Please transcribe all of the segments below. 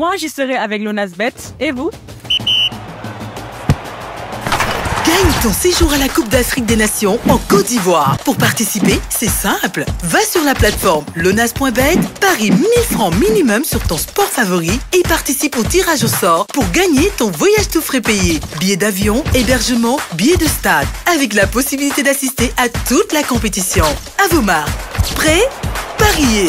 Moi, j'y serai avec bête Et vous Gagne ton séjour à la Coupe d'Afrique des Nations en Côte d'Ivoire. Pour participer, c'est simple. Va sur la plateforme lonas.bet, parie 1000 francs minimum sur ton sport favori et participe au tirage au sort pour gagner ton voyage tout frais payé. Billets d'avion, hébergement, billets de stade, avec la possibilité d'assister à toute la compétition. À vos marques. Prêt Pariez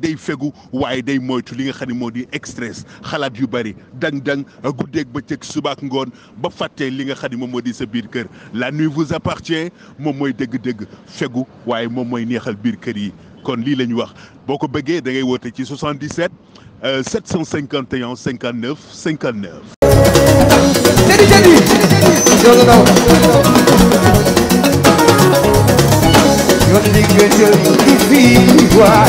day fegu waaye day moytu li nga xam ne moo di stress xalaat yu bëri dang-dang guddeeg bëccëg subaak ngoon ba fàtte li nga xam ne moom moo di sa biir kër la nuit vous appartient moom mooy dëgg-dëgg fegu waaye moom mooy neexal biir kër yi kon lii la wax boo ko bëggee da ngay woote ci 77 751 59 59. jadi jadi Yon di gwenye di viway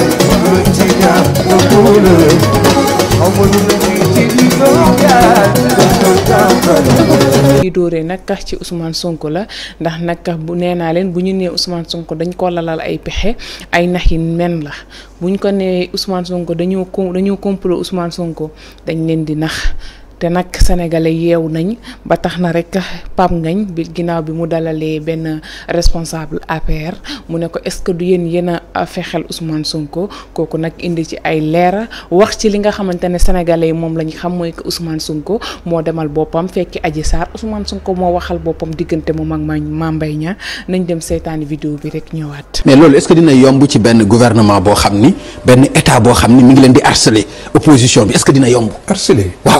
ci Ousmane Sonko la ndax nag bu neena len bu ñu Ousmane Sonko dañ ko lalal ay pexé ay nax men la buñ ko nee Ousmane Sonko dañu dañu complot Ousmane Sonko dañ len di nax te nag sénégalais yeewu nañ ba tax na rek Pape Ngagne bi ginnaaw bi mu dalalee benn responsable APR mu ne ko est-ce que du yéen yéen a fexeel Ousmane kooku nag indi ci ay leera wax ci li nga xamante ne sénégalais yi moom la ñu xam mooy que Ousmane Sonko moo demal boppam fekki Adji Sarr Ousmane Sonko moo waxal boppam diggante moom ak Mame Mbaye Niang nañ dem seetaani vidéo rek ñëwaat. mais loolu est-ce que dina yomb ci benn gouvernement boo xam ni benn état boo xam ni mi ngi leen di harceler opposition bi est-ce que dina yomb. waaw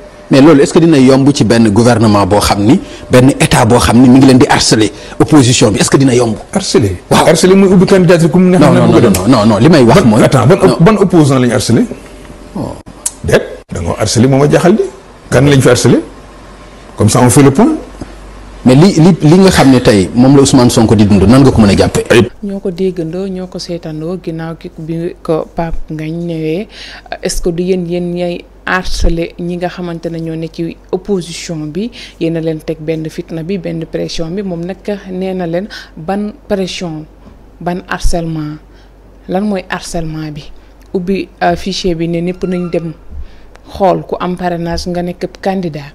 mais loolu est-ce que dina yomb ci benn gouvernement boo xam ni benn état boo xam ni mi ngi leen di harceler opposition bi est-ce que dina yomb. harceler waaw harceler muy ubbi candidature comme ni nga xam ne moom non non non li may wax mooy. attends ban ban lañu harceler. Oh. déet da nga harceler moom a jaaxal di. kan lañ fi harceler comme ça on fait le point. mais li li li nga xam ne tey moom la Ousmane Sonko di dund nan nga ko mën a jàppee. ñoo ko déggandoo ñoo ko seetandoo ko Pape Ngagne ñëwee est-ce que du yéen yéen ñay harcelé ñi nga xamante ne ñoo ne ci opposition bi yéen a leen teg benn fitna bi benn pression bi moom nag nee na leen ban pression ban harcèlement lan mooy harcèlement bi ubbi euh, fichier bi ne ñëpp nañ dem xool ku am parrainage nga nekk candidat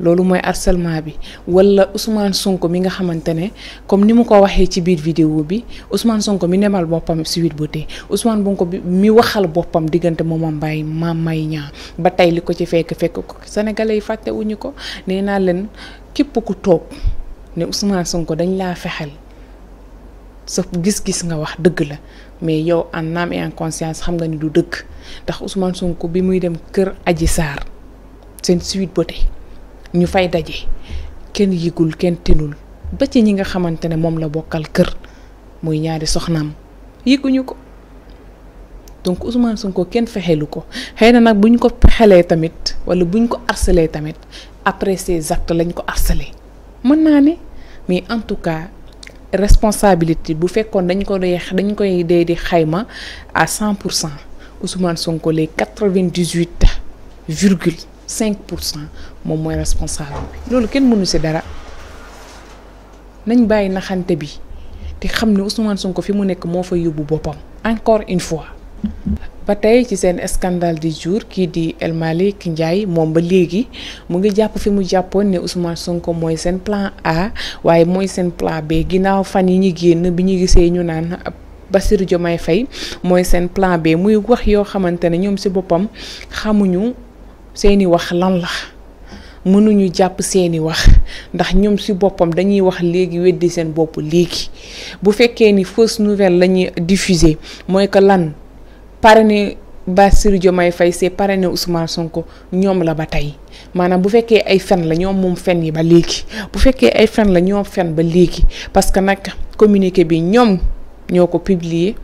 loolu mooy harcèlement bi wala Ousmane Sonko mi nga xamante ne comme ni mu ko waxee ci biir vidéo bi Ousmane Sonko mi nemal boppam Sweet Beauté Ousmane Sonko bi mi waxal boppam diggante mooma mbay ma may ñaa ba tey li ko ci fekk fekk ko sénégalais yi fàtte wuñu ko nee naa leen képp ku toog ne Ousmane Sonko dañ laa fexel sa gis-gis nga wax dëgg la mais yow en âme et en conscience xam nga ni du dëgg ndax Ousmane Sonko bi muy dem kër aji Sarr seen Sweet Beauté ñu fay daje kenn yëgul kenn tinul ba ci ñi nga xamante ne moom la bokkal kër muy ñaari soxnaam yëguñu ko donc Ousmane Sonko kenn fexeelu ko xëy na nag bu ñu ko fexelee tamit wala bu ko harcelé tamit après ces actes lañ ko harcelé mën naa ne mais en tout cas responsabilité bu fekkoon dañ ko dee dañ koy dee di xayma à cent pour cent Ousmane Sonko les quatre-vingt-dix-huit virgule cinq pour cent qui responsable dara nañ bi Ousmane Sonko fi mu fa encore une fois ba ci scandale du jour di El Malik Ndiaye mom ba que mu ngi japp fi ne Ousmane Sonko plan A waye moy sen plan B ginaaw fan yi ñi que bi ñi gisee ñu naan Bassirou Diomaye Faye moy sen plan B muy wax yo xamantene ne ci bopam xamuñu seeni wax la mënuñu jàpp seeni wax ndax ñoom ci boppam dañuy wax léegi weddi seen bopp léegi bu fekkee ni fausse nouvelle la ñuy diffuser mooy que lan parrainé Bassirou Diomaye Faye c'est parrainé Ousmane Sonko ñoom la ba tey maanaam bu fekkee ay fen la ñoom moom fen yi ba léegi bu fekkee ay fen la ñoom fen ba léegi parce que nag communiqué bi ñoom ñoo ko publier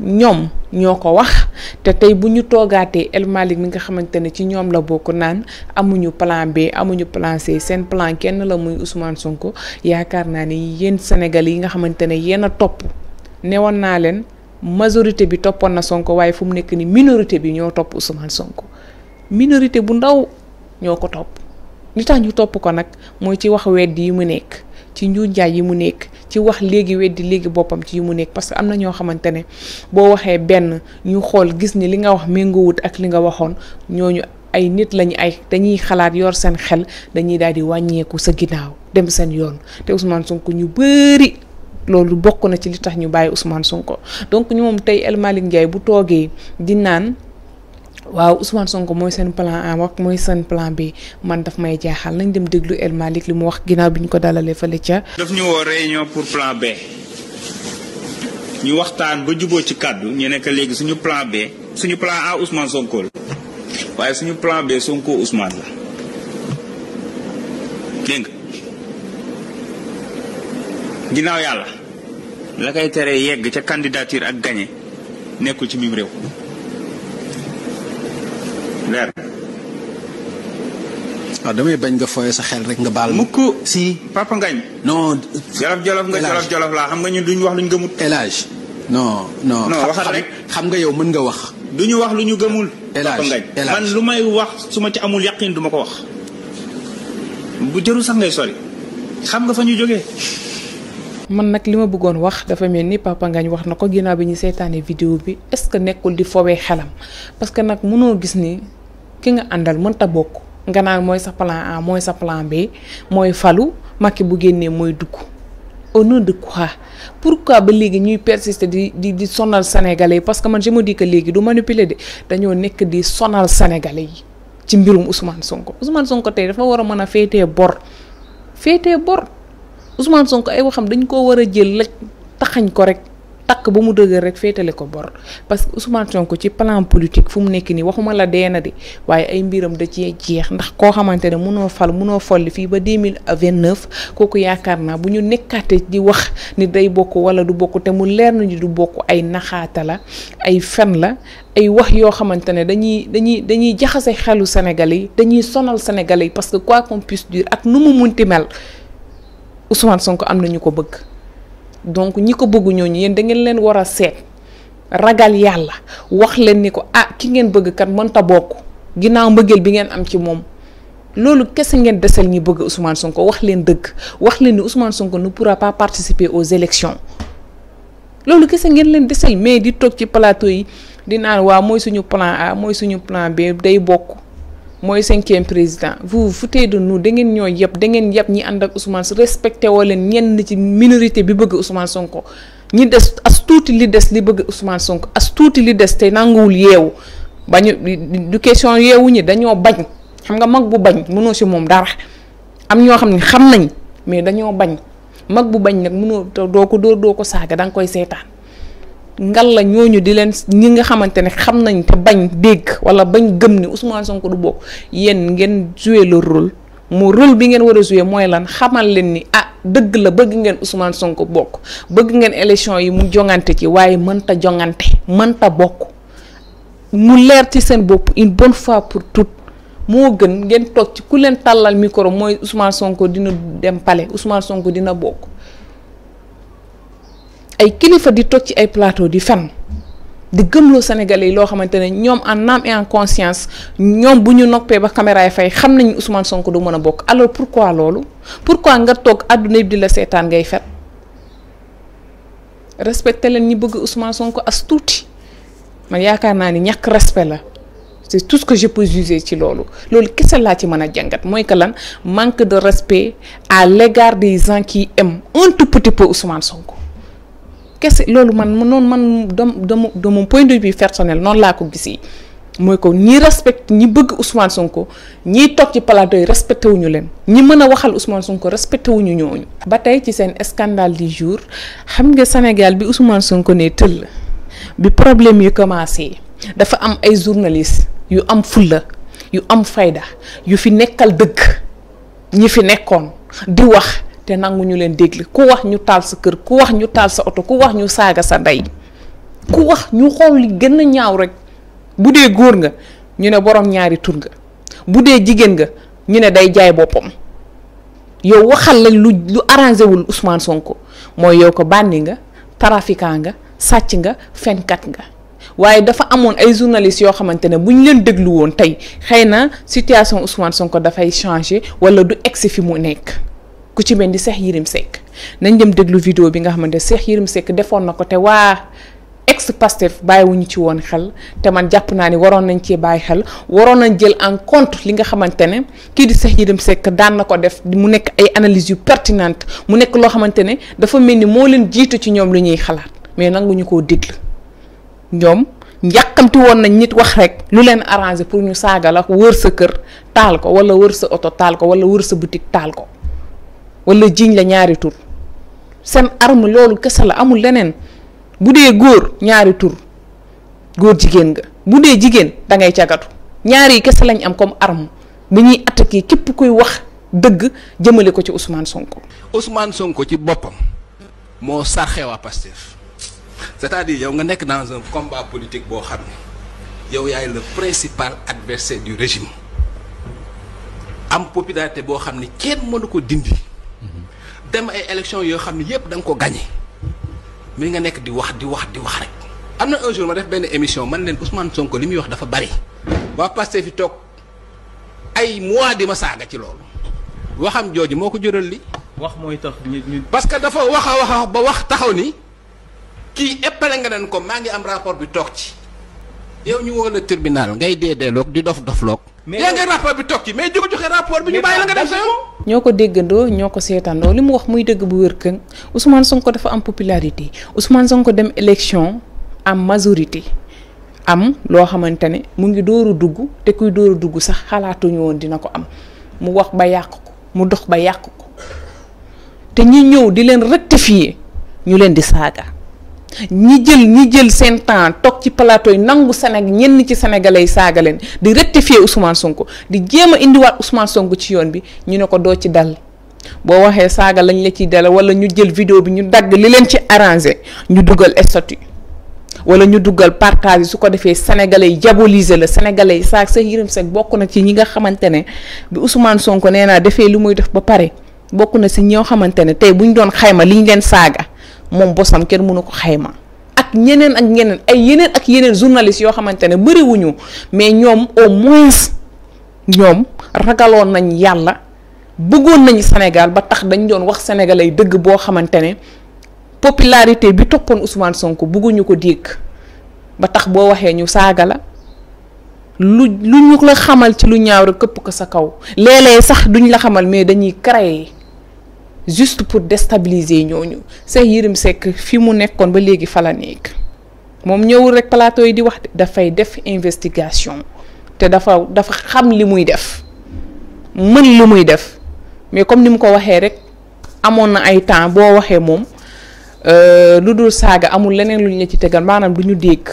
ñoom ñoo ko wax te tey bu ñu toogaatee El mi nga xamante ne ci ñoom la bokk naan amuñu plan B amuñu plan C seen plan kenn la muy Ousmane Sonko yaakaar naa ne yéen Sénégal yi nga xamante ne yéen a topp newoon naa leen majorité bi toppoon na sonk waaye fu mu nekk ni minorité bi ñoo topp Ousmane sonk minorité bu ndaw ñoo ko topp li tax ñu topp ko nag mooy ci wax weddi yi mu nekk. ci njuuj njaay yi mu nekk ci wax léegi weddi léegi boppam ci yi mu nekk parce que am na ñoo xamante ne boo waxee benn ñu xool gis ni li nga wax méngoowut ak li nga waxoon ñoo ñu ay nit lañu ay dañuy xalaat yor seen xel dañuy daal di wàññeeku sa ginnaaw dem seen yoon te Ousmane Sonko ñu bëri loolu bokk na ci li tax ñu bàyyi sun ko donc ñu moom tey El Malick bu toogee di naan. waaw Ousmane Sonko mooy seen plan A wax mooy seen plan bi man daf may jaaxal nañ dem déglu El Malick li mu wax ginnaaw bi ñu ko dalalee fële ca. daf ñu woo réunion pour plan B ñu waxtaan ba juboo ci kàddu ñu nekk léegi suñu plan B suñu plan A Ousmane Sonko la waaye suñu plan B Sonko Ousmane la dégg nga ginnaaw yàlla la koy tere yegg ca candidature ak gagné nekkul ci mim réew. weer waaw ya, damay bañ nga foyé sa xel rek nga bal mukk si papa ngañ non jolof jolof nga jolof jolof la xam nga ñu duñ wax luñu gëmut elage non non non waxal rek xam nga yow mën nga wax duñu wax luñu gëmul papa man lu may wax suma ci amul yaqeen duma ko wax bu jëru sax ngay sori xam nga fa ñu joggé man nak lima bëggoon wax dafa melni papa ngañ wax nako ko ginnaaw bi ñu seetaane vidéo bi est ce que nekkul di fowé xelam parce que nak mëno gis ni ki nga àndal mënta bokk nga naan mooy sa plan A mooy sa plan B mooy falu Macky bu génnee mooy dugg au nom de quoi pourquoi ba léegi ñuy persister di di di sonal sénégalais yi parce que man je me dis léegi du manipuler de dañoo nekk di sonal sénégalais yi ci mbirum Ousmane Sonko Ousmane Sonko tey dafa war a mën a féetee bor féetee bor Ousmane Sonko ay waxam dañ ko war a jël laj taxañ ko rek. takk ba mu dëgër rek féetale ko bor parce que Ousmane Sonko ci plan politique fu mu nekk nii waxuma la deena di waaye ay mbiram da cee jeex ndax koo xamante ne munoo fal munoo folli fii ba deux mille vingt neuf kooku yaakaar naa bu ñu nekkaate di wax ni day bokk wala du bokk te mu leer nañu du bokk ay naxaata la ay fen la ay wax yoo xamante ne dañuy dañuy dañuy jaxase xelu Sénégalais yi dañuy sonal Sénégalais yi parce que quoi qu'on puisse dire ak nu mu munti mel Ousmane Sonko am na ñu ko bëgg. donc ñi ko bëgg ñooñu yéen da ngeen leen war a seet ragal yàlla wax leen ni ko ah ki ngeen bëgg kat mënta bokk ginnaaw mbëggeel bi ngeen am ci moom loolu kese ngeen desal ñi bëgg Ousmane Sonko wax leen dëgg wax leen ni Ousmane Sonko ne pour pas participer aux élections loolu kese ngeen leen desal mais di toog ci plateau yi di naan waaw mooy suñu plan ah mooy suñu plan bi day bokk. mooy cinquième président vous vous foutez de nous da ngeen ñoo yëpp dangeen ngeen ñi ànd ak Ousmane respecté woo leen ñenn ci minorité bi bëgg Ousmane Sonko ñi des as tuuti li des li bëgg Ousmane Sonko as tuuti li des te nanguwul yeewu bañu du question yeewu ñi dañoo bañ xam nga mag bu bañ mënoo si moom dara am ñoo xam ne xam nañ mais dañoo bañ mag bu bañ nag mënoo doo ko doo doo ko saaga da nga koy seetaan. ngal la ñooñu di leen ñi nga xamante ne xam nañ te bañ dégg wala bañ gëm ni Ousmane Sonko du bokk yéen ngeen joué le rôle mu rôle bi ngeen war a joué mooy lan xamal leen ni ah dëgg la bëgg ngeen Ousmane Sonko bokk bëgg ngeen élection yi mu jongante ci waaye mënta jongante mënta bokk mu leer ci seen bopp une bonne fois pour tout moo gën ngeen toog ci ku leen tàllal micro mooy Ousmane Sonko dina dem pale Ousmane sonk dina bokk. ay kilifa di tok ci ay plateau di fan. di gëmloo Sénégalais lo loo ñom en âme et en conscience ñom buñu ñu ba caméra ay fay xam Ousmane Sonko du mëna bok alors pourquoi lolu pourquoi nga tok aduna bi di la seetaan ngay fet respecté leen ñi bëgg Ousmane Sonko as touti man yaakaar naa ni respect la c'est tout ce que je peux juger ci lolu lolu kese la ci mëna a jàngat mooy que lan manque de respect à l'égard des gens qui aiment un tout petit peu Ousmane Sonko. kese loolu man noonu man dom dom de mon point de vue personnel noonu laa ko gis yi mooy ko ñi respect ñi bëgg Ousmane Sonko ñiy toog ci palaato yi respecté wuñu leen ñi mën a waxal Ousmane Sonko respecté wuñu ñooñu. ba tey ci seen scandale du jour xam nga Sénégal bi Ousmane Sonko ne tëll bi problème yu commencé dafa am ay journaliste yu am fulla yu am fayda yu fi nekkal dëgg ñi fi nekkoon di wax. te nangu ñu leen déglu ku wax ñu taal sa kër ku wax ñu taal sa oto ku wax ñu saaga sa ndey ku wax ñu xool li gën a ñaaw rek bu dee góor nga ñu ne borom ñaari tur nga bu dee jigéen nga ñu ne day jaay boppam yow waxal la lu lu arrangé wul Ousmane Sonko mooy yow ko bànni nga trafiquant nga sàcc nga fenkat nga. waaye dafa amoon ay journalistes yoo xamante ne bu ñu leen déglu woon tey xëy na situation Ousmane Sonko dafay changer wala du egsi fi mu nekk. ku ci mel di Cheikh Yérim Seck nañ dem déglu video bi nga xamante ne Cheikh Yérim Seck defoon na ko te waa ex Pastef bàyyiwuñu ci woon xel te man jàpp naa ni waroon nañ cee bàyyi xel waroon nañ jël en compte li nga xamante ne kii di Cheikh Yérim Seck daan na ko def mu nekk ay analyses yu pertinentes mu nekk loo xamante ne dafa mel ni moo leen jiitu ci ñoom lu ñuy xalaat mais ñu koo déglu ñoom. njàqamti woon nañ nit wax rek lu leen arrangé pour ñu saaga la wër sa kër taal ko wala wër sa oto taal ko wala wër sa boutique taal ko wala jiiñ la ñaari tur seen arme loolu kese la amul leneen bu dee góor ñaari tur góor jigéen nga bu dee jigéen da ngay cagatu ñaari kese lañ am comme arm bi ñuy attaqué képp kuy wax dëgg jëmale ko ci Ousmane Sonko. Ousmane Sonko ci boppam moo sarxee waa Pastef cest à yow nga nekk dans un combat politique boo xam ne yow yaay le principal adversaire du régime am popularité boo xam ne kenn mënu ko dindi. dem ay élection yo xamni yépp dang ko gagné mi nga nek di wax di wax di wax rek amna un jour ma def ben émission man len Ousmane Sonko limi wax dafa bari wa passé fi tok ay mois di ma saaga ci lool waxam joji moko ko jural li wax moy tax ñu parce que dafa waxa waxa ba wax taxaw ni ki épalé nga nan ko ma ngi am rapport bi tok ci yow ñu wona tribunal ngay dédé lok di dof dof lok mais yaa ngi rapport bi tokki mais jóg joxe rapport bi ñu bàyyi la nga def sa yoon. ñoo ko déggandoo ñoo ko seetandoo li mu wax muy dëgg bu wér kën këng Ousmane ko dafa am popularité Ousmane ko dem élection am majorité am loo xamante ne mu ngi dooru dugg te kuy dooru dugg sax xalaatuñu woon dina ko am mu wax ba yàq ko mu dox ba yàq ko te ñu ñëw di leen rectifier ñu leen di saaga. ñu jël ñu jël seen temps toog ci plateau yi nangu Sénégal ñenn ci sénégalais yi saaga leen di rectifier Ousmane Sonko di jéem a indiwaat Ousmane Sonko ci yoon bi ñu ne ko doo ci dal boo waxee saaga lañ la ciy dal wala ñu jël video bi ñu dagg li leen ci arrangé ñu dugal statut wala ñu dugal partage yi su ko defee sénégalais yi diaboliser la sénégalais yi saag sa yërëm seen bokk na ci ñi nga xamante ne bi Ousmane Sonko nee naa defee lu muy def ba pare bokk na si ñoo xamante ne tey bu ñu doon xayma li leen saaga. moom bosam kenn mënu ko xayma ak ñeneen ak ñeneen ay yeneen ak yeneen journaliste yoo xamante ne bëriwuñu mais ñoom au moins ñoom ragaloon nañ yàlla bëggoon nañu Sénégal ba tax dañ doon wax sénégalais dëgg boo xamante ne popularité bi toppoon Ousmane sonk bëgguñu ko dégg ba tax boo waxee ñu saaga la lu lu ñu la xamal ci lu ñaaw këpp ko sa kaw léeg sax duñ la xamal mais dañuy créer juste pour déstabiliser ñooñu Cheikh Yérim Seck fi mu nekkoon ba léegi fa la moom ñëwul rek plateau yi di wax dafay def investigation te dafa dafa xam li muy def mën li muy def mais comme ni mu ko waxee rek amoon na ay temps boo waxee moom euh, lu dul saaga amul leneen lu ñu la tegal maanaam du ñu dégg.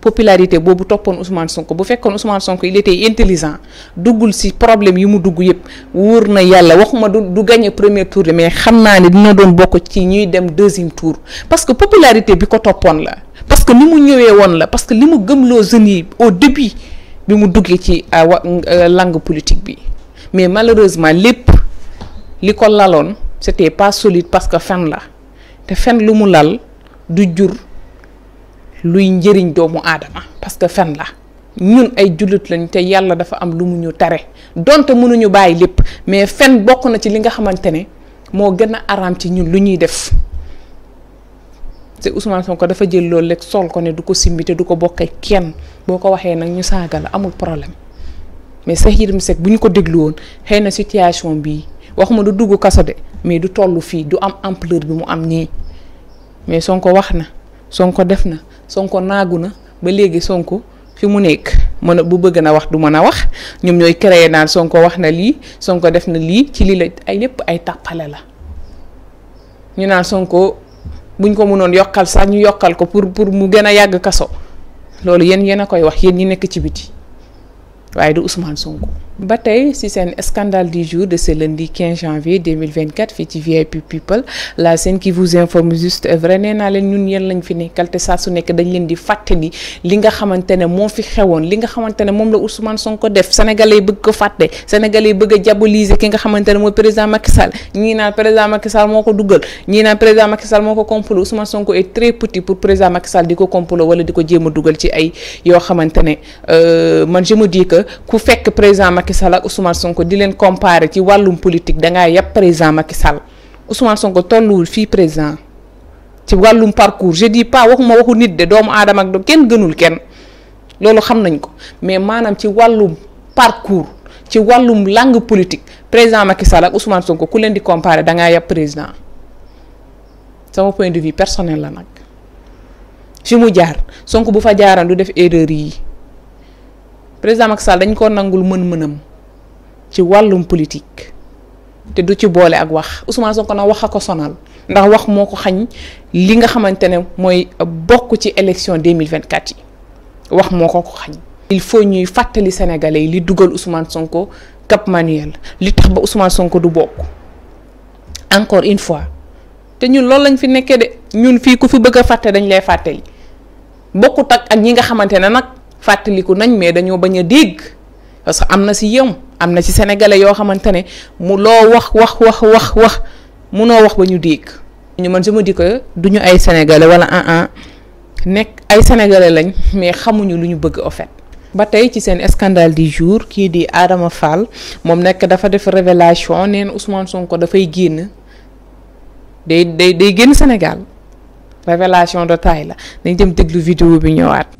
popularité bobu toppoon Ousmane Sonko bu fekkone Ousmane Sonko il était intelligent Dougul ci problème yimu dougu dugg wourna yalla. waxuma du du premier tour mais xamna ni ne dina doon bokk ci ñuy dem deuxième tour parce que popularité bi ko toppoon la parce que ni mu won la parce que limu gëm lo jeunes au début bi mu duggee ci euh, langue politique bi mais malheureusement lepp liko ko c'était pas solide parce que fen la te fen lu lal du jur luy njëriñ doomu aadama parce que fen la ñun ay jullit lañ te yàlla dafa am lu mu ñu tare donte mënuñu bàyyi lépp mais fen bokk na ci li nga xamante ne moo gën a araam ci ñun lu ñuy def te Ousmane Sonko dafa jël loolu rek sol ko ne du ko simbi te du ko bokkee kenn boo ko waxee nag ñu saaga la amul problème mais sex Yérim Seck bu ñu ko déglu woon xëy na situation bii waxuma du dugg kaso de mais du tollu fii du am empleur bi mu am nii mais Sonko wax na Sonko def na. Sonko naagu na ba léegi Sonko fi mu nekk mën a bu bëgg na wax du mën a wax ñoom ñooy créé naan Sonko wax na lii Sonko def na lii ci lii la ay lépp ay tàppale la ñu naan Sonko buñ ko mënoon yokkal sax ñu yokkal ko pour pour mu gën a yàgg kaso loolu yéen yéen a koy wax yéen ñi nekk ci biti. waaye du Ousmane Sonko. ba tey ci seen scandale du jour de ce lundi 15 janvier fii ci VIP People la scène vous informe juste et vrai leen ñun yéen lañ fi nekkal te saa su nekk dañ leen di fàttali li nga xamante ne moo fi xewoon li nga xamante moom la Ousmane Sonko def sénégalais bëgg ko fàtte sénégalais bëgg a diaboliser ki nga xamante ne mooy président Macky Sall ñii naan président Macky Sall moo ko duggal ñii naan président Macky moo ko complot yoo xamante euh, que ku fekk président Macky Sall ak Ousmane Sonko di leen comparer ci wàllum politique da ngaa yàpp président Macky Sall Ousmane Sonko tolluwul fii président ci wàllum parcours je dis pas waxuma waxu nit de doomu aadama ak kenn gënul kenn loolu xam nañ ko mais maanaam ci wàllum parcours ci wàllum langue politique président Macky Sall ak Ousmane Sonko ku leen di comparer da ngaa yàpp président sama point de vue personnel la nag fi mu jaar Sonko bu fa jaaraan du def erreur président Macky Sall dañ koo nangul mën-mënam ci wàllum politique te du ci boole ak wax Ousmane Sonko na wax a ko sonal ndax wax moo ko xañ li nga xamante ne mooy bokk ci élection 2024 yi wax moo ko ko xañ il faut ñuy fàttali sénégalais yi li dugal Ousmane Sonko Cap Manuel li tax ba Ousmane Sonko du bokk encore une fois te ñun loolu lañ fi nekkee de ñun fii ku fi bëgg a fàtte dañ lay fàttali bokkut ak ñi nga xamante ne nag. fàttaliku nañ mais dañoo bañ a dégg parce que am na si yow am na ci sénégalais yoo xamante ne mu loo wax wax wax wax wax munoo wax ba ñu dégg. ñu man sama me dis que du ñu ay sénégalais wala ah ah nekk ay sénégalais lañ mais xamuñu lu ñu bëgg en ba tey ci seen scandale di jour kii di aadama Fall moom nekk dafa def révélation neen Ousmane Sonko dafay génn day day day génn Sénégal révélation de taille la dañ dem déglu vidéo bi ñëwaat.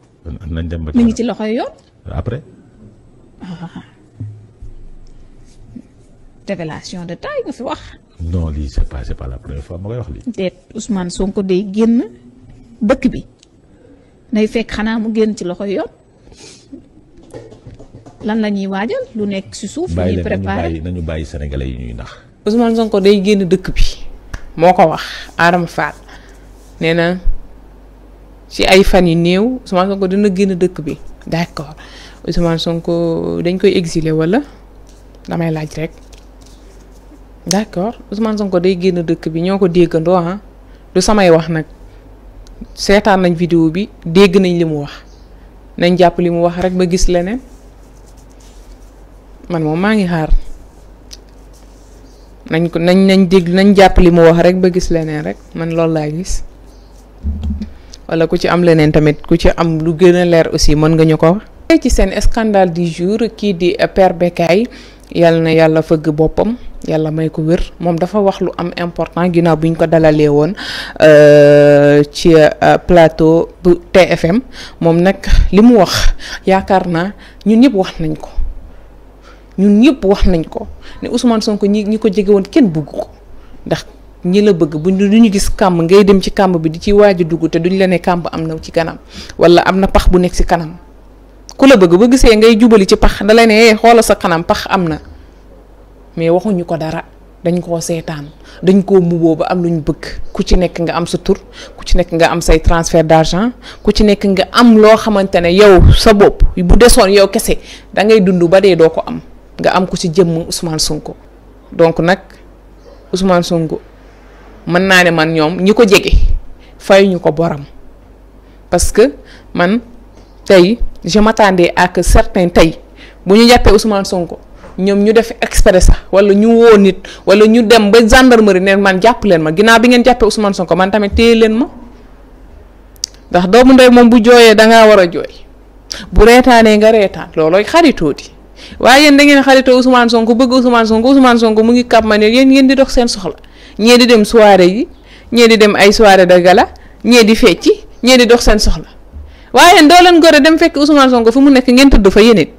nañ dem ba. ngi ci loxoy yoon. après. révélation de taille nga fi wax. non lii c'est pas c'est la première fois ma koy wax lii. déet Ousmane Sonko day génn dëkk bi day fekk xanaa mu génn ci loxoy yoon lan la ñuy waajal lu nekk ci suuf. ñuy préparé nañu bàyyi sénégalais yi ñuy nax. Ousmane Sonko day génn dëkk bi moo ko wax Adama Fall nee na. ci ay fan yu néew Ousmane Sonko dina génn dëkk bi d'accord Ousmane Sonko dañ koy exiler walla damay laaj rek d'accord Ousmane Sonko day génn dëkk bi ñoo ko déggandoo ah du samay wax nag seetaan nañ vidéo bi dégg nañ li mu wax nañ jàpp li mu wax rek ba gis leneen man moom maa ngi xaar nañ ko nañ nañ dégg nañ jàpp li mu wax rek ba gis leneen rek man loolu laa gis. wala ku ci am leneen tamit ku ci am lu gën a leer aussi mën nga ñu ko wax. ci seen scandale du jour kii di Père Bécaye yal na yàlla fëgg boppam yàlla may ko wér moom dafa wax lu am important ginnaaw bi ñu ko dalalee woon euh, ci euh, plateau bu TFM moom nag li mu wax yaakaar naa ñun ñëpp wax nañ ko ñun ñëpp wax nañ ko ne Ousmane Sonko ñi ñi ko jege woon kenn bugg ko ñi la bëgg bu du ñu gis kàmb ngay dem ci kàmb bi di ci waaj a dugg te duñ la ne kàmb am na ci kanam wala am na pax bu nekk si kanam ku la bëgg ba gisee ngay jubali ci pax da la ne eh, xoola sa kanam pax am na mais waxuñu ko dara dañ koo seetaan dañ koo muboo ba am lu ñu bëgg ku ci nekk nga am sa tur ku ci nekk nga am say transfert d'argent ku ci nekk nga am loo xamante ne yow sa bopp bu desoon yow kese da ngay dund ba dee doo ko am nga am ku ci jëmm Ousmane Sonko donc nag Ousmane Sonko. mën naa ne man ñoom ñi ko jege fayuñu ko boram parce que man tey je m'attendais à que certains tey bu ñu jàppee Ousmane Sonko ñoom ñu def exprès sax wala ñu woo nit wala ñu dem ba gendarmerie ne man jàpp leen ma ginnaaw bi ngeen jàppee Ousmane Sonko man tamit téye leen ma ndax doomu ndey moom bu jooyee da ngaa war a jooy bu reetaanee nga reetaan loolooy xaritooti waaye yéen da ngeen xaritoo Ousmane Sonko bëgg Ousmane Sonko Ousmane Sonko mu ngi kàpp ma ne yéen ngeen di dox seen soxla. ñee di dem soirée yi ñee di dem ay soirée de gala ñee di fecci ñee di dox seen soxla waaye doo leen gore dem fekk Ousmane Sonko fu mu nekk ngeen tudd fa yéen it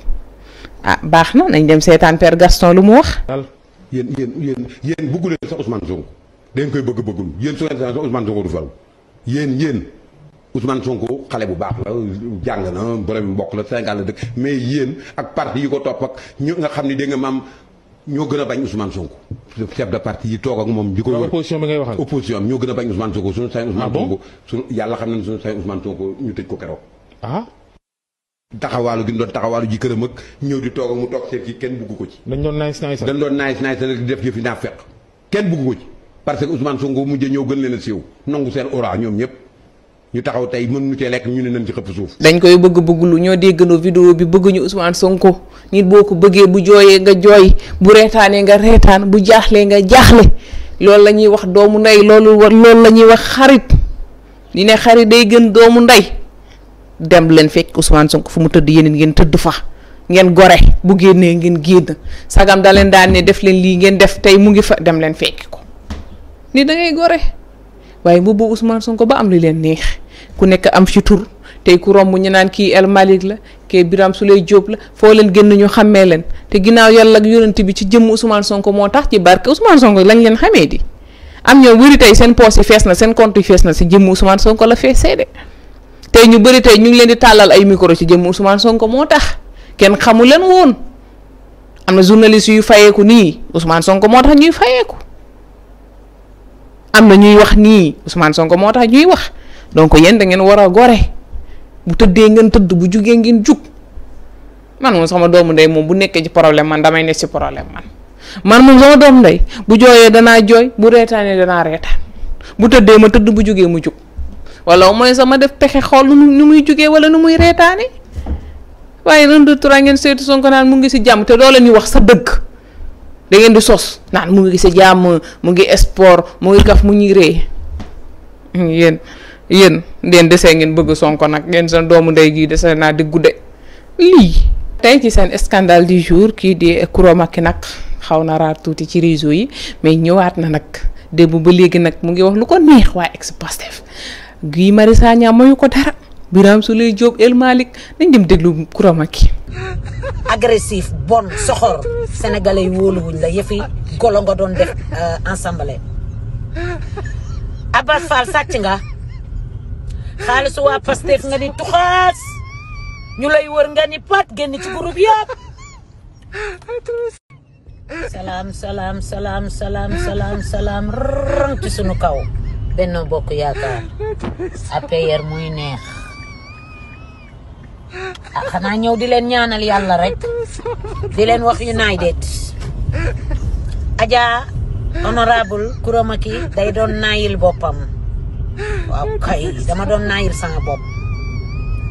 ah baax na nañ dem seetaan Père Gaston lu mu wax. daal yéen yéen yéen yéen bëggu leen sax Ousmane Sonko dañ koy bëgg bëggul yéen su ngeen sax Ousmane Sonko du falu yéen yéen Ousmane Sonko xale bu baax la jàng na borom mbokk la Sénégal la dëkk mais yéen ak parti yi ko topp ak ñu nga xam ne de nga maam. ñoo gën a bañ Ousmane Sonko. chef de parti yi toog ak moom. di ko wër opposition bi ngay waxal. opposition am ñoo gën a bañ Ousmane Sonko suñu sañ Ousmane ah Sonko. suñu yàlla xam nañ suñu sañ Ousmane Sonko ñu tëj ko keroog. ah. taxawaalu gi taxawaalu ji këram ak ñëw di toog ak mu toog seet ci kenn bugg ko ci. dañ doon naaj naaj sax dañ doon naaj naaj sax di def yëf yi naa fekk. kenn bugg ko ci parce que Ousmane Sonko mujjee ñëw gën leen a siiw nangu seen aura ñoom ñëpp ñu taxaw tey mën ñu cee lekk ñu ne nañ ci xëpp suuf. dañ koy bëgg bëgg lu ñoo déggandoo vidéo bi bëgg ñu Ousmane Sonko nit boo ko bëggee bu jooyee nga jooy bu reetaanee nga reetaan bu jaaxlee nga jaaxle loolu la ñuy wax doomu ndey loolu loolu la ñuy wax xarit ñu ne xarit day gën doomu ndey dem leen fekk Ousmane Sonko fu mu tëdd yéen ngeen tëdd fa. ngeen gore bu génnee ngeen génn sagam da leen daan ne def leen lii ngeen def tey mu ngi fa dem leen fekk ko ni da ngay gore waaye am leen neex. ku nekk am ci tey ku romb ñu naan kii El Malick la biram su Souleye Diop la foo leen génn ñu xàmmee leen te ginnaaw yàlla ak yonent bi ci jëmm Ousmane Sonko moo tax ci barke Ousmane Sonko lañ leen xamee di am ñoo wëri tey seen poos yi fees na seen compte na si jëmm Ousmane Sonko la feesee de tey ñu bëri tey ñu ngi leen di tàllal ay micro ci jëmm Ousmane Sonko moo tax kenn xamu leen woon am na journaliste yu fayeeku nii Ousmane Sonko moo tax ñuy fayeeku am na ñuy wax nii Ousmane Sonko moo tax ñuy wax. donc yéen da ngeen war a gore bu tëddee ngeen tëdd bu jugee ngeen jug man moom sama doomu ndey moom bu nekkee ci problème man damay nekk ci problème man man moom sama doomu ndey bu jooyee danaa jooy bu reetaanee danaa reetaan bu tëddee ma tëdd bu jugee mu jug wala mooy sama def pexe xool nu muy jugee wala nu muy reetaane waaye un deux trois ngeen seetu Sonko naan mu ngi si jàmm te doo leen di wax sa dëgg da ngeen di sos naan mu ngi si jàmm mu ngi sport mu mu ñuy ree yéen. yéen ngeen desee ngeen bëgg Sonko nag ngeen seen doomu ndey gii dese naa di gudde lii. tey ci seen scandale du jour kii di Coura Macky nag xaw na raar tuuti ci réseau yi mais ñëwaat na nag démb ba léegi nag mu ngi wax lu ko neex waa ex-Pastef Guy Marius Sagna mayu ko dara Birame Souleye Diop El Malick nañ dem déglu Coura Macky. agressif bon soxor sénégalais yi wóoluwuñ la yëfi golo nga doon def euh, ensemble Abbas Fall sàcc nga. xaalis kan waa Pastef nga di tuxaas ñu lay wër nga ni pat génn ci groupe yëpp salaam salaam salaam salaam salaam salaam rang ci sunu kaw benn bokk yaakaar APR muy neex ah xanaa di leen ñaanal yàlla rek di len wax United aja honorable Kouramaki day doon naayil bopam. waaw kay dama doon naayil sama bopp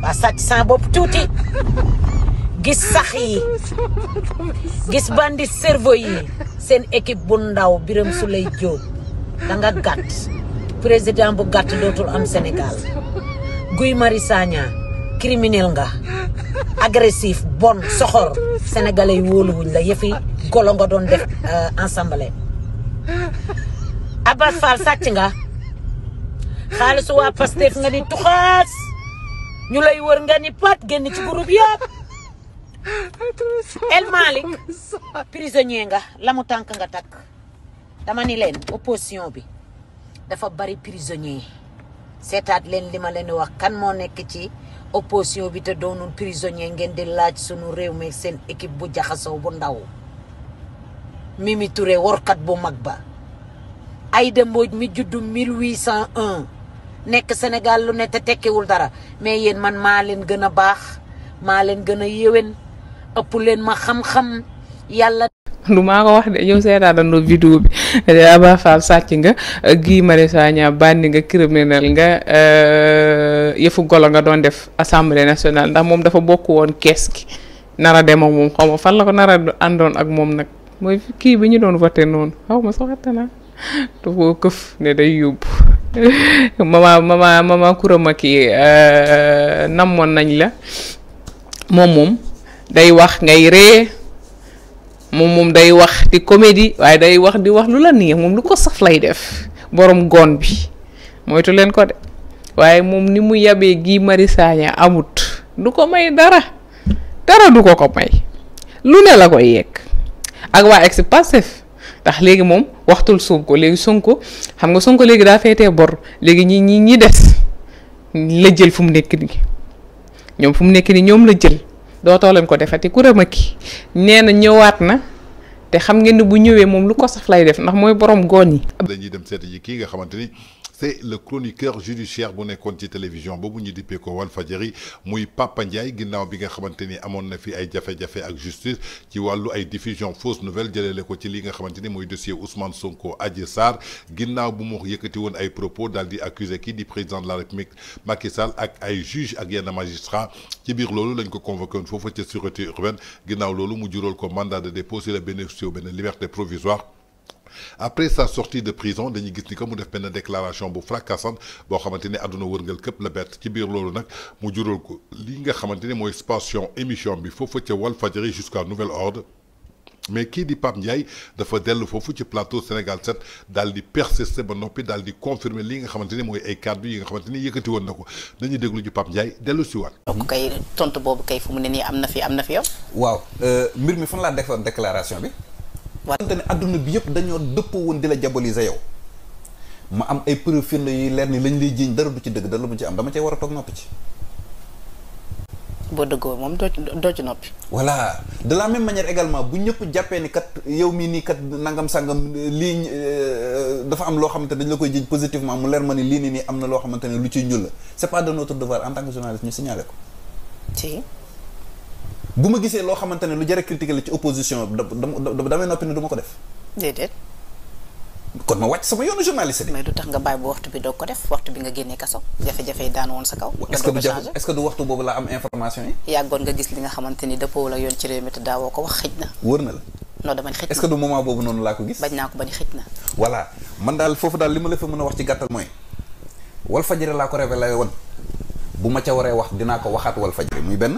waa sàcc sama bopp tuuti gis sax yi gis bandi cerveau yi seen équipe bu ndaw biram Souleye Diop da nga gàtt président bu gàtt dootul am Sénégal Guy Marius Sagna criminel nga agressif bon soxor sénégalais yi wóoluwuñ la yëfi golo nga doon def euh, ensemble Abbas Fall sàcc nga xaalisu waa Pastef nga di tuxaas ñu lay wër nga ni pat génn ci groupe yëpp El Malick prisonnier nga la mu tànk nga takk dama ni leen opposition bi dafa bari prisonnier seetaat leen li ma leen wax kan moo nekk ci opposition bi te doonul prisonnier ngeen di laaj sunu réew mi seen équipe bu jaxasoo bu ndaw Mimi Touré workat bu mag ba Aïda Mbodj mi juddu 1801 nekk Sénégal lu ne te tekkiwul dara mais yéen man maa leen gën a baax maa leen gën a yéwén ëpp leen ma xam-xam yàlla. du maa ko wax de ñëw seetaanandoo vidéo bi Aba nga Guy Marius Sagna bànni nga criminel nga euh, yëfu golo nga doon def assemblée nationale ndax moom dafa bokk woon kees gi nara dem ak moom fan la ko nara àndoon ak moom nag mooy kii bi ñu doon voté noonu xaw këf ne day yóbbu. mama mama mama kuramaki euh namon nañ la mom mom day wax ngay re mom mom day wax di comédie waye day wax di wax lu la ni mom lu ko saf lay def borom gon bi moytu len ko de waye mom ni mu yabé gi marisanya amut du ko may dara dara du ko ko may lu ne la ko yek ak wa ex passif tax léegi moom waxtul Sonko léegi Sonko xam nga Sonko léegi daa feetee bor léegi ñi ñi ñi des la jël fu mu nekk nii ñoom fu mu nekk nii ñoom la jël dootoo leen ko defati ku rëmaki nee na ñëwaat na te xam ngeen ne bu ñëwee moom lu ko saf lay def ndax mooy borom góor ñi. dañuy dem seeti ji kii nga xamante ni. c'est le chroniqueur judiciaire bu nekkoon ci télévision bobu ñu dippee ko Walfadjri muy Papa Ndiaye ginnaw bi nga xamanteni amon à na fi ay jafé jafé ak justice ci walu ay diffusion fausse nouvelle jëlélé ko ci li nga xamanteni ni dossier Ousmane Sonko Adji Sar ginnaw bu mu yëkëti won ay propos dal di accuser qui di président de la République Macky Sall ak ay juge ak yenn magistrat ci bir lolu lañ ko convoqué woon foofu ca sûreté urbaine ginnaw lolu mu jural ko mandat de dépôt si la bénéficié benn liberté provisoire après sa sortie de prison dañuy gis ni que mu def ben déclaration bu fracassante bo xamanteni aduna àdduna kep këpp la bett ci biir lolu nak mu jural ko li nga xamanteni moy mooy station émission bi foofa ca Walfadjri jusqu'à nouvel ordre mais kii di Pape Ndiaye dafa delu fofu ci plateau Sénégal 7 dal di persister ba nopi dal di confirmer li nga xamanteni moy ay cadre yi nga xamanteni yëkëti won nako dañuy ko déglu ci pap ndjay delu ci wat donc kay tontu bobu kay fu mu ne nii am fi amna fi yow. waaw euh mbir mi fan la defoon déclaration bi. wante ne adduna bi yëpp dañoo dëppoo woon di la jaboliser yow ma am ay preuve firnde lañ lay jiiñ dara du ci dëgg dara bu ci am dama cay war a toog noppi ci. boo dëggoo moom doo ci noppi. voilà de la même manière également bu ñëpp jàppee ni kat yow mi nii kat nangam sangam lii euh, dafa am loo xamante dañ la koy jiiñ positivement mu leer ma ni lii nii nii am na loo xamante ne lu ci ñuul la c'est pas de notre devoir en tant que journaliste ñu signaler ko. ci. bu ma gisee loo xamante ne lu jar a critiquer la ci opposition da damay noppi ne du ma ko def. déedéet. kon ma wàcc sama yoonu journaliste bi. mais du tax nga bàyyi bu waxtu bi doog ko def waxtu bi nga génnee kaso jafe-jafe yi daan woon sa kaw. est-ce que du waxtu boobu laa am information yi. yàggoon nga gis li nga xamante dëppoo la yoon ci réew mi te daawoo ko wax xëj na. wóor na la. non dama ni xëj na est du moment boobu noonu laa ko gis. bañ naa ko bañ xëj na. voilà man woon bu ma ca waree wax dinaa ko waxaat Walfadjri muy benn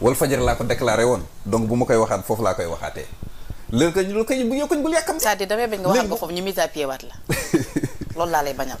wal fajar laa ko déclaré woon donc bu ma koy waxaat foofu laa koy waxaatee léegi kañ loolu kañ bu yow kañ bul yàkkam c'est-à-dire damay bañ nga waxaat ko foofu ñu mise à pied waat la loolu laa lay bañal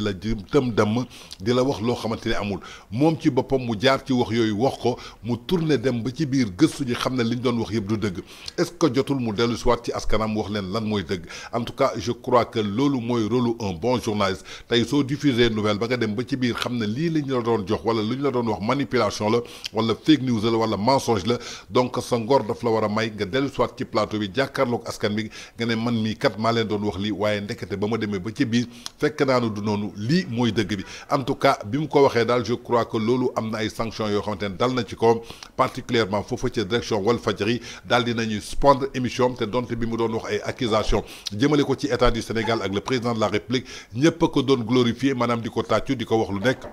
di la tëm demm di la wax loo xamante ne amul moom ci boppam mu jaar ci wax yooyu wax ko mu tourné dem ba ci biir gëstu ji xam ne li ñu doon wax yëpp du dëgg est-ce que jotul mu dellu si waat ci askanam wax leen lan mooy dëgg en tout cas je crois que loolu mooy rôle un bon journaliste tey soo diffusé nouvelle ba nga dem ba ci biir xam ne lii la ñu la doon jox wala lu ñu la doon wax manipulation la wala fake news la wala mensonge la donc sa ngor daf la war a may nga dellu si waat ci plateau bi jàkkaarloog askan bi nga ne man mii kat maa leen doon wax lii waaye ndekete ba ma demee ba ci biir fekk naa ne du noonu li moy deug bi en tout cas bim ko waxe dal je crois que loolu amna ay sanctions yo xamantene dal na ci ko particulièrement fofu ci direction wal fadjri dal dinañu suspendre émission te donte bi mu wax ay accusations jëmale ko ci état du Sénégal ak le président de la République ñepp ko don glorifier manam du tatchu diko wax lu nekk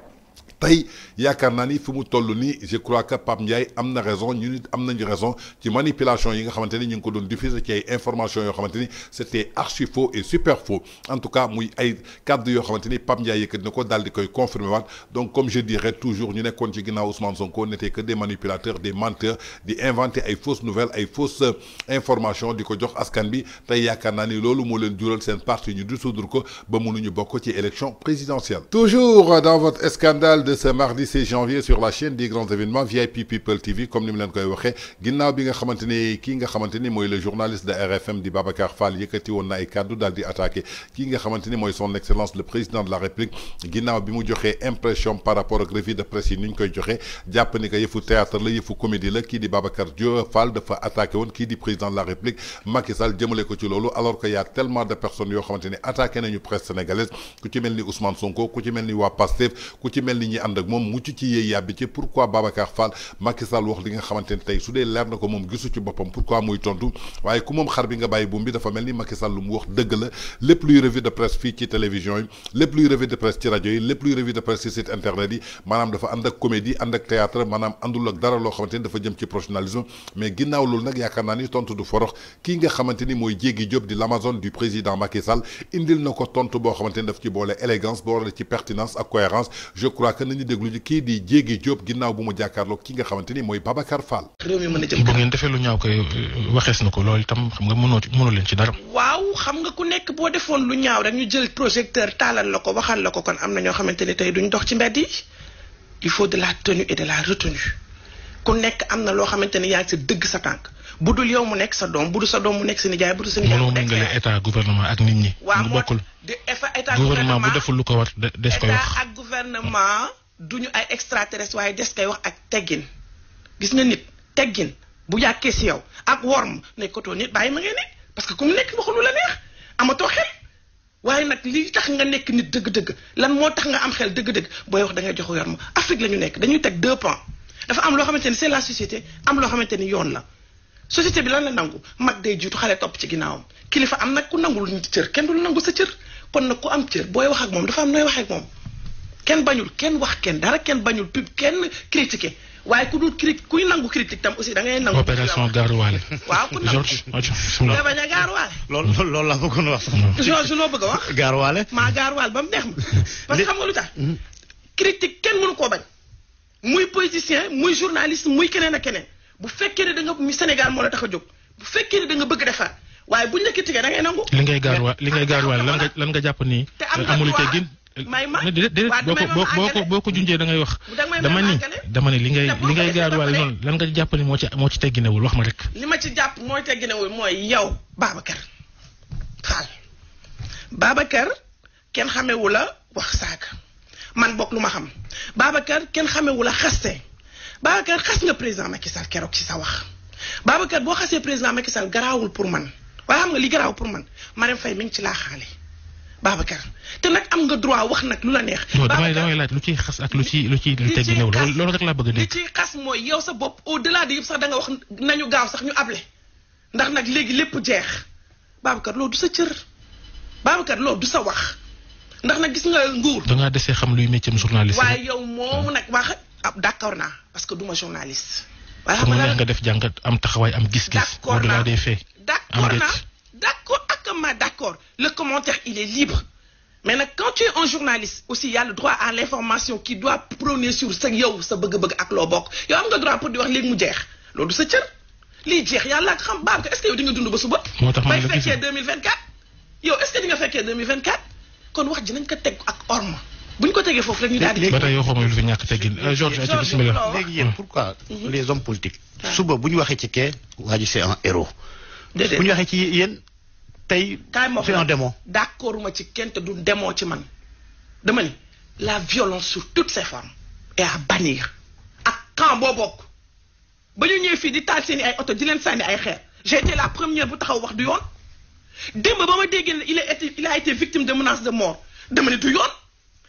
tay yakarna ni fi tollu ni je crois que pap Ndiaye amna raison ñu amna ñu raison ci manipulation yi nga xamanteni ñu ko doon diffuser ci ay information yo xamanteni c'était archi faux et super faux en tout cas muy ay cadre yo xamanteni pap Pape Ndiaye nako dal di koy confirmer waat donc comme je dirais toujours ñu nekkon ci ginnaaw Ousmane Sonko n'était que des manipulateurs des menteurs di inventer ay fausses nouvelles ay fausses informations diko jox askan bi tay yakarna ni lolu mo leen jural sen parti ñu dissoudre ko ba ñu bokk ci élection présidentielle toujours dans votre scandale de ce mardi 6 janvier sur la chaîne des grands événements VIP People TV comme ni l'avons leen koy waxee ginnaaw bi nga xamanteni ki nga ni le journaliste de RFM di Babacar Fall yëkëti won na ay cadeau dal di attaqué king nga xamanteni ni son excellence le président de la république ginnaw bi mu impression par rapport au revue de presse niñ koy joxé japp ni ka yëfu théâtre la yëfu comédie la ki di Babacar Diop Fall dafa attaquer won ki di président de la république Macky Sall jëmele ko ci lolu alors que y a tellement de personnes yo xamanteni attaquer attaqué nañu presse sénégalaise ku ci melni Ousmane Sonko ku ci melni ni waa Pastef ku ci melni ñi ànd ak moom mucc ci yey yàbbi ci pourquoi Babacar Fall Macky Sall wax li nga xamanteni tay su dee leer na ko moom gisu ci bopam pourquoi muy tontu waye ku mom xar bi nga baye buum bi dafa melni Macky Sall lu mu wax deug la lepp luy revue de presse fi ci télévision lepp plus luy revue de presse ci radio yi lépp luy revue de presse ci site internet yi manam dafa ànd comédie ànd ak théâtre manam àndul ak dara lo xamanteni dafa jëm ci professionnalisme mais ginnaw lool nak yaakaar ni tontu du forox ki nga xamanteni ni mooy job di l'Amazon du président Macky Sall indil nako tontu bo xamanteni daf ci bolé élégance boole ci pertinence ak cohérence je crois que nañu déglu ci kii di Jéegi Diop ginnaaw bu mu jàkkaarloog ki nga xamante ni mooy Babacar Fall. réew mi ngeen defee lu ñaaw koy euh, waxees na ko loolu itam xam nga mënoo mënoo leen ci dara. waaw xam nga ku nekk boo defoon lu ñaaw rek ñu jël projecteur taalal la ko waxal la ko kon am na ñoo xamante ni tey duñ dox ci mbedd yi il faut de la tenue et de la retenue ku nekk am na loo xamante ni yaa ngi sa dëgg sa tànk bu dul yow mu nekk sa doom bu dul sa doom mu nekk sa nijaay bu dul sa nijaay mu nekk mënoo mëngale état gouvernement ak nit ñi. waaw moo bokkul gouvernement bu deful lu ko war des koy wax état ak gouvernement duñu ay extraterrestre waaye des koy wax ak teggin gis nga nit teggin bu yàkkee si yow ak worm nekkatoo nit bàyyi ma ngeen ne parce que ku mu nekk waxul lu la neex amatoo xel. waaye nag lii tax nga nekk nit dëgg-dëgg lan moo tax nga am xel dëgg-dëgg booy wax da ngay jox yor ma Afrique la ñu nekk dañuy teg deux points dafa am loo xamante ni c'est la société am loo xamante ni yoon la. société bi lan la nangu mag day jiitu xale topp ci ginnaawam kilifa am nag ku nangul nit cër kenn du nangu sa cër kon nag ku am cër booy wax ak moom dafa am nooy wax moom kenn bañul kenn wax kenn dara kenn bañul pub kenn critiqué waaye ku dul kuy nangu critique tam aussi da ngay nangu. opération gaaruwaale. waaw ku nangu George. Ah, a gaaruwaale. loolu loolu laa bëggoon wax sax. George loo bëgg a wax. gaaruwaale. maa gaaruwaale ba mu neex ma. parce que xam nga lu tax. Hmm. critique kenn mënu koo bañ. muy politicien muy journaliste muy keneen ak keneen. bu fekkee ne da nga mi Sénégal moo la bu fekkee ne da nga bëgg waaye buñ la critiqué da ngay nangu. li ngay gaaruwaal li ngay gaaruwaal lan nga lan nga jàpp ni. te am amul teggin may ma déedéet boo ko boo ko boo ko junjee da ngay wax. dama ni dama ni li ngay li ngay gaaruwaal noonu lan nga jàpp ni moo ci moo ci tegginewul wax ma rek. li ma ci jàpp mooy tegginewul mooy yow Babacar Fall Babacar kenn xamewu la wax saaga man bokk lu ma xam Babacar kenn xamewu la xeste Babacar xas nga président Macky Sall keroog ci sa wax Babacar boo xasee président Macky Sall garaawul pour man waaye xam nga li garaaw pour man ma Faye mi ngi ci laaxaale Babacar te nag am nga droit wax nag lu la neex. damay damay laaj lu ciy xas ak lu ciy lu ciy teg néew loolu rek laa bëgg a dégg. li ciy xas mooy bopp au delà de yëpp sax da nga wax nañu sax ñu able ndax nag léegi lépp jeex Babacar loolu du sa cër Babacar loolu du sa wax ndax nag nga nguur. da ngaa dese xam luy métier journaliste. waaye yow moomu nag wax. Ah, d'accord na parce que duma journaliste. voilà mu nga def jàngat am taxaway am gis-gis. d'accord au-delà des faits. d'accord na d'accord ak ah, ma d'accord le commentaire il est libre. mais quand tu es un journaliste aussi y a le droit à l'information qui doit prôner sur ce yow sa bëgg-bëgg ak lo bok yow am nga droit pour di wax léegi mu jeex loolu sa cër li jeex yàlla xam baal est-ce que yow di nga dund ba suba. may fekkee 2024. yow est-ce que di nga fekkee 2024 kon wax ji nañ ko teg ak orma buñ ko tegee foofu la ñuy daal di. ba tey lu fi ñàkk teggin euh, Georges ci bismillah léegi yéen pourquoi mhm. les hommes politiques. suba buñ waxé ci ké waji c'est un héros. buñ waxé ci yeen tay kaay ma un démon. d'accord ci kenn du démon ci man dama ni la violence sur toutes ses formes est à bannir. ak camp bo bok bañu ñëw fi di taal seen ay auto di leen sànni ay xéer j'ai été la première bu taxaw wax du yoon demba bama ma il a été il a été victime de menaces de mort dama ni du yoon.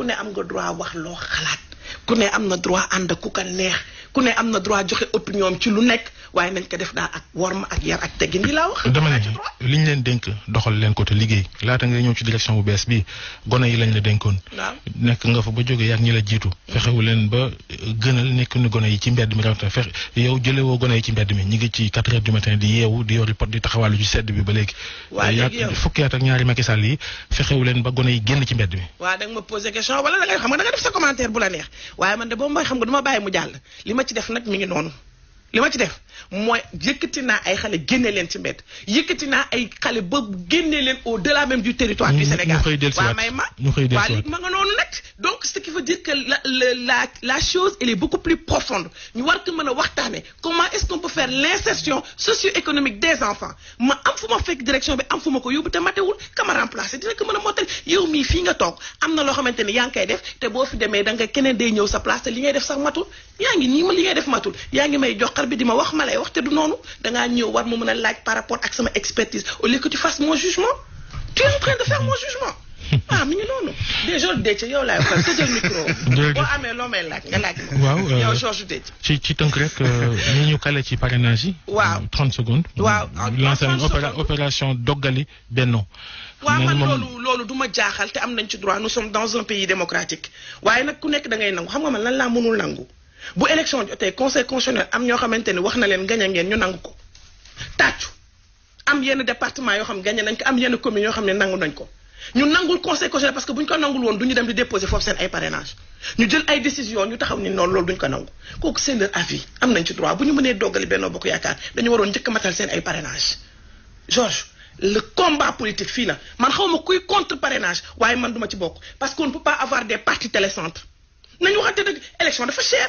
ku ne am nga droit wax loo xalaat ku ne am na droit ànd ku ko neex ku ne am na droit joxe opinion ci lu nekk waaye nañ ko def daal ak worma ak yar ak teggin yi laa wax. dama ne leen dénk doxal leen ko liggéey laata ngay ñëw ci direction bu bees bi gone yi lañ la dénkoon. waaw nekk nga fa ba jógee yaag ñi la jiitu. fexewu leen ba gënal nekk ni gone yi ci mbedd mi rawatina fexe yow jëlee woo gone yi ci mbedd mi ñu ngi ci quatre heures du matin di yeewu di yori pot bi ba léegi. waaw léegi yow fukki at ak ñaari Macky Sall yi fexewu leen ba gone yi génn ci mbedd mi. waaw da nga ma posé question xam nga da nga def sa commentaire man de boobu mooy xam nga du ma bàyyi mu jàll li ma ci def nag mi ngi noonu li ma ci def mooy yëkkati naa ay xale génne leen ci mbedd yëkkati naa ay xale ba génne leen au delà même du territoire du Sénégal waa may ma waa ma nga noonu nag donc ce qui veut dire que la la la chose elle est beaucoup plus profonde ñu war ko mën a waxtaane comment est-ce qu'on peut faire l'insertion socio-économique des enfants ma am fu ma fekk direction bi am fu ma ko yóbbu te matewul ka ma remplacer dina ko mën a mottali yow mii fii nga toog am na loo xamante ne yaa ngi koy def te boo fi demee da nga keneen day ñëw sa place te li ngay def sax matul yaa ngi nii ma li ngay def matul yaa ngi may joxar bi di ma wax ma lay wax te du noonu dangaa ñëw war ma mën a laaj par rapport ak sama expertise au lieu que tu fasses mon jugement tu es en train de faire mon jugement ah mi ngi noonu de Georges yow laay waxal tëjal micro boo amee loo may laaj nga laaj ma waaw euh, yow Georges Déthié ci ci tënk rek euh, ñu ñu kale ci parrainage yi waaw 30 euh, secondes waaw lancé nañ opération doggali Benno waaw man loolu loolu du ma jaaxal te am nañ ci droit nous sommes dans un pays démocratique waaye nag ku nekk da ngay nangu xam nga man lan laa mënul nangu bu élection jotee conseil constitutionnel am ñoo xamante ne wax na leen gañe ngeen ñu nang ko tàccu am yenn département yo xam gagné nañ ko am yenn commune yo xamné ne nangu nañ ko ñu nangul conseil constitutionnel parce que buñ ko nangul won duñu dem di déposer fofu seen ay parrainage ñu jël ay décision ñu taxaw ni non loolu duñ ko nang kooku seen leur avis am nañ ci droit bu ñu mënee doggali Benno Bokk Yaakaar dañu waroon njëkk matal seen ay parrainage Georges le combat politique fii na man xawma kuy contre parrainage waaye man duma ci bokk parce qu'on ne peut pas avoir des partis télécentres nañu waxante dëgg élection dafa cher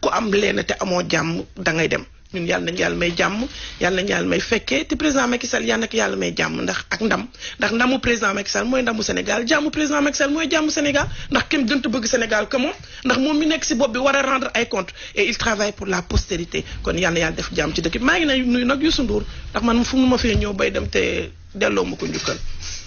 ku am leena te amoo jàmm da dem ñun yàlla nañu yàlla may jàmm yàlla nañu yàlla may fekkee te président Macky Sall yàlla na ko yàlla may jàmm ndax ak ndam ndax ndamu président Macky Sall mooy ndamu Sénégal jàmmu président Macky Sall mooy jàmmu Sénégal ndax kenn dënt bëgg Sénégal que moom ndax moom mi nekk si bopp bi war a rendre ay compte et il travaille pour la postérité kon yàlla na yàlla def jàmm ci dëkk bi maa ngi ne nuyu nag Youssou Ndour ndax man fu mu ma fee ñëw bay dem te delloo ma ko njukkal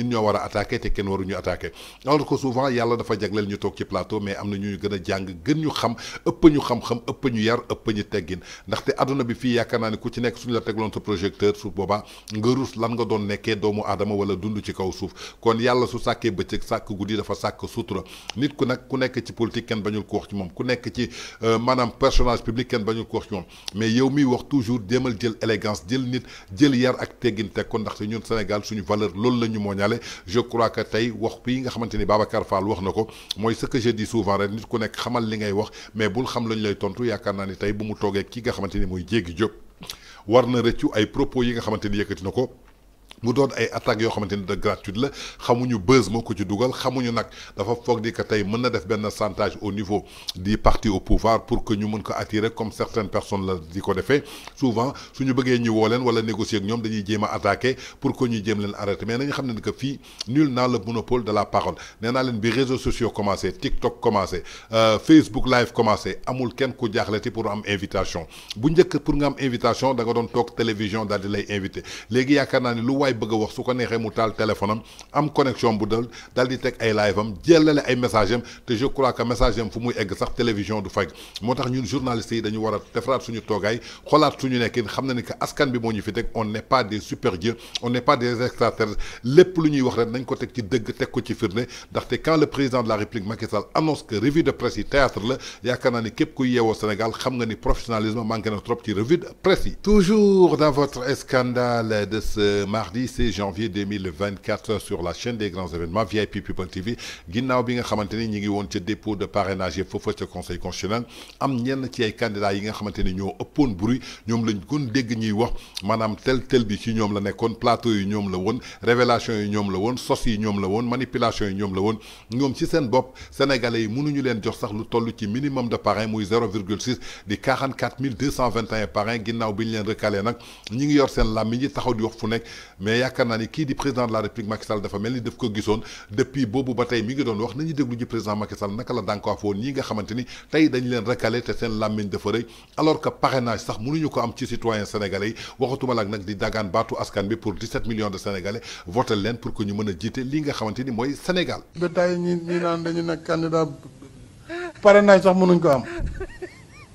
ñoo attaqué attaqué alors que souvent yàlla dafa nous ñu ci plateau mais am ñu gën a gën ñu xam ëpp ñu xam-xam ëpp ñu yar ëpp ñu teggin ndaxte aduna bi fii yaakaar naa ku ci suñu la tegloon projecteur su boobaa nga un lan nga doon nekkee doomu aadama wala dund ci kaw suuf kon su dafa sutura nit ku nag ku nekk ci politique kenn bañul ko ci ku ci euh, personnage public kenn bañul mais yow toujours démal jël élégance jël nit jël yar ak teggin teg ko ñun Sénégal suñu valeur loolu la ñu signalé je crois que tey wax bii nga xamante ni Babacar Fall wax na ko mooy ce que je dis souvent rek nit ku nekk xamal li ngay wax mais bul xam lañ lay tontu yaakaar naa ni tey bu mu toogee ki nga xamante ni mooy Diégui jóg war na rëccu ay propos yi nga xamante ni yëkkati na ko. Nous doon ay attaques yoo de gratuite la xamuñu buzz moko ko ci dugal xamuñu nag que nous mën def au niveau des partis au pouvoir pour que nous puissions attirer comme certaines personnes la qu'on a fait. souvent suñu nous ñu nous leen wala négocier ak ñoom dañuy jéem attaquer pour que nous puissions leen arrêté mais nous savons que fii nul n'a le monopole de la parole nee pas les bi réseaux sociaux commencé TikTok commencé euh, Facebook live commencé amul kenn ku d'arrêté pour am invitation bu njëkk pour nga invitation da nga doon télévision daal di lay invité léegi yaakaar waay bëgg wax su ko neexee mu téléphone am connexion bu dal dal di teg ay live am jëlale ay message am te je crois que message am fu muy egg sax télévision du fake moo tax ñun journalistes yi dañu war a defaraat suñu toogaay xolaat suñu nekkin xam na ni que askan bi moo fi on n'est pas des super dieux on n'est pas des extraterrestres les lu ñuy wax rek nañ ko teg ci dëgg teg ko ci et quand le président de la république Macky Sall annonce que revue de presse théâtre la yaakaar naa ni képp kuy yeewoo Sénégal xam nga ni professionnalisme manqué na trop ci revue de presse toujours dans votre scandale de ce mardi 16 janvier 2024 sur la chaîne des grands événements VIP People TV Ginnaw bi nga xamanteni ñi ngi won ci dépôt de parrainage fofu foofa conseil constitutionnel am ñen ci ay candidats yi nga xamanteni ñoo ëppoon bruit ñom lañ kon dégg ñi wax manam tel tel bi ci ñom la plateau yi ñom la won révélation yi ñom la won sos yi ñom la won manipulation yi ñom la won ñom ci seen bop sénégalais yi mënuñu leen jox sax lu tollu ci minimum de parrain muy 0,6 di 44 221 parrain ginnaw bi ñu leen recalé nag ñi ngi yor seen làmmiñ ñi taxaw di wax fu nek mais yaakaar naa ni kii di président de la république Macky Sall dafa mel ni daf ko gisoon depuis bobu batay mi ngi don wax nañu déglu ji président Macky Sall naka la danko dànkaafoon ni nga xamanteni tay dañ leen recalé té sen làmmiñ dafa rëy alors que parrainage sax mënuñu ko am ci citoyen sénégalais waxatuma lak nak di dagan batu askan bi pour 17 millions de sénégalais voter leen pour que ñu mëna jité li nga xamanteni moy Sénégal. ba tey ñi ñi nan dañu nak candidat parrainage sax mënuñ ko am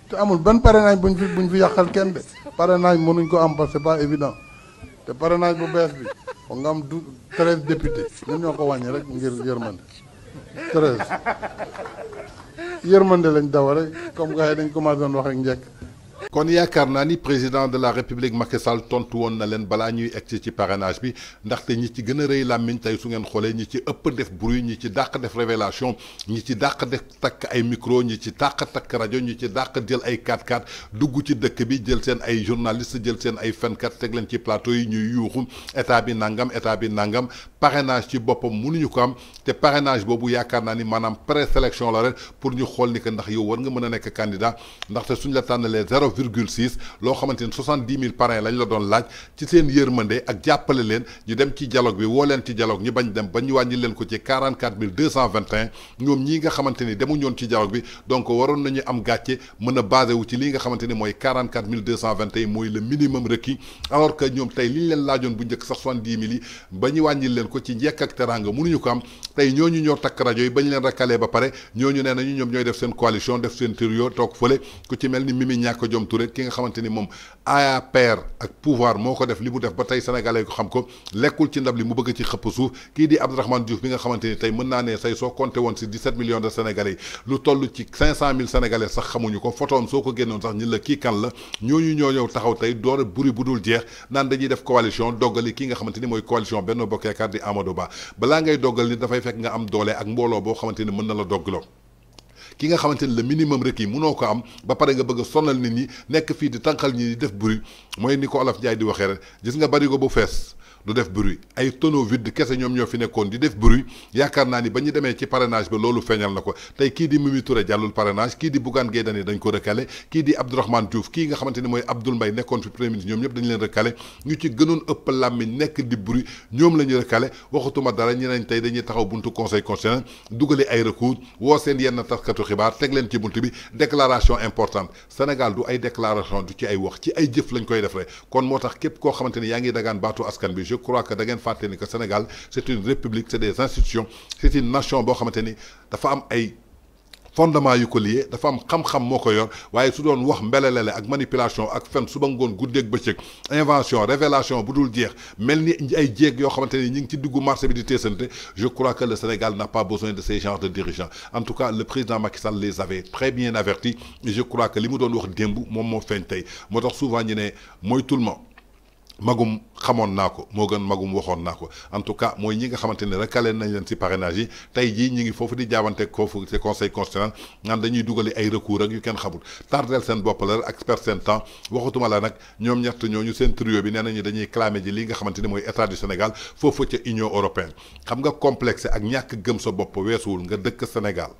te amul benn parrainage buñ fi buñ fi yàqal kenn de parrainage mënuñ ko am parce que c'est pas évident. te parrainage bu bees bi foog nga am du treize députés ñun ñoo ko wàññi rek ngir yërmande treize yërmande lañ dawa rek comme gars dañ commencé doon wax ak njëkk kon yaakaar naa ni président de la république Macky Sall tontu woon na leen balaa ñuy egsi ci parrainage bi ndaxte ñi ci gën a rëy làmmiñ tey su ngeen xoolee ñi ci ëpp def bruit ñi ci dàq def révélation ñi ci dàq def takk ay micro ñi ci tàq takk rajo ñi ci dàq jël ay 4 x dugg ci dëkk bi jël seen ay journaliste jël seen ay fenkat teg leen ci plateau yi ñuy yuuxu état bi nangam état bi nangam parrainage ci boppam mu mënuñu ko am te parrainage boobu yaakaar naa ni maanaam présélection la rek pour ñu xool ni ndax yow war nga mën a nekk candidat ndaxte la tànnalee zéro zéro virgule six loo xamante ni soixante la doon laaj ci seen yërmande ak jàppale leen ñu dem ci dialogue bi woo leen ci dialogue ñu bañ dem ba ñu wàññi leen ko ci mooy li ñu leen laajoon bu njëkk sax soixante yi ba ñu wàññi leen ko ci njekk ak teraanga mënuñu ko am tey ñoo takk rajo yi ba ñu leen rakkalee ba pare ñooñu nee nañu ñoom ñooy def seen coalition def seen trio toog fële ku ci mel ni mimi ñàkk diom Touré ki nga xamanteni mom aya père ak pouvoir moko def li bu def ba tay sénégalais ko xam ko lekul ci ndab li mu bëgg ci xëpp suuf ki di Abdourahmane Diouf bi nga xamanteni tay mën na ne say so compté won ci 17 millions de sénégalais lu tollu ci 500000 sénégalais sax xamuñu ko photo soo ko génnoon sax ñi la ki kan la ñooñu ñoo ñëw taxaw tay door buri bu dul jeex nan dañuy def coalition doggali ki nga xamanteni moy coalition Benno Bokk Yaakaar di Amadou Ba bala ngay dogal ni da fay fek nga am doole ak mbolo bo xamanteni mën na la doglo ki nga xamanteni le minimum rek yi munoo ko am ba pare nga bëgg sonal nit ñi nekk fii di tànqal ñi di def buri mooy ni ko olaf Njaay di waxee rek gis nga bari go bu fees du def bruit ay tono vide kese ñoom ñoo fi nekkoon di def bruit yaakaar naa ni ba ñu demee ci parrainage bi loolu feeñal na ko tey kii di Mimi Touré jàllul parrainage kii di Bougane Gueye Dany dañ ko recalé kii di Abdourahmane Diouf kii nga xamante ni mooy Abdoul Mbaye nekkoon fi premier ministre ñoom ñëpp dañ leen recalé ñu ci gënoon ëpp làmmiñ nekk di bruit ñoom la ñu recalé waxatuma dara ñeneen tey dañuy taxaw buntu conseil constitutionnel dugale ay recours woo seen yenn taskatu xibaar teg leen ci buntu bi déclaration importante Sénégal du ay déclaration du ci ay wax ci ay jëf lañ koy def rek kon moo tax képp koo xamante yaa ngi dagaan baatu askan bi crois que d'agen ngeen ni que Sénégal c'est une république c'est des institutions c'est une nation bo xamante dafa am ay fondement yu ko lié dafa am xam-xam moko yor waye su doon wax mbelelele ak manipulation ak fen suba goudé ak invention révélation Vous diex melni ni ay jéeg yo xamante ñing ci diggu marché bi di je crois que le Sénégal n'a pas besoin de ces genres de dirigeants en tout cas le président Macky Sall les avait très bien avertis et je crois que li mu doon wax démb mom mo feeñ tay motax souvent ñu ne tout le monde magum xamoon naa ko moo gën magum waxoon naa ko en tout cas mooy ñi nga xamante ne recalé nañ leen ci parrainage yi tey jii ñi ngi foofu di jaabante foofu ci conseil constitutionnel naan dañuy dugali ay recours ak yu kenn xamul tardeel seen bopp la ak perte seen temps waxatuma la nag ñoom ñett ñooñu seen trio bi nee nañu dañuy clamé ji li nga xamante ni mooy état du Sénégal foofu ca Union européenne xam nga complexe ak ñàkk gëm sa bopp weesuwul nga dëkk Sénégal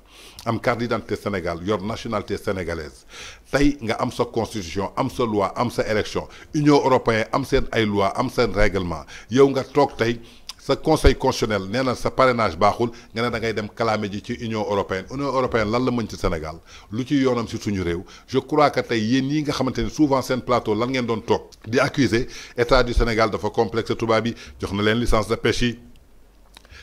am carte d'identité Sénégal yor nationalité sénégalaise tay nga am sa constitution am sa loi am sa élection union européenne am sen ay loi am sen règlement yow nga tok tay ce conseil constitutionnel n'est là sa parrainage baxul nga pas da ngay dem clamé ci union européenne union européenne lan la mën ci Sénégal lu ci yonam ci suñu réew je crois que tay yéen yi nga souvent un plateau lan ngeen don tok di accuser état du Sénégal dafa complexe touba bi jox na une licence de pêche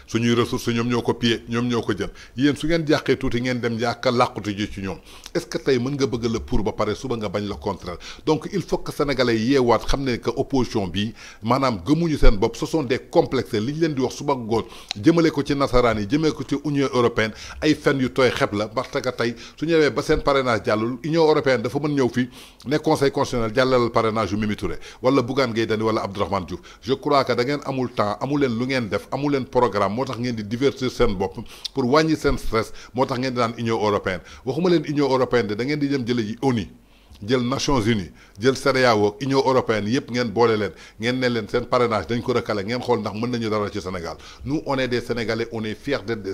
suñuy ressources ñoom ñoo ko pillé ñoom ñoo ko jël yéen su ngeen jàqee tuuti ngeen dem jàkka làqutu ji ci ñoom est-ce que tey mën nga bëgg la pour ba pare suba nga bañ la contraire donc il faut que sénégalais yeewaat xam ne que opposition bi maanaam gëmuñu seen bopp ce sont des complexes li ñu leen di wax suba ngoon jëmale ko ci nasaraan yi jëmee ko ci union européenne ay fen yu tooy xeb la parce que tey su ñëwee ba seen parrainage jàllul union européenne mën ñëw fii ne conseil constitutionnel jàllalal parrainage yu Mimi Touré wala Bougane Gueye Dany wala Abdourahmane Diouf da ngeen amul temps amu lu ngeen def amu leen programme moo tax ngeen di divertir seen bopp pour wàññi seen stress moo tax ngeen di naan union européenne waxuma leen union européenne de da ngeen di jëm jële ji ONU jël Nations Unies jël CEDEAO ak union européenne yëpp ngeen boole leen ngeen ne leen seen parrainage dañ ko recalé ngeen xool ndax mën nañu dara ci Sénégal nous on est des Sénégalais on est fiers d'être des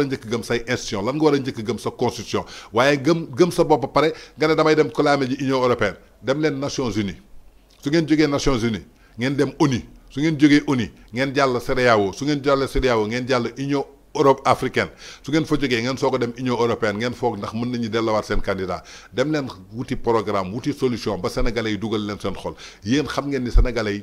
war njëkk gëm say institution lan nga war a njëkk gëm sa constitution waaye gëm gëm sa bopp pare nga ne damay dem kalaame ji union européenne dem leen nations unies su ngeen jógee nations unies ngeen dem ONU su ngeen jógee ONU ngeen jàll CEDEAO su ngeen jàll CEDEAO ngeen jàll union Europe africaine su ngeen fa jógee ngeen soog a dem union européenne ngeen foog ndax mën nañu delluwaat seen candidat dem leen wuti programme wuti solution ba sénégalais yi dugal leen seen xol yéen xam ngeen ni sénégalais yi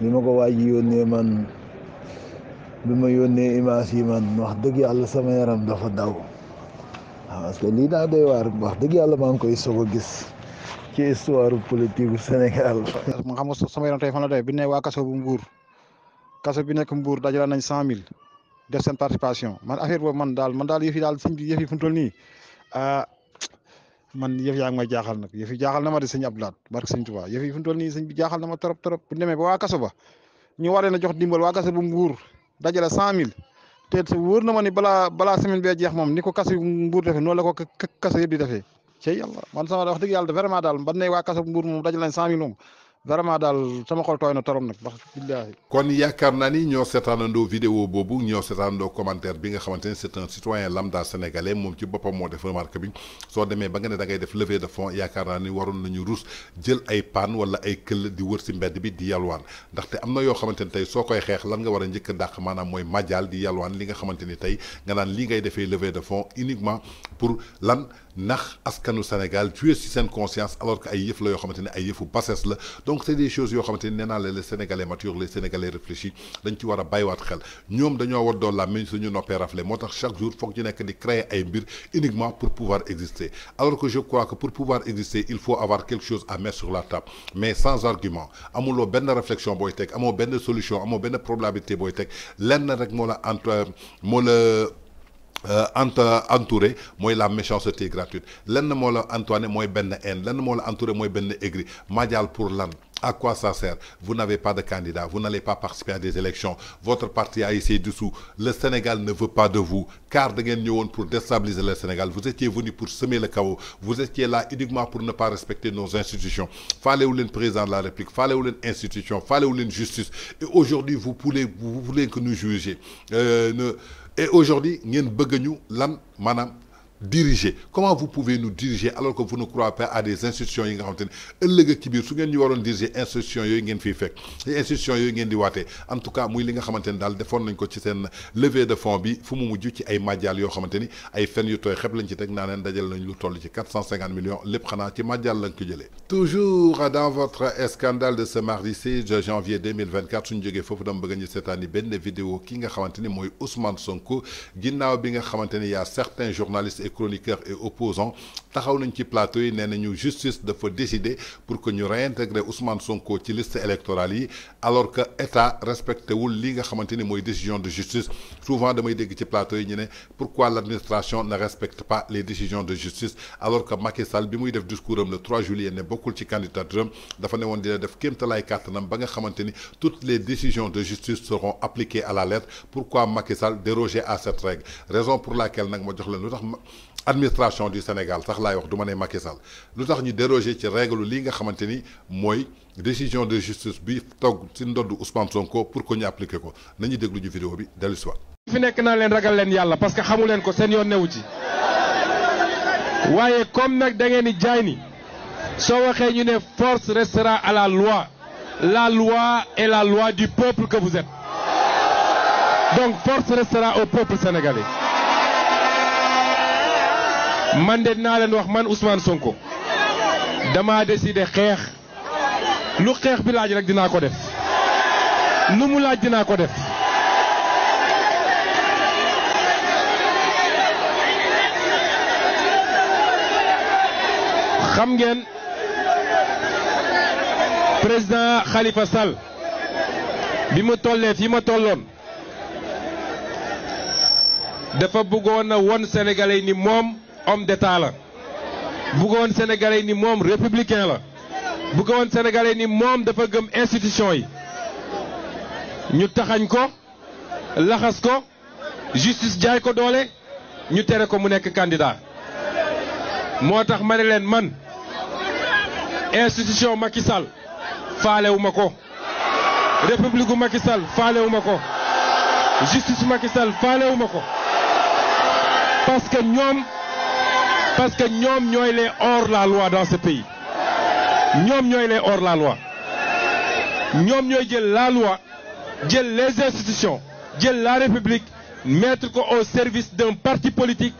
li ma ko waaj ji yónnee man bi ma yónnee image yi man wax dëgg yàlla sama yaram dafa daw waaw parce que lii daa doy waar wax dëgg yàlla maa ngi koy soog a gis ci histoire politique bu Sénégal. ma xam nga sama yaram tey fan la doy bi ne waa kaso bu Mbour kaso bi nekk Mbour dajale nañ cent mille def seen participation man affaire boobu man daal man daal yëf daal suñ bi yëf yi nii ah, man yëf yaa ngi may jaaxal na ma de sëñ Abdoulaye barke sëñ Tuubaa yëf yi fu mu toll nii na ma trop trop bu demee ba waa kaso ba ñu waree na jox dimbal waa kaso bu mbuur dajale cent mille te wóor na ma ni bala balaa semaine bee jeex moom ni ko kaso mbuur defee noonu la ko kaso yëpp di defee ci yàlla man sama daal ban waa kaso bu mbuur moom dajale nañ cent mille moom vraiment daal sama xol tooy na torom nag wax billaahi kon yaakaar naa ni ñoo seetaanandoo vidéo boobu ñoo seetaanandoo commentaire bi nga xamante ne c'est un citoyen lambda sénégalais moom ci boppam moo def remarque bi soo demee ba nga ne da def levée de fonds yaakaar naa ni waroon nañu ruus jël ay paan wala ay këll di wër si mbedd bi di yalwaan ndaxte am na yoo xamante ni tey soo koy xeex lan nga war a njëkk a dàq maanaam mooy majaal di yalwaan li nga xamante ni tey nga naan lii ngay defee levée de fonds uniquement lan ndax askanu Sénégal tu es si saine conscience alors que ay yëf la yo xamanteni ay yefu la donc c'est des choses yo xamanteni ne les Sénégalais matures les Sénégalais réfléchis dañ ci wara a bàyyiwaat xel ñom de war la même suñu noppee raflé les chaque jour foog ñu que di créer ay mbir uniquement pour pouvoir exister alors que je crois que pour pouvoir exister il faut avoir quelque chose à mettre sur la table mais sans argument amulo ben réflexion boy teg amo ben solution amo ben probabilité boy problématique lenn rek mo la entre mo la entouré euh, moi, la méchanceté gratuite lenn moi, la Antoine, moi, ben haine de moi, la moi, moy ben aigri Madial pour lan à quoi ça sert Vous n'avez pas de candidat, vous n'allez pas participer à des élections, votre parti a essayé dessous, le Sénégal ne veut pas de vous, car de pour déstabiliser le Sénégal, vous étiez venu pour semer le chaos, vous étiez là uniquement pour ne pas respecter nos institutions. Fallait ou l'un président de la République, fallait ou institution. fallait ou justice. Et aujourd'hui, vous voulez, vous voulez que nous jugions euh, et aujourd'hui ngeen bëgg ñu lan diriger comment vous pouvez nous diriger alors que vous ne croyez pas à des institutions yi nga xamante ne ak ci biir su ngeen ñu waroon diriger institutions yooyu ngeen fiy fekk institutions yooyu ngeen di waatee en tout cas muy li nga xamante ni daal defoon nañ ko ci seen levée de fonds bi fu mu mujj ci ay màjjal yoo xamante ni ay fen yu tooy xeb lañ ci teg naa neen dajal nañ lu toll ci 450 millions lépp xanaa ci màjjal lañ ko jëlee toujours dans votre scandale de ce mardi 6 janvier 2024 suñu jógee foofu dama bëgg ñu seetaani benn vidéo ki nga xamante ni mooy Ousmane Sonko ginnaaw bi nga xamante ni y a certains journalistes et chroniqueurs et opposants taxaw nañ ci plateau yi nee nañu justice dafa décider pour que ñu réintégrer Ousmane Sonko ci liste électorale yi alors que état respecté wul li nga xamante moy décision de justice souvent damay dégg ci plateau yi ñu pourquoi l'administration ne respecte pas les décisions de justice alors que Macky Sall bi muy def discours le 3 juillet né bokul ci candidature dafa néwon dina def carte nam ba nga toutes les décisions de justice seront appliquées à la lettre pourquoi Macky Sall déroger à cette règle raison pour laquelle nak ma jox administration du Sénégal sax lay wax du né Macky Sall lu tax ñu déroger ci règle li nga xamanteni moy décision de justice bi toog ci ndodd Ousmane Sonko pour qu'on y appliquer ko nañu déglu ñu vidéo bi dellu si fi nek na len ragal len yalla parce que xamu leen ko sen yon newu ci Waye comme nak da ngeen di jay ni so waxe ñu né force restera à la loi la loi est la loi du peuple que vous êtes donc force restera au peuple sénégalais. man de naa leen wax man Ousmane Sonko dama décidé xeex lu xeex bi laaj rek dinaa ko def nu mu laaj dinaa ko def xam ngeen président xalifa Sall bi mu tollee yi ma tolloon dafa bëggoon a won sénégalais ni moom homme d'état la bëggoon sénégalais ni membre républicain la bëggoon sénégalais ni membre dafa gëm institution yi ñu taxañ ko justice jaay ko doole ñu tere ko mu nekk candidat moi, tax ma man institution Macky Sall ou ma république Macky Sall faalewu ou justice Macky Sall faalewu ou parce que nous parce que nous sommes hors la loi dans ce pays. Nous sommes hors la loi. Nous sommes la loi, les institutions, la République, mettre au service d'un parti politique,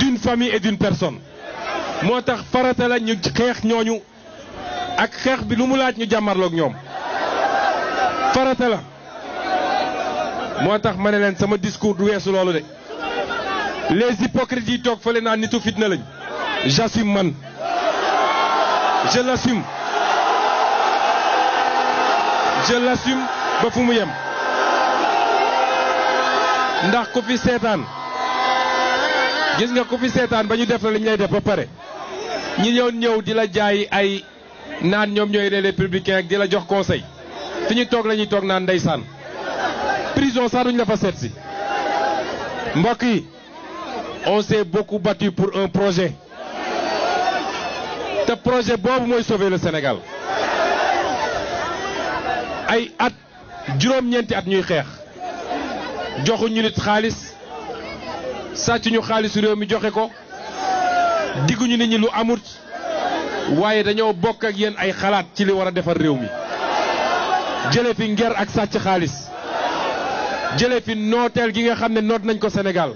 d'une famille et d'une personne. Nous farata la ñu ñooñu ak nous. les hypocrites yi toog fële naa nitu fitna lañ j'assume man je l'assume je ba fu mu yem ndax ku fi seetaan gis nga ku fi seetaan ba ñu def la li lay def ba pare ñi ñëw ñëw di la jaay ay naan ñoom ñooy les républicains ak di la jox conseil fi ñu toog la ñuy toog naan ndeysaan prison sax la fa seet si mbokk yi on s'est beaucoup battu pour un projet Ce projet bon pour sauver le Sénégal ay at juróom-ñeenti at ñuy xeex joxuñu nit xaalis sàccuñu xaalisu réew mi joxe ko digguñu nit ñi lu dañoo bokk ak ay xalaat ci a defar mi fi ak sati fi notel gi nga ne Sénégal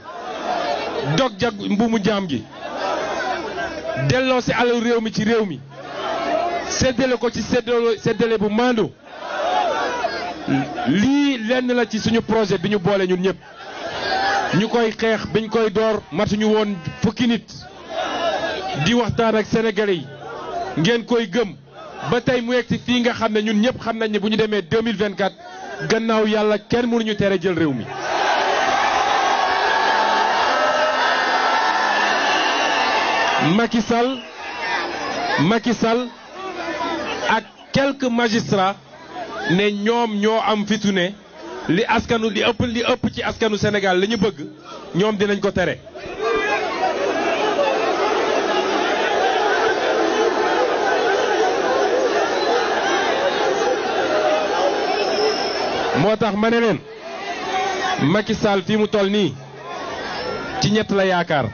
dog jag mbuumu jaam gi delloo si alalu réew mi ci réew mi séddale ko ci séddale séddale bu maandu lii lenn la ci suñu projet bi ñu boole ñun ñëpp ñu koy xeex biñ koy door matuñu woon fukki nit di waxtaan ak sénégalais yi ngeen koy gëm ba tey mu yegg si fii nga xam ne ñun ñëpp xam nañ ne bu ñu demee 2024 gannaaw yàlla kenn mënuñu tere jël réew mi. makisal makisal ak quelques magistrats ne ñoom ñoo am fitu li askanu li ëpp li ëpp ci askanu senegal la ñu bëgg ñoom dinañ ko tere. moo tax ma ne leen Macky Sall mu toll nii ci ñett la yaakaar.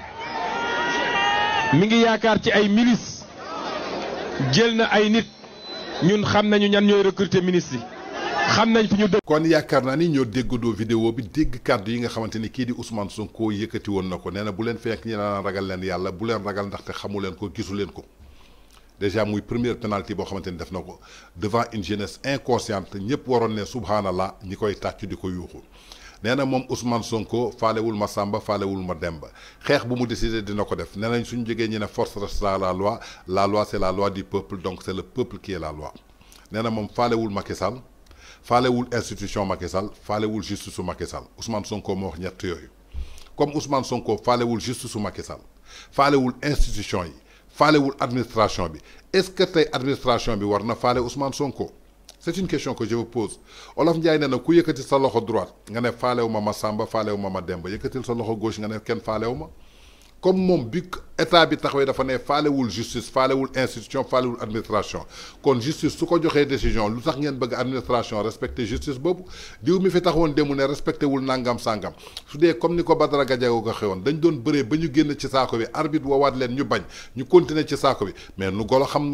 mi yaakaar ci ay milices jël ay nit ñun ñan ministres yi xam nañ fi kon ni ñoo vidéo bi dégg kàddu yi nga di Ousmane Sonko ko bu leen fekk ñi ragal def devant une jeunesse inconsciente ñëpp waroon ne nee na Ousmane Sonko faalewul Massamba, Samba Mademba ma bu mu décider dina ko def nee suñu jógee ñina force restera la loi la loi c'est la loi du peuple donc c'est le peuple qui est la loi nee na moom Macky Sall faalewul institution Macky Sall faalewul justice Macky Sall Ousmane Sonko mo wax ñett yooyu comme Ousmane Sonko faalewul justice Macky Sall faalewul institution yi faalewul administration bi est-ce que tay administration bi warna na Ousmane Sonko c'est une question que je vous pose Olaf Ndiaye ku yëkëti sa loxo droite nga ne ma Samba ma ma Demba sa loxo gauche nga ne ken comme état bi dafa ne justice institution administration kon justice décision bëgg administration respecter justice diw mi fi nangam sangam su comme Badara ko dañ doon bi arbitre ñu bañ ñu ci mais nu golo xam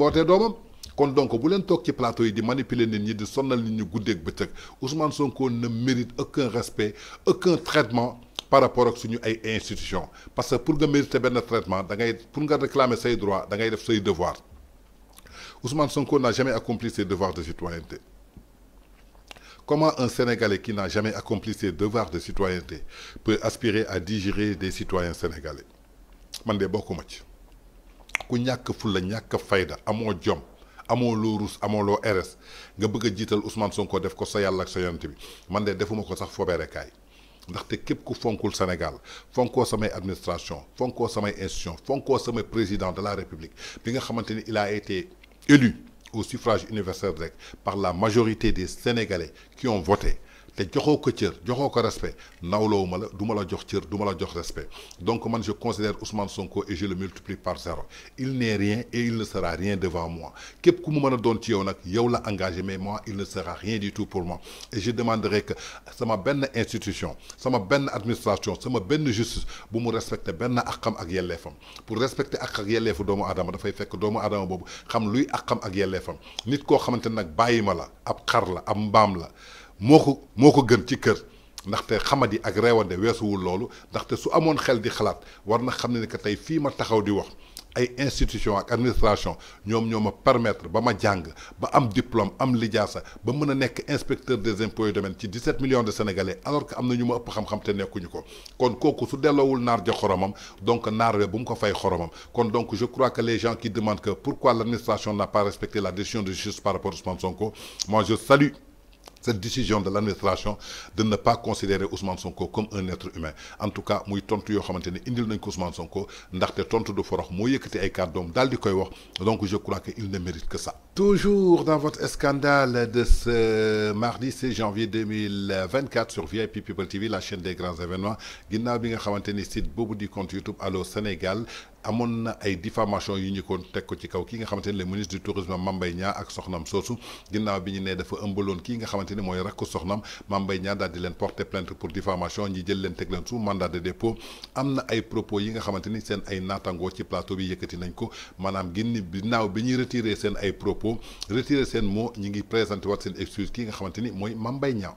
kon donc bu vous voulez ci plateau yi di manipuler nit ñi di sonnal nit ñi ak Ousmane Sonko ne mérite aucun respect aucun traitement par rapport à l'institution. ay parce que pour nga mériter un traitement da ngay pour nga réclamer say droit da ngay def say Ousmane Sonko n'a jamais accompli ses devoirs de citoyenneté Comment un Sénégalais qui n'a jamais accompli ses devoirs de citoyenneté peut aspirer à digérer des citoyens sénégalais man de bokkuma de ku ñàkk fulla pas fayda de amolo loo rus amoo RS nga bëgg Ousmane Sonko def ko sa yalla ak sa yonent bi man de sax ko kay ndax qui képp ku fonkul Sénégal fonko samay administration fonko institution fonko président de la République bi nga il a été élu au suffrage universel direct par la majorité des Sénégalais qui ont voté te joxoo ko cër joxoo respect nawloowu ma la du ma la jox cër du la jox respect donc man je considère Ousmane Sonko et je le multiplie par zéro il n'est rien et il ne sera rien devant moi képp ku mu mën a doon ci yow nag yow la engagé mais moi il ne sera rien du tout pour moi et je demanderai que sama benn institution sama benn administration sama benn justice bu mu respecter benn àqam ak yelleefam pour respecter àq ak yelleefu doomu aadama dafay fekk doomu aadama boobu xam luy àqam ak yelleefam nit koo xamante nag bàyyi ma la ab xar la ab mbaam la moko moko gën ci kër ndaxte xamadi ak reewande weesuwul loolu ndaxte su amoon xel di xalaat war na xam ne que tey fii ma taxaw di wax ay institution ak administration ñoom ñoo ma permettre ba ma jàng ba am diplôme am lijaasa ba mën a inspecteur des impôts de même ci 17 millions de sénégalais alors que am na ñu ma ëpp xam-xam te nekkuñu ko kon kooku su delloowul naar ja xoromam donc naar we bu mu ko fay xoromam kon donc je crois que les gens qui demandent que pourquoi l'administration n'a pas respecté la décision de justice par rapport à Ousmane Sonko moi je salue cette décision de l'administration de ne pas considérer Ousmane Sonko comme un être humain en tout cas tontu que indil nañ ko Ousmane Sonko tontu du forox ay donc je crois qu'il ne mérite que ça. toujours dans votre scandale de ce mardi 6 janvier 2024 sur VIP People TV la chaîne des grands événements ginnaaw bi nga site de du compte YouTube Allo Sénégal amoon na ay diffamation yu ñu ko teg ko ci kaw ki nga xamanteni le ministre du tourisme Mambay Mbaye Niang ak soxnam soosu ginnaw bi ñu ne dafa ëmbaloon ki nga xamanteni moy mooy rakku soxnam Mambay Mbaye Niang daal di len porter plainte pour diffamation ñi jël len tek len sous mandat de dépôt amna ay propos yi nga xamanteni ni seen ay natango ci plateau bi yëkëti nañ ko maanaam ginni ginnaaw bi ñuy retirer seen ay propos retirer seen mot ñi ngi présenter waat seen excuse ki nga xamanteni moy Mambay Mame Niang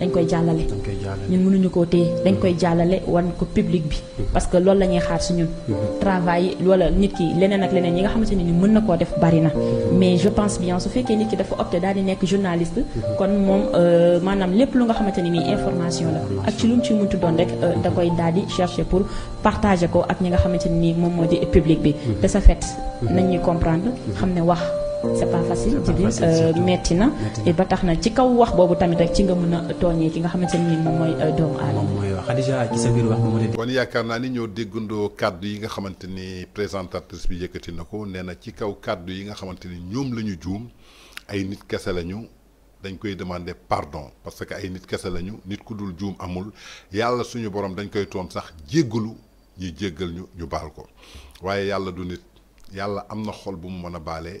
dañ koy jàllale ñun mënuñu koo téye dañ koy mm-hmm. jàllale wan ko public bi mm-hmm. parce que loolu la ñuy xaar si ñun mm-hmm. travail wala nit ki leneen ak leneen yi nga xamante ni mën na koo def bari na mais je pense bien su fekkee nit ki dafa opté daal di nekk journaliste kon moom euh, maanaam lépp lu nga xamante ni information la ak ci lu ci muntu doon rek euh, da koy daal di chercher pour partager ko ak ñi nga xamante ni nii moom moo di public bi de sa fait nañuy comprendre xam ne wax c'est pas facile euh, metti na et ba tax na ci kaw wax boobu tamit rek ci nga mën tooñee ki nga xamante ni euh, yaakaar naa ni ñoo déggandoo kàddu yi nga xamante ni présentatrice bi yëkkati na ko nee na ci kaw kàddu yi nga xamante ni ñoom la ñu juum ay nit kese lañu dañ koy demander pardon parce que ay nit kese lañu nit ku dul juum amul yàlla suñu borom dañ koy toon sax jéggalu ñu jéggal ñu ñu baal ko waaye yàlla du nit yàlla am na xol bu mu mën a baalee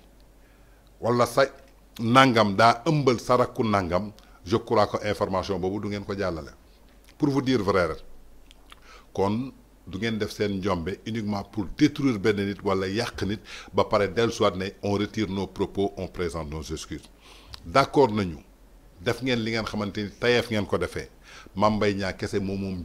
wala sa nangam daa sarakou saraku nangam je crois que information bobu du ngeen ko jallale pour vous dire vrai qu'on kon du ngeen def sen njombe uniquement pour détruire benn nit wala yak nit ba d'elle soit née on retire nos propos on présente nos excuses d'accord nañu def ngeen li ngeen xamante tayef tayeef ngeen ko defé Mame Mbaye Niang kese mom moom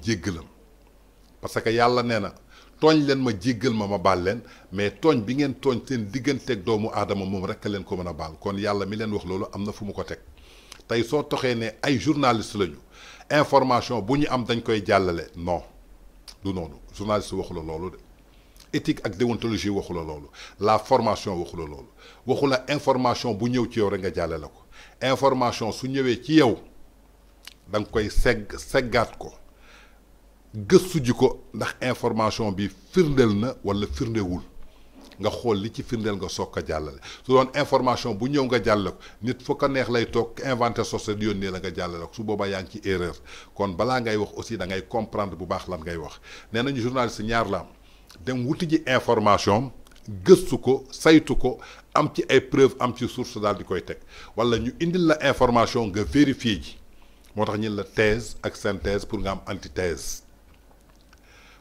parce que yalla néna tooñ leen ma jiggal ma ma baal leen mais tooñ bi ngeen tooñ seen digganteeg doomu aadama moom rek a leen ko mën a baal kon yàlla mi leen wax loolu am na fu mu ko teg tey soo toxee ne ay journaliste lañu information bu ñu am dañ koy jàllale non du noonu journaliste waxu la loolu de éthique ak déontologie waxu la loolu la formation waxu la loolu waxu la information bu ñëw ci yow rek nga jàllale ko information su ñëwee ci yow da nga koy segg seggaat ko. gëstu ji ko ndax information bi firndeel na wala firndewul nga xool li ci firndeel nga soog ko jàllale su doon information bu ñëw nga jàllale ko nit fu ko neex lay toog inventé sos di yónnee la nga jàllale ko su boobaa yaa ngi ci erreur kon balaa ngay wax aussi da ngay comprendre bu baax lan ngay wax nee nañu journaliste ñaar la dem wuti ji information gëstu ko saytu ko am ci ay preuve am ci source daal di koy teg wala ñu indil la information nga vérifié ji moo tax ñu la thèse ak synthèse pour nga am antithèse.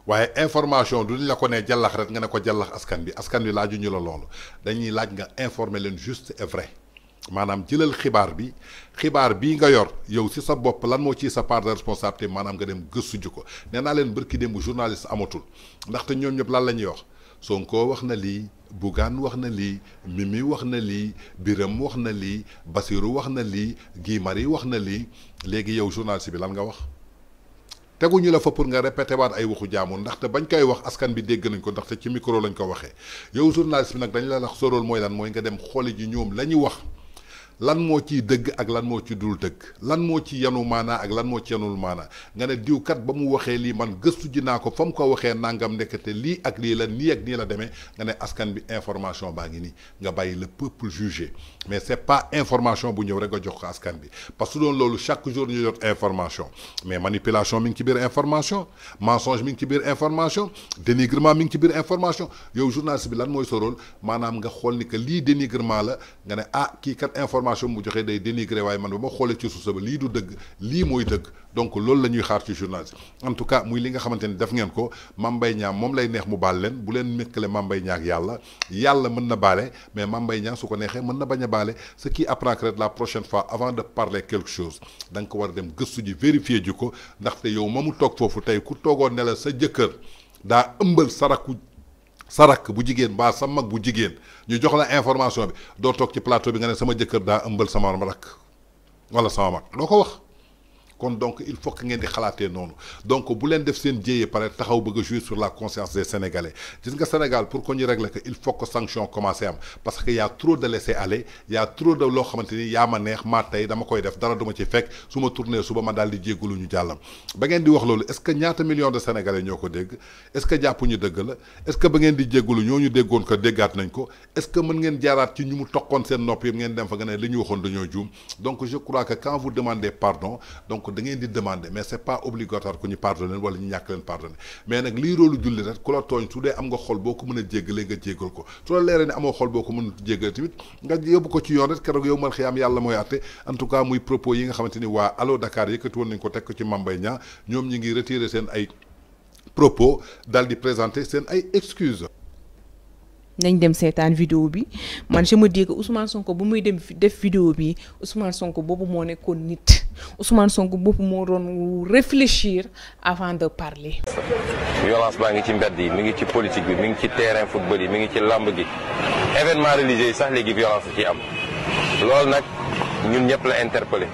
waaye information du ñu la ko ne jàllax rek nga ne ko jàllax askan bi askan bi laaju ñu la loolu dañuy laaj nga informer leen juste et vrai maanaam jëlal xibaar bi xibaar bii nga yor yow si sa bopp lan moo ci sa part de responsabilité maanaam nga dem gëstu ji ko nee naa leen bërki démb journaliste amatul ndaxte ñoom ñëpp lan la ñuy wax Sonko wax na lii Bougane wax na lii Mimi wax na lii Biram wax na lii Basiru wax na lii Guy wax na lii léegi yow journaliste bi lan nga wax teguñu la fa pour nga répété waat ay waxu jaamoon ndaxte bañ koy wax askan bi dégg nañ ko ndaxte ci micro lañ ko waxee yow journaliste bi nag dañ la wax sorol mooy lan mooy nga dem xooli ji ñoom la ñu wax lan moo ciy dëgg ak lan moo ci dul dëgg lan moo ci yenu maanaa ak lan moo ci yanul maanaa nga ne diw kat ba mu waxee lii man gëstu ji naa ko fa mu ko waxee nangam nekkate lii ak lii la nii ak nii la demee nga ne askan bi information baa ngi nii nga bàyyi le peuple jugé. mais c'est pas information bu ñëw rek nga jox ko askan bi parce que doon chaque jour ñu jot information mais manipulation mi ngi ci biir information mensonge mi ngi ci biir information dénigrement mi ngi ci biir information yow journaliste bi lan mooy sa rôle maanaam nga xool ni que lii dénigrement la nga ne ah kii kat information mu joxee day dénigrer waaye man ba ma xoolee ci suuf ba lii du dëgg lii mooy dëgg donc lolou lañuy xaar ci journaliste en tout cas muy li nga xamanteni def ngeen ko mambay ñam mom lay neex mu bal leen bu leen mékkale Mame Mbaye Niang yalla yàlla mën na balé mais mambay ñam su ko neexee mën na baña balé ce qui apprend que la prochaine fois avant de parler quelque chose dank war dem gëstu ji vérifier ji ko ndax ndaxte yow mamu tok fofu tay ku togo ne sa jëkkeur da ëmbal saraku sarak bu jigen ba sa mag bu jigen ñu jox la information bi do tok ci plateau bi nga ne sama jëkkeur da ëmbal sama rakk wala sama mag doo ko wax kon donc il faut que ngeen di xalaatee noonu donc bu leen def sen djeyé paré taxaw bëgg jouer sur la conscience des sénégalais gis nga Sénégal pour qu'on y régler que il faut que sanction commencé am parce que y' a trop de laisser aller y' a trop de lo xamante ya ma neex ma tay dama koy def dara duma ci fekk suma ma suba ma dal di jéggalu ñu jallam ba ngeen di wax lolu est ce que ñaata millions de sénégalais ñoko dégg est ce que ñu dëgg la est ce que ba ngeen di jéggalu ñoñu déggoon ko déggat nañ ko est ce que mën ngeen jaarat ci ñu mu tokkon sen nopp yëpp ngeen dem fa nga li ñu waxoon dañoo joom donc je crois que quand vous demandez pardon donc donc da ngeen di demander mais c'est pas obligatoire ku ñu pardonné wala ñu ñàkk leen pardonné mais nag lii roolu julli rek ku la tooñ su dee am nga xol boo ko mën a jéggalee nga jéggal ko su la leeree ne amoo xol boo ko mën a jéggalee tamit nga yóbbu ko ci yoon rek keroog yow mal xiyaam yàlla mooy àtte en tout cas muy propos yi nga xamante ni waa Allo Dakar yëkkati woon nañ ko teg ko ci Mambay Niang ñoom ñi ngi retiré seen ay propos daal di présenter seen ay excuses nañ dem seetaan vidéo bi man je ma dis que Ousmane Sonko bu muy dem def vidéo bi Ousmane sonk boobu moo nekkoon nit Ousmane sonk boobu moo doon réfléchir avant de parler. violence baa ngi ci mbedd yi mi ngi ci politique bi mi ngi ci terrain football yi mu ngi ci làmb gi événement religieux yi sax léegi violence ci am loolu nag ñun ñëpp la interpellé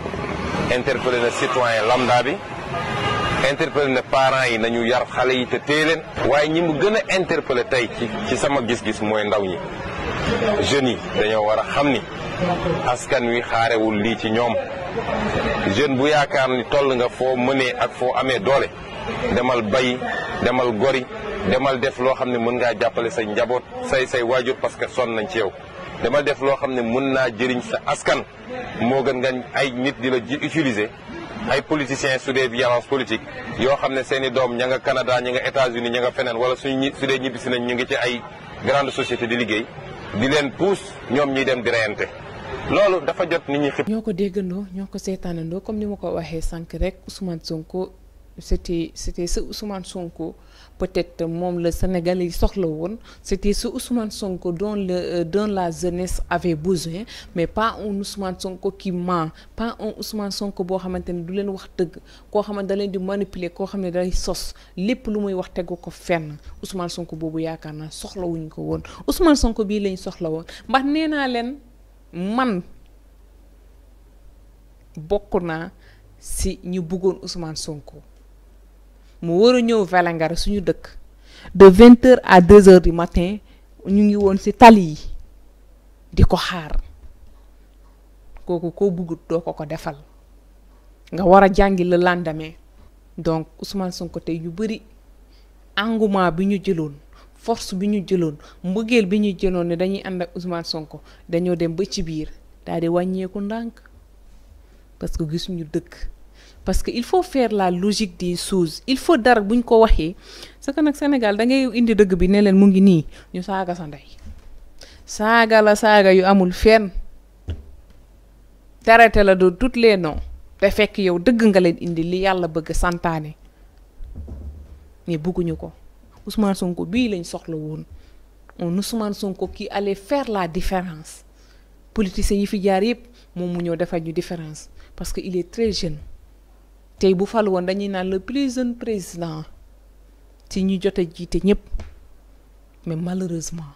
interpellé na citoyen lambda bi. interpellé na parents yi nañu yar xale yi te téye leen waaye ñi mu gën a interpellé tey ci ci sama gis-gis mooy ndaw ñi jeunes yi dañoo war a xam ni askan wi xaarewul lii ci ñoom jeune bu yaakaar ni toll nga foo mënee ak foo amee doole demal bay demal gori demal def loo xam ne mën ngaa jàppale say njaboot say say waajur parce que sonn nañ ci yow demal def loo xam ne mën naa jëriñ sa askan moo gën nga ay nit di la ji utiliser ay politiciens su dee violence politique yoo xam ne seen i doom ña nga Canada ña nga États-Unis ña nga feneen wala suñ ñi su dee ñibbisi nañ ñu ngi ci ay grande société di liggéey di leen pousse ñoom ñuy dem di reyante loolu dafa jot nit ñi xib. ñoo ko déggandoo ñoo ko seetaanandoo comme ni ma ko waxee sànq rek Ousmane Sonko. c'était c'était ce Ousmane Sonko peut-être moom le Sénégalais yi c'était ce Ousmane Sonko dont le euh, dont la jeunesse avait besoin mais pas un Ousmane Sonko qui ment pas un Ousmane Sonko boo xamante ne du leen wax dëgg koo xam ne da leen di manipuler koo xam ne day sos lépp lu wax tegu ko fenn Ousmane Sonko boobu yaakaar naa ko Ousmane Sonko bii lañ soxla woon ndax nee naa man bokuna si ñu bëggoon Ousmane Sonko. mu war a ñëw Vélingara suñu dëkk de vingt heures à deux heures du matin ñu ngi woon ci tali yi di ko xaar kooku koo buggut doo ko ko defal nga war a jàngi le lendemain donc Ousmane Sonko tey yu bëri engouement bi ñu jëloon force bi ñu jëloon mbëggeel bi ñu jëloon ne dañuy ànd ak Ousmane Sonko dañoo dem ba ci biir daal di wàññeeku ndànk parce que gisuñu dëkk parce qu'il faut faire la logique des choses il faut dar buñ ko waxé parce que nak Sénégal da ngay indi deug bi ne leen mu ngi ni ñu Saga, sa nday. Saga la saga yu amul fenn Tarété la de toutes les noms te fekk yow deug nga leen indi li Yalla bëgg santané. mais bëgguñu ko Ousmane Sonko bi lañ soxla woon on Ousmane Sonko qui allait faire la différence politiciens yi fi jaar yépp moom mu ñëw defar ñu différence parce que il est très jeune tey bu fal won dañuy le plus jeune président ci ñu jot jité mais malheureusement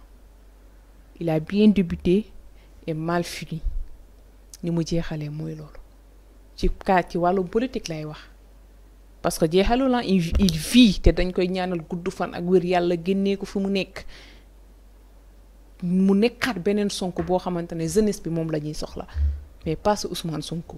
il a bien débuté et mal fini ni mu jéxalé moy loolu ci ka ci walu politique lay wax parce que jéxalu lan il vit té dañ koy ñaanal guddu fan ak wër yalla génné ko fu mu nekk mu nekkaat benen Sonko bo xamantene jeunesse bi mom lañuy soxla mais pas Ousmane Sonko.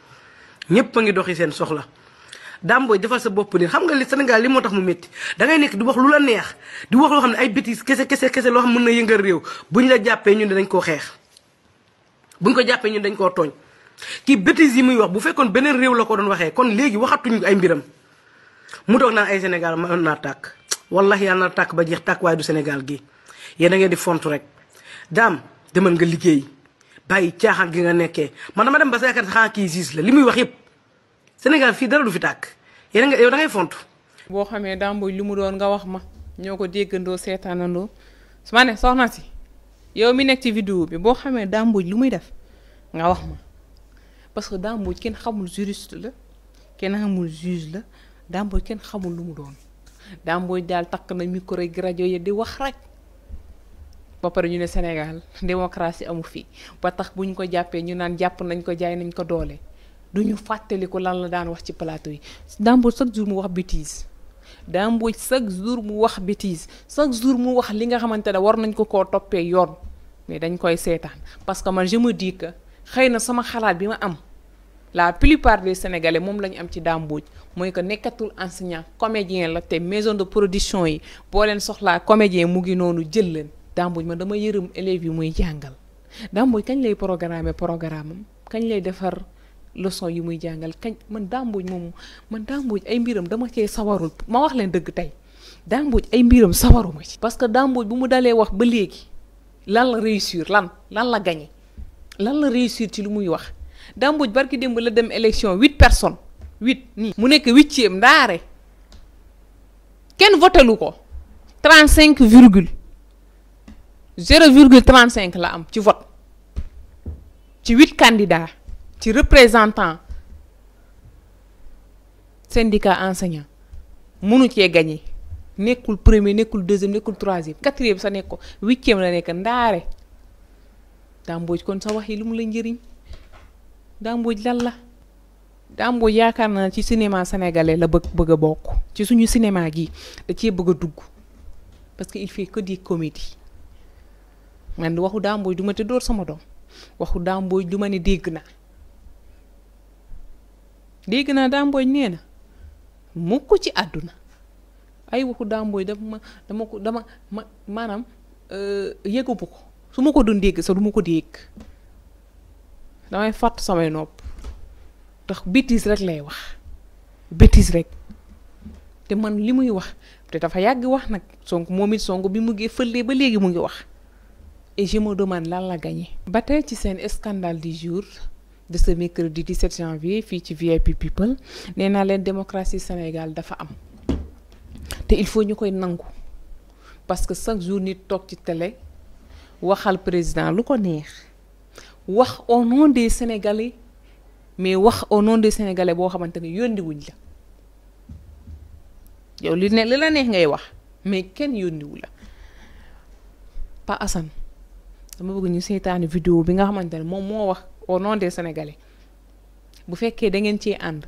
ñëpp a ngi doxi seen soxla Dame Boye defal sa bopp nii xam nga li Sénégal li moo tax mu métti da ngay nekk di wax lu la neex di wax loo xam ne ay bêtises kese kese kese loo xam mën na yëngal réew bu ñu la jàppee ñun dañ koo xeex buñ ko jàppee ñun dañ koo tooñ kii bêtises yi muy wax bu fekkoon beneen réew la ko doon waxee kon léegi waxatuñu ay mbiram mu toog naan ay Sénégal mën naa tàkk wallahi yàlla na tàkk ba jeex tàkk waaye du Sénégal gi yéen a ngeen di fontu rek daam demal nga liggéey bàyyi caaxaan gi nga nekkee man dama dem ba sa yaakaar xanaa kii gis la li muy wax yëpp Sénégal fii dara du fi tàkk yéen nga yow da ngay boo xamee dàmbuj lu mu doon nga wax ma ñoo ko déggandoo seetaanandoo su ma ne soxna si yow mi nekk ci vidéo bi boo xamee dàmbuj lu muy def nga wax ma parce que dàmbuj kenn xamul juriste la kenn xamul juge la dàmbuj kenn xamul lu mu doon dàmbuj daal takk na micro yi rajo yi di wax rek. ba pare ñu ne Sénégal démocratie amu fii ba tax bu ñu ko jàppee ñu naan jàpp nañ ko jaay nañ ko doolee du ñu fàttaliku lan la daan wax ci plateau yi Dambou chaque jour mu wax bêtise Dambou chaque jour mu wax bêtise chaque jour mu wax li nga xamante ne war nañ ko koo toppee yoon mais dañ koy seetaan parce que man je me dis que xëy na sama xalaat bi ma am la plupart des sénégalais moom la ñu am ci Dambou mooy que nekkatul enseignant comédien la te maison de production yi boo leen soxlaa comédien mu ngi noonu jël leen Dambou man dama yërëm élèves yi muy jàngal Dambou kañ lay programmer programme am kañ lay defar. leçon yi muy jàngal kañ man dàmbuj moom man dàmbuj ay mbiram dama cee sawarul ma wax leen dëgg tey dàmbuj ay mbiram sawaruma ci. parce que dàmbuj bu mu dalee wax ba léegi lan la réussir lan lan la gagné lan la réussir ci lu muy wax dàmbuj barki démb la dem élection huit personnes huit nii. mu nekk huitième ndaare kenn votelu ko. trente cinq virgule zéro virgule trente cinq la am ci vote ci huit candidats. ci représentant syndicat enseignant mënu ci gagné nekul premier nekul deuxième nekul troisième quatrième sa nekk ko huitième la nek ndare damboj kon sa wax yi la njëriñ damboj mbooj lan la daa yaakaar naa ci cinéma sénégalais la bëgg bëgg a bokk ci suñu cinéma gi da ci bëgg a dugg parce que il fait que des comédies man waxu daa duma te dóor sama dom waxu daa duma ni ma na dégg naa dàmbooj nee na ko ci àdduna ay waxu dàmbooj dama dama ko dama ma maanaam euh, yëgu bu ko su ma ko doon dégg sax du ma ko dégg damay fàtt samay nopp ndax bêtise rek lay wax bêtise rek te man li muy wax te dafa yàgg wax nag sonk moom it sonk bi mu ngi fëlee ba léegi mu ngi wax et je me demande lan la gagné. ba tey ci seen scandale di jour. de ce mercredi 17 janvier fii ci VIP People nee naa leen démocratie Sénégal dafa am te il faut ñu koy nangu parce que chaque jour nit toog ci télé waxal président lu ko neex wax au nom des Sénégalais mais wax au nom des Sénégalais boo xamante ne yóndiwuñ la yow li ne li la neex ngay wax mais kenn yóndiwu la Pa Assane dama bëgg ñu seetaani vidéo bi nga xamante ne moom moo wax. boo nom dee sénégalais bu fekkee da ngeen ciy ànd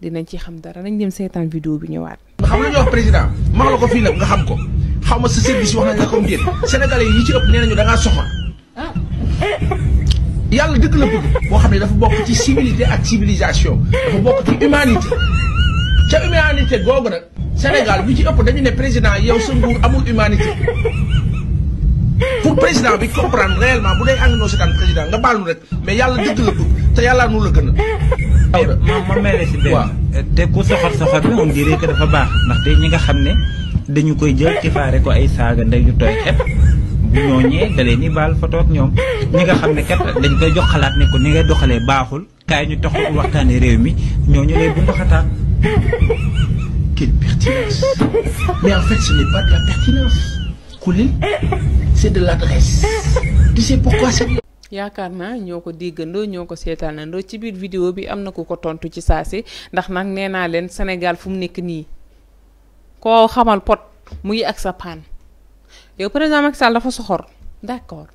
dinañ ci xam dara nañ dem seetaan vidéo bi ñëwaat. xam nga ñoo wax président wax la ko nga xam ko xaw ma sa service wax nañ la comme déet sénégalais yi ci ëpp nee nañu da ngaa yàlla dëgg la bëgg boo xam ne dafa bokk ci civilité ak civilisation dafa bokk ci humanité ca humanité googu nag Sénégal bi ci ëpp dañu ne président yow sa nguur amul humanité. pour président bi comprendre réellement bu day ànd noo président nga baal rek mais yalla deug la bëgg té yalla nu la gëna ma ma mélé ci benn té ku soxor soxor bi on dirait que dafa baax té ñi nga xamné dañu koy jël ci faare ko ay saga nday yu toy xép bu ñooñee da leen ni bal photo ak ñom ñi nga xamné kat dañ koy jox xalaat né ko ni ngay doxalé baaxul kay ñu taxu waxtané réew mi ñooñu lay bu ndoxataan quelle pertinence mais en fait ce n'est pas de la pertinence couler c'est de l'adresse tu sais pourquoi c'est Yakarna ñoko ñoo ñoko sétanando ci biir vidéo bi amna na ko tontu ci sasi ndax nak néna len Sénégal fu mu nekk nii koo xamal pot mu ngi ak sa paan yow président Macky Sall dafa soxor d'accord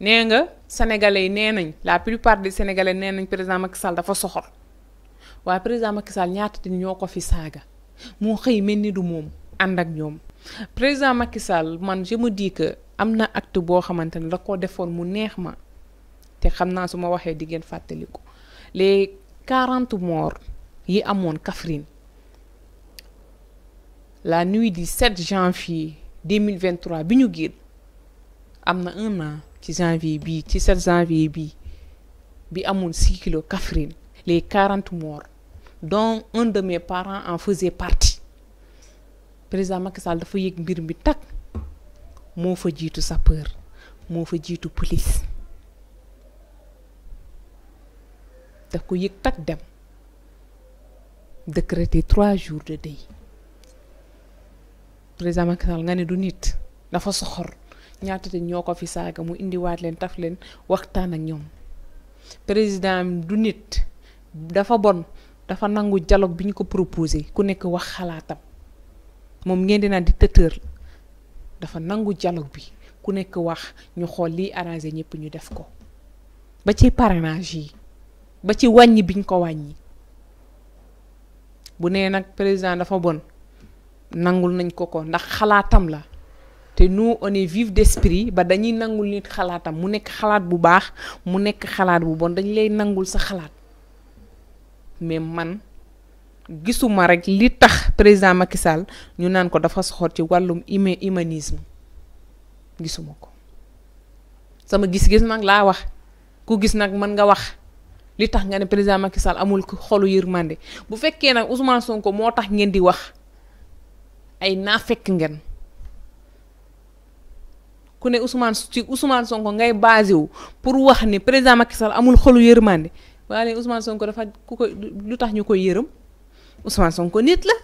né nga sénégalais nénañ la plupart des sénégalais nénañ président Macky Sall dafa soxor wa président Macky Sall ñaata nit ñoo fi saga mo xey melni du mom ànd ak ñoom président Macky Sall man je me dis que amna acte bo xamantene ne la ko defoon mu neex ma te xam naa su ma les 40 morts yi amone Kafrine la nuit du 7 janvier 2023 il y amna un an ci janvier bi ci 7 janvier bi bi amone 6 kilos Kafrine les 40 morts dont un de mes parents en faisait partie président Macky Sall dafa yëg mbir mi tag moo fa jiitu sapeur moo fa jiitu police daf ko yëg tag dem décréter trois jours de deuil président Macky Sall nga ne du nit dafa soxor ñaata dunit, ñoo ko fi saaga mu indiwaat leen taf leen waxtaan ak ñoom président du nit dafa bon dafa nangu dialogue biñ ko proposer ku nekk wax xalaatam. moom ngeen di naan dictateur dafa nangu dialogue bi ku nekk wax ñu xool liy arrangé ñëpp ñu def ko ba ci parrainage yi ba ci wàññi biñ ko wàññi bu nee nag président dafa bon nangul nañ ko ko ndax xalaatam la te nous on est vif d'esprit ba dañuy nangul nit xalaatam mu nekk xalaat bu baax mu nekk xalaat bu bon dañ lay nangul sa xalaat mais man gisuma rek li tax président Macky Sall ñu naan ko dafa soxor ci wàllum humanisme gisuma ko sama gis-gis nag laa wax ku gis nag mën nga wax li tax nga ne président Macky Sall amul xolu yërmande bu fekkee nag Ousmane Sonko moo tax ngeen di wax ay naa fekk ngeen ku ne Ousmane ci Ousmane Sonko ngay basé wu pour wax ni président Macky Sall amul xolu yërmande waaye Ousmane Sonko dafa ku ko lu tax ñu koy yërëm. Ousmane Sonko nit la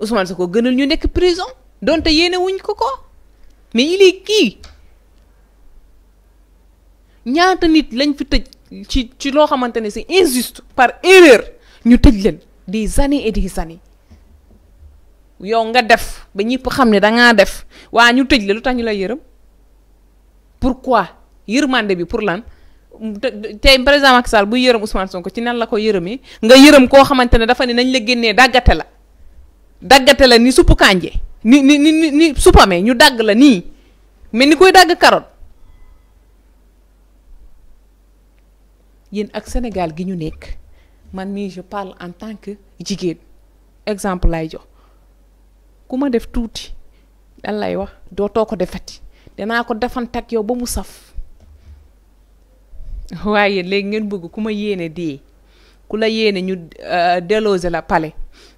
Ousmane Sonko gënal ñu prison donte yéene wuñ ko ko mais il est qui? ñaata nit lañ fi tëj ci ci loo injuste par erreur ñu des années et des années nga def ba ñëpp xam def waa ñu tëj la lu ñu lay pourquoi yërmande bi pour lan tey président Macky Sall buy yërëm Ousmane ko ci nan la ko yërëmee nga yërëm koo xamante ne dafa ne nañ la génnee dàggate la dàggate la ni suppu kànje ni ni ni ni suppame ñu dàgg la nii mais ni koy dàgg carotte yéen ak Sénégal gi ñu nekk man mii je parle en tant que jigéen exemple lay jox ku ma def tuuti dan lay wax doo ko defati danaa ko defantak yow ba mu saf waaye léegi ngeen bëgg ku ma yéene dee ku la yéene ñu euh, délogé la pale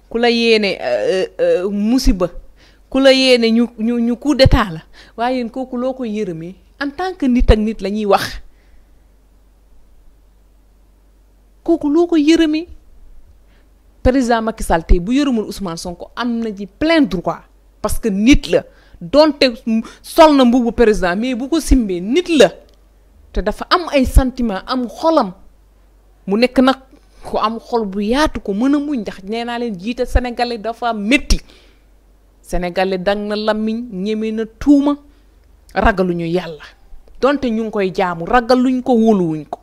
ku la yéene euh, euh, musiba ku la yéene ñu ñu ñu coup d'état la waaye yéen kooku loo koy yërëmee en tant que nit ak nit la ñuy wax kooku loo koy yërëmee président Macky Sall tey bu yërëmul Ousmane Sonko am na ci plein droit parce que nit la donte sol na mbubu président mais bu ko simbee nit la. te dafa am ay sentiment am xolam mu nekk nag ku am xol bu yaatu ko mën a muñ ndax nee naa leen jiite sénégalais dafa métti sénégalais dag na lammiñ ñeme na tuuma ragaluñu yàlla donte ñu ngi koy jaamu ragaluñ ko wóoluwuñ ko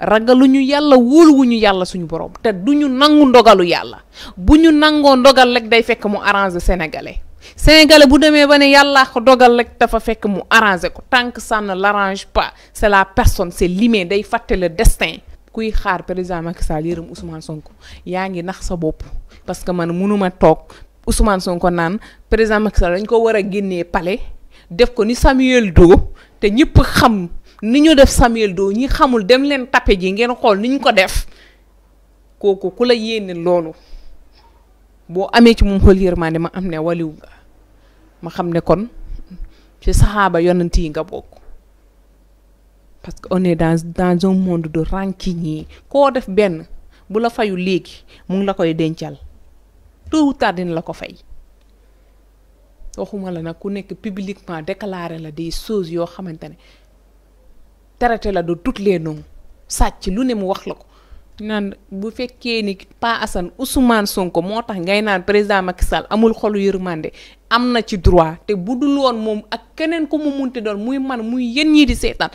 ragaluñu yàlla wóoluwuñu yàlla suñu borom te du ñu nangu ndogalu yàlla bu ñu nangoo ndogal rek day fekk mu arranger sénégalais. sénégalais bu demee ba ne yàllaa ko dogal rek dafa fekk mu arrangé ko tànk sànn ça l'arrange pas c'est la personne c'est limé day fàtte le destin kuy xaar président Macky Sall yërëm Ousmane Sonko yaa ngi nax sa bopp parce que man mënuma toog Ousmane Sonko naan président Macky Sall dañ ko war a génnee pale def ko ni Samuel Doe te ñëpp xam ni ñu def Samuel do ñi xamul dem leen tappe ji ngeen xool ni ñu ko def kooku ku la yéene loolu boo amee ci moom xool yërmande ma am ma xam ne kon ci saxaaba yonent yi nga bokk parce que on est dans dans un monde de rancune yi koo def benn bu la fayu léegi mu ngi la koy dencal tôt ou tard dina la ko fay waxuma la nag ku nekk publiquement déclaré la des choses yoo xamante ne traité la de toutes les noms sàcc lu ne mu wax la ko naan bu fekkee ni Pa Assane Ousmane Sonko moo tax ngay naan président Macky Sall amul xolu yërmande am na ci droit te bu dul woon moom ak keneen ku mu munte doon muy man muy yéen ñii di seetaan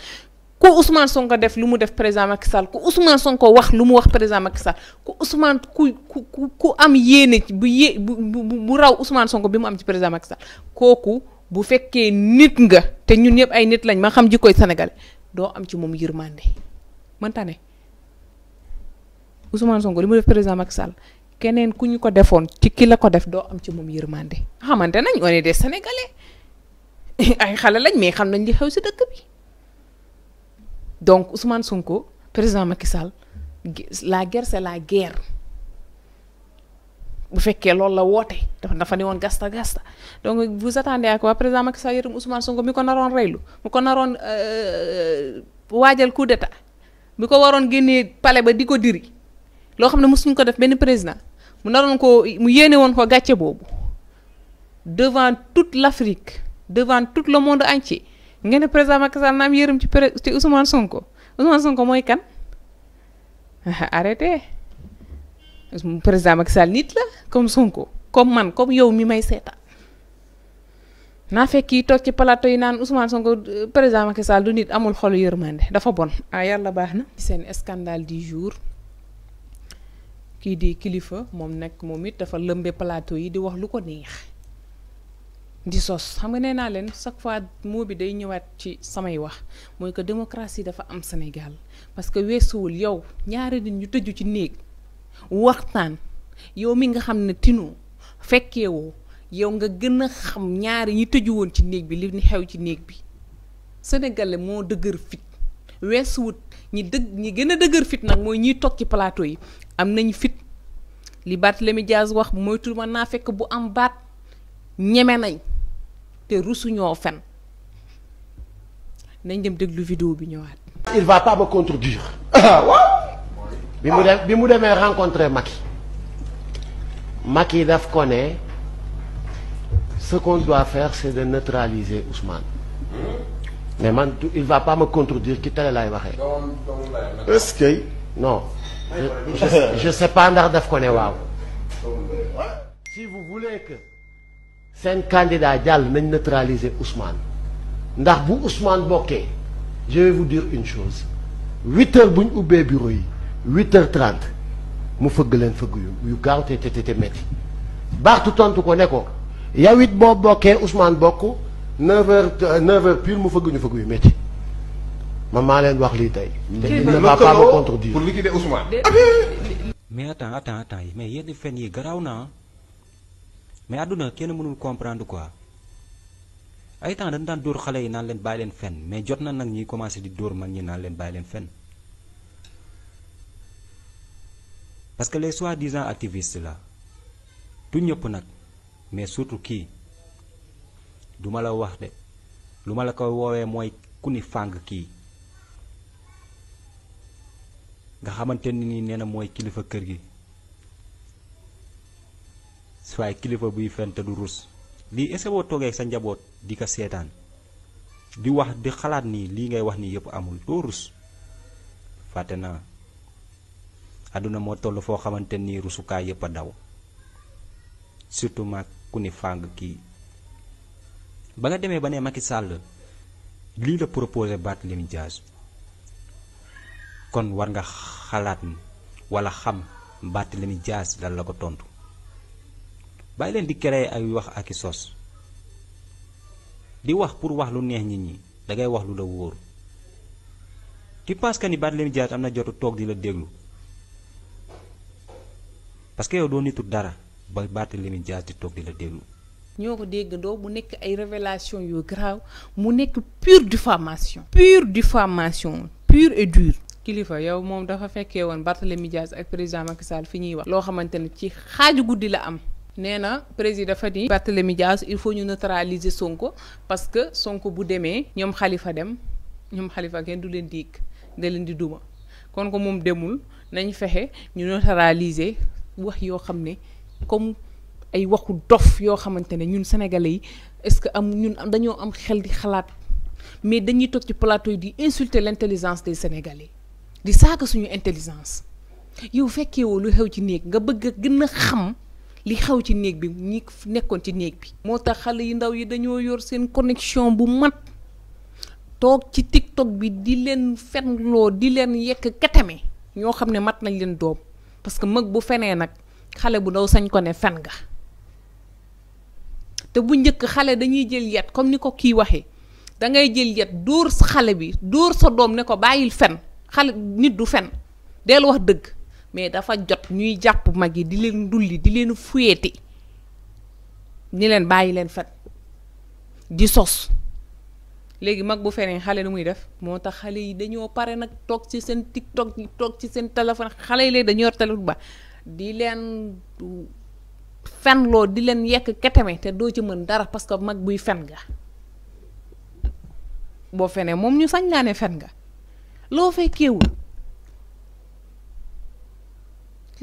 ku Ousmane Sonko def lu mu def président Macky Sall ku Ousmane Sonko wax lu mu wax président Macky Sall ku Ousmane ku ku ku am yéene bu yé bu bu raw Ousmane Sonko bi mu am ci président Macky Sall kooku bu fekkee nit nga te ñun ñëpp ay nit lañ ma xam koy Sénégal doo am ci moom yërmande mënta ne Ousmane Sonko limu mu def président Macky Sall keneen ku ñu ko defoon ci ki la ko def doo am ci moom yërmande xamante nañ on est des sénégalais ay xale lañ mais xam nañ li xew si dëkk bi donc Ousmane Sonko président Macky Sall la guerre c'est la guerre bu fekkee loolu la woote dafa dafa ne woon gasta gasta donc vous attendez ak waa président Macky Sall yërëm Ousmane Sonko mi ko naroon reylu mu ko naroon euh, euh, waajal coup d'état mi ko waroon génnee palais ba diri loo xam ne mosuñu ko def benn président mu naroon ko mu yéene woon ko gàcce boobu devant toute l'Afrique devant tout le monde entier nga ne président Macky Sall naam yërëm ci pré ci Ousmane Sonko Ousmane Sonko mooy kan arrêté président Macky Sall nit la comme Sonko comme man comme yow mi may seetaan naa fekk yi toog ci plateau yi naan Ousmane Sonko président Macky Sall du nit amul xolu yërmande dafa bon. ah yàlla baax na. seen scandale du jour. kii de kilifa moom nag moom it dafa lëmbe palaato yi di wax lu ko neex di sos xam nga nee naa leen chaque fois moo bi day ñëwaat ci samay wax mooy que démocratie dafa am Sénégal parce que weesuwul yow ñaari nit ñu tëju ci néeg waxtaan yow mi nga xam ne tinoo fekkeewoo yow nga gën a xam ñaari ñi tëju woon ci néeg bi li ni xew ci néeg bi sénégalais moo dëgër fit weesuwut ñi dëgg ñi gën a dëgër fit nag mooy ñiy tokki palaato yi am nañ fit li Barthélemy Diaz wax moytul ma na fekk bu am bat ñemé nañ te rusuñoo fen nañ dem déglu vidéo bi ñëwaat. il va pas me contredire. Ah, bi mu dem rencontrer Macky Macky daf koné ce qu'on doit faire c'est de neutraliser Ousmane. mais man il va pas me contredire ci télé laay waxee. est-ce que non je ne sais pas en d'Ardaf qu'on est waouh. Si vous voulez que c'est un candidat d'Al, mais neutraliser Ousmane. Ndar vous Ousmane Boké, je vais vous dire une chose. 8h bon ou bé bureau, 8h30, vous faut que vous gardez tes tes tes tout tonto Il y a 8 bon Boké, Ousmane 9h 30 vous faut que man maa leen wax lii tey. kii na ma pas ah, mais attends attends attends mais yenn fen yi garaaw naa mais àdduna kenn mënul comprendre quoi ay temps dañ daan dóor xale yi naa leen bàyyi leen fen mais jot na nag ñuy commencé di dóor mag ñi naan leen bàyyi leen fen parce que les soi-disant activist la du ñëpp nag mais surtout kii du ma la wax de lu ma la ko woowee mooy ku ni fàng kii. nga xamanteni ni neena moy kilifa kër gi soy kilifa buy fen du rus li est-ce sa njabot di ka setan di wax di xalaat ni li ngay wax ni yep amul do rus fatena aduna mo moo toll foo xamante nii rusukaay yëpp daw surtout maag ku ni fàng kii ba nga deme ba ne Macky Sall le proposer bat jazz kon war nga xalaat wala xam Barthélemy Dias dal la ko tontu bay len di créer ay wax ak sos di wax pour wax lu neex nit ñi ngay wax lu la woor tu penses que ni amna jottu tok di la deglu parce que yow doo nitu dara ba Barthélemy Dias di tok di la deglu ñoko munek do mu nek ay révélation yu grave mu nek pure diffamation pure diffamation pure et dure kilifa yow moom dafa fekkee woon Barthélemy Dias ak président Macky Sall fi ñuy wax loo xamante ne ci xaaju guddi la am nee na président dafa ni Barthélemy Dias il faut ñu neutraliser Sonko parce que Sonko bu demee ñoom xalifa dem ñoom xalifa kenn du leen diig da leen di duma kon ko moom demul nañ fexe ñu neutraliser wax yoo xam ne comme ay waxu dof yoo xamante ne ñun sénégalais yi est-ce que am ñun dañoo am xel di xalaat mais dañuy toog ci plateau yi di insulter l'intelligence des sénégalais di saaga suñu intelligence yow fekkeewoo lu xew ci néeg nga bëgg a gën a xam li xew ci néeg bi ñi nekkoon ci néeg bi moo tax xale yu ndaw yi dañoo yor seen connexion bu mat toog ci tik tiktok bi di leen fenloo di leen yekk katame ñoo xam ne mat nañ leen doom parce que mag bu fenee nag xale bu ndaw sañ ko ne fen nga te bu njëkk xale dañuy jël yet comme ni ko kiy waxee da ngay jël yet dóor xale bi dóor sa doom ne ko bàyyil fen xale nit du fen deel wax dëgg mais dafa jot ñuy jàpp mag yi di leen dulli di leen fuyeeti ñi leen bàyyi leen fen di sos léegi mag bu fenee xale lu muy def moo tax xale yi dañoo pare nag toog ci seen tiktok yi toog ci seen téléphone xale yi léegi dañoo yor ba di leen loo di leen yekk keteme te doo ci mën dara parce que mag buy fen nga boo fenee moom ñu sañ laa ne fen nga loo fekkeewul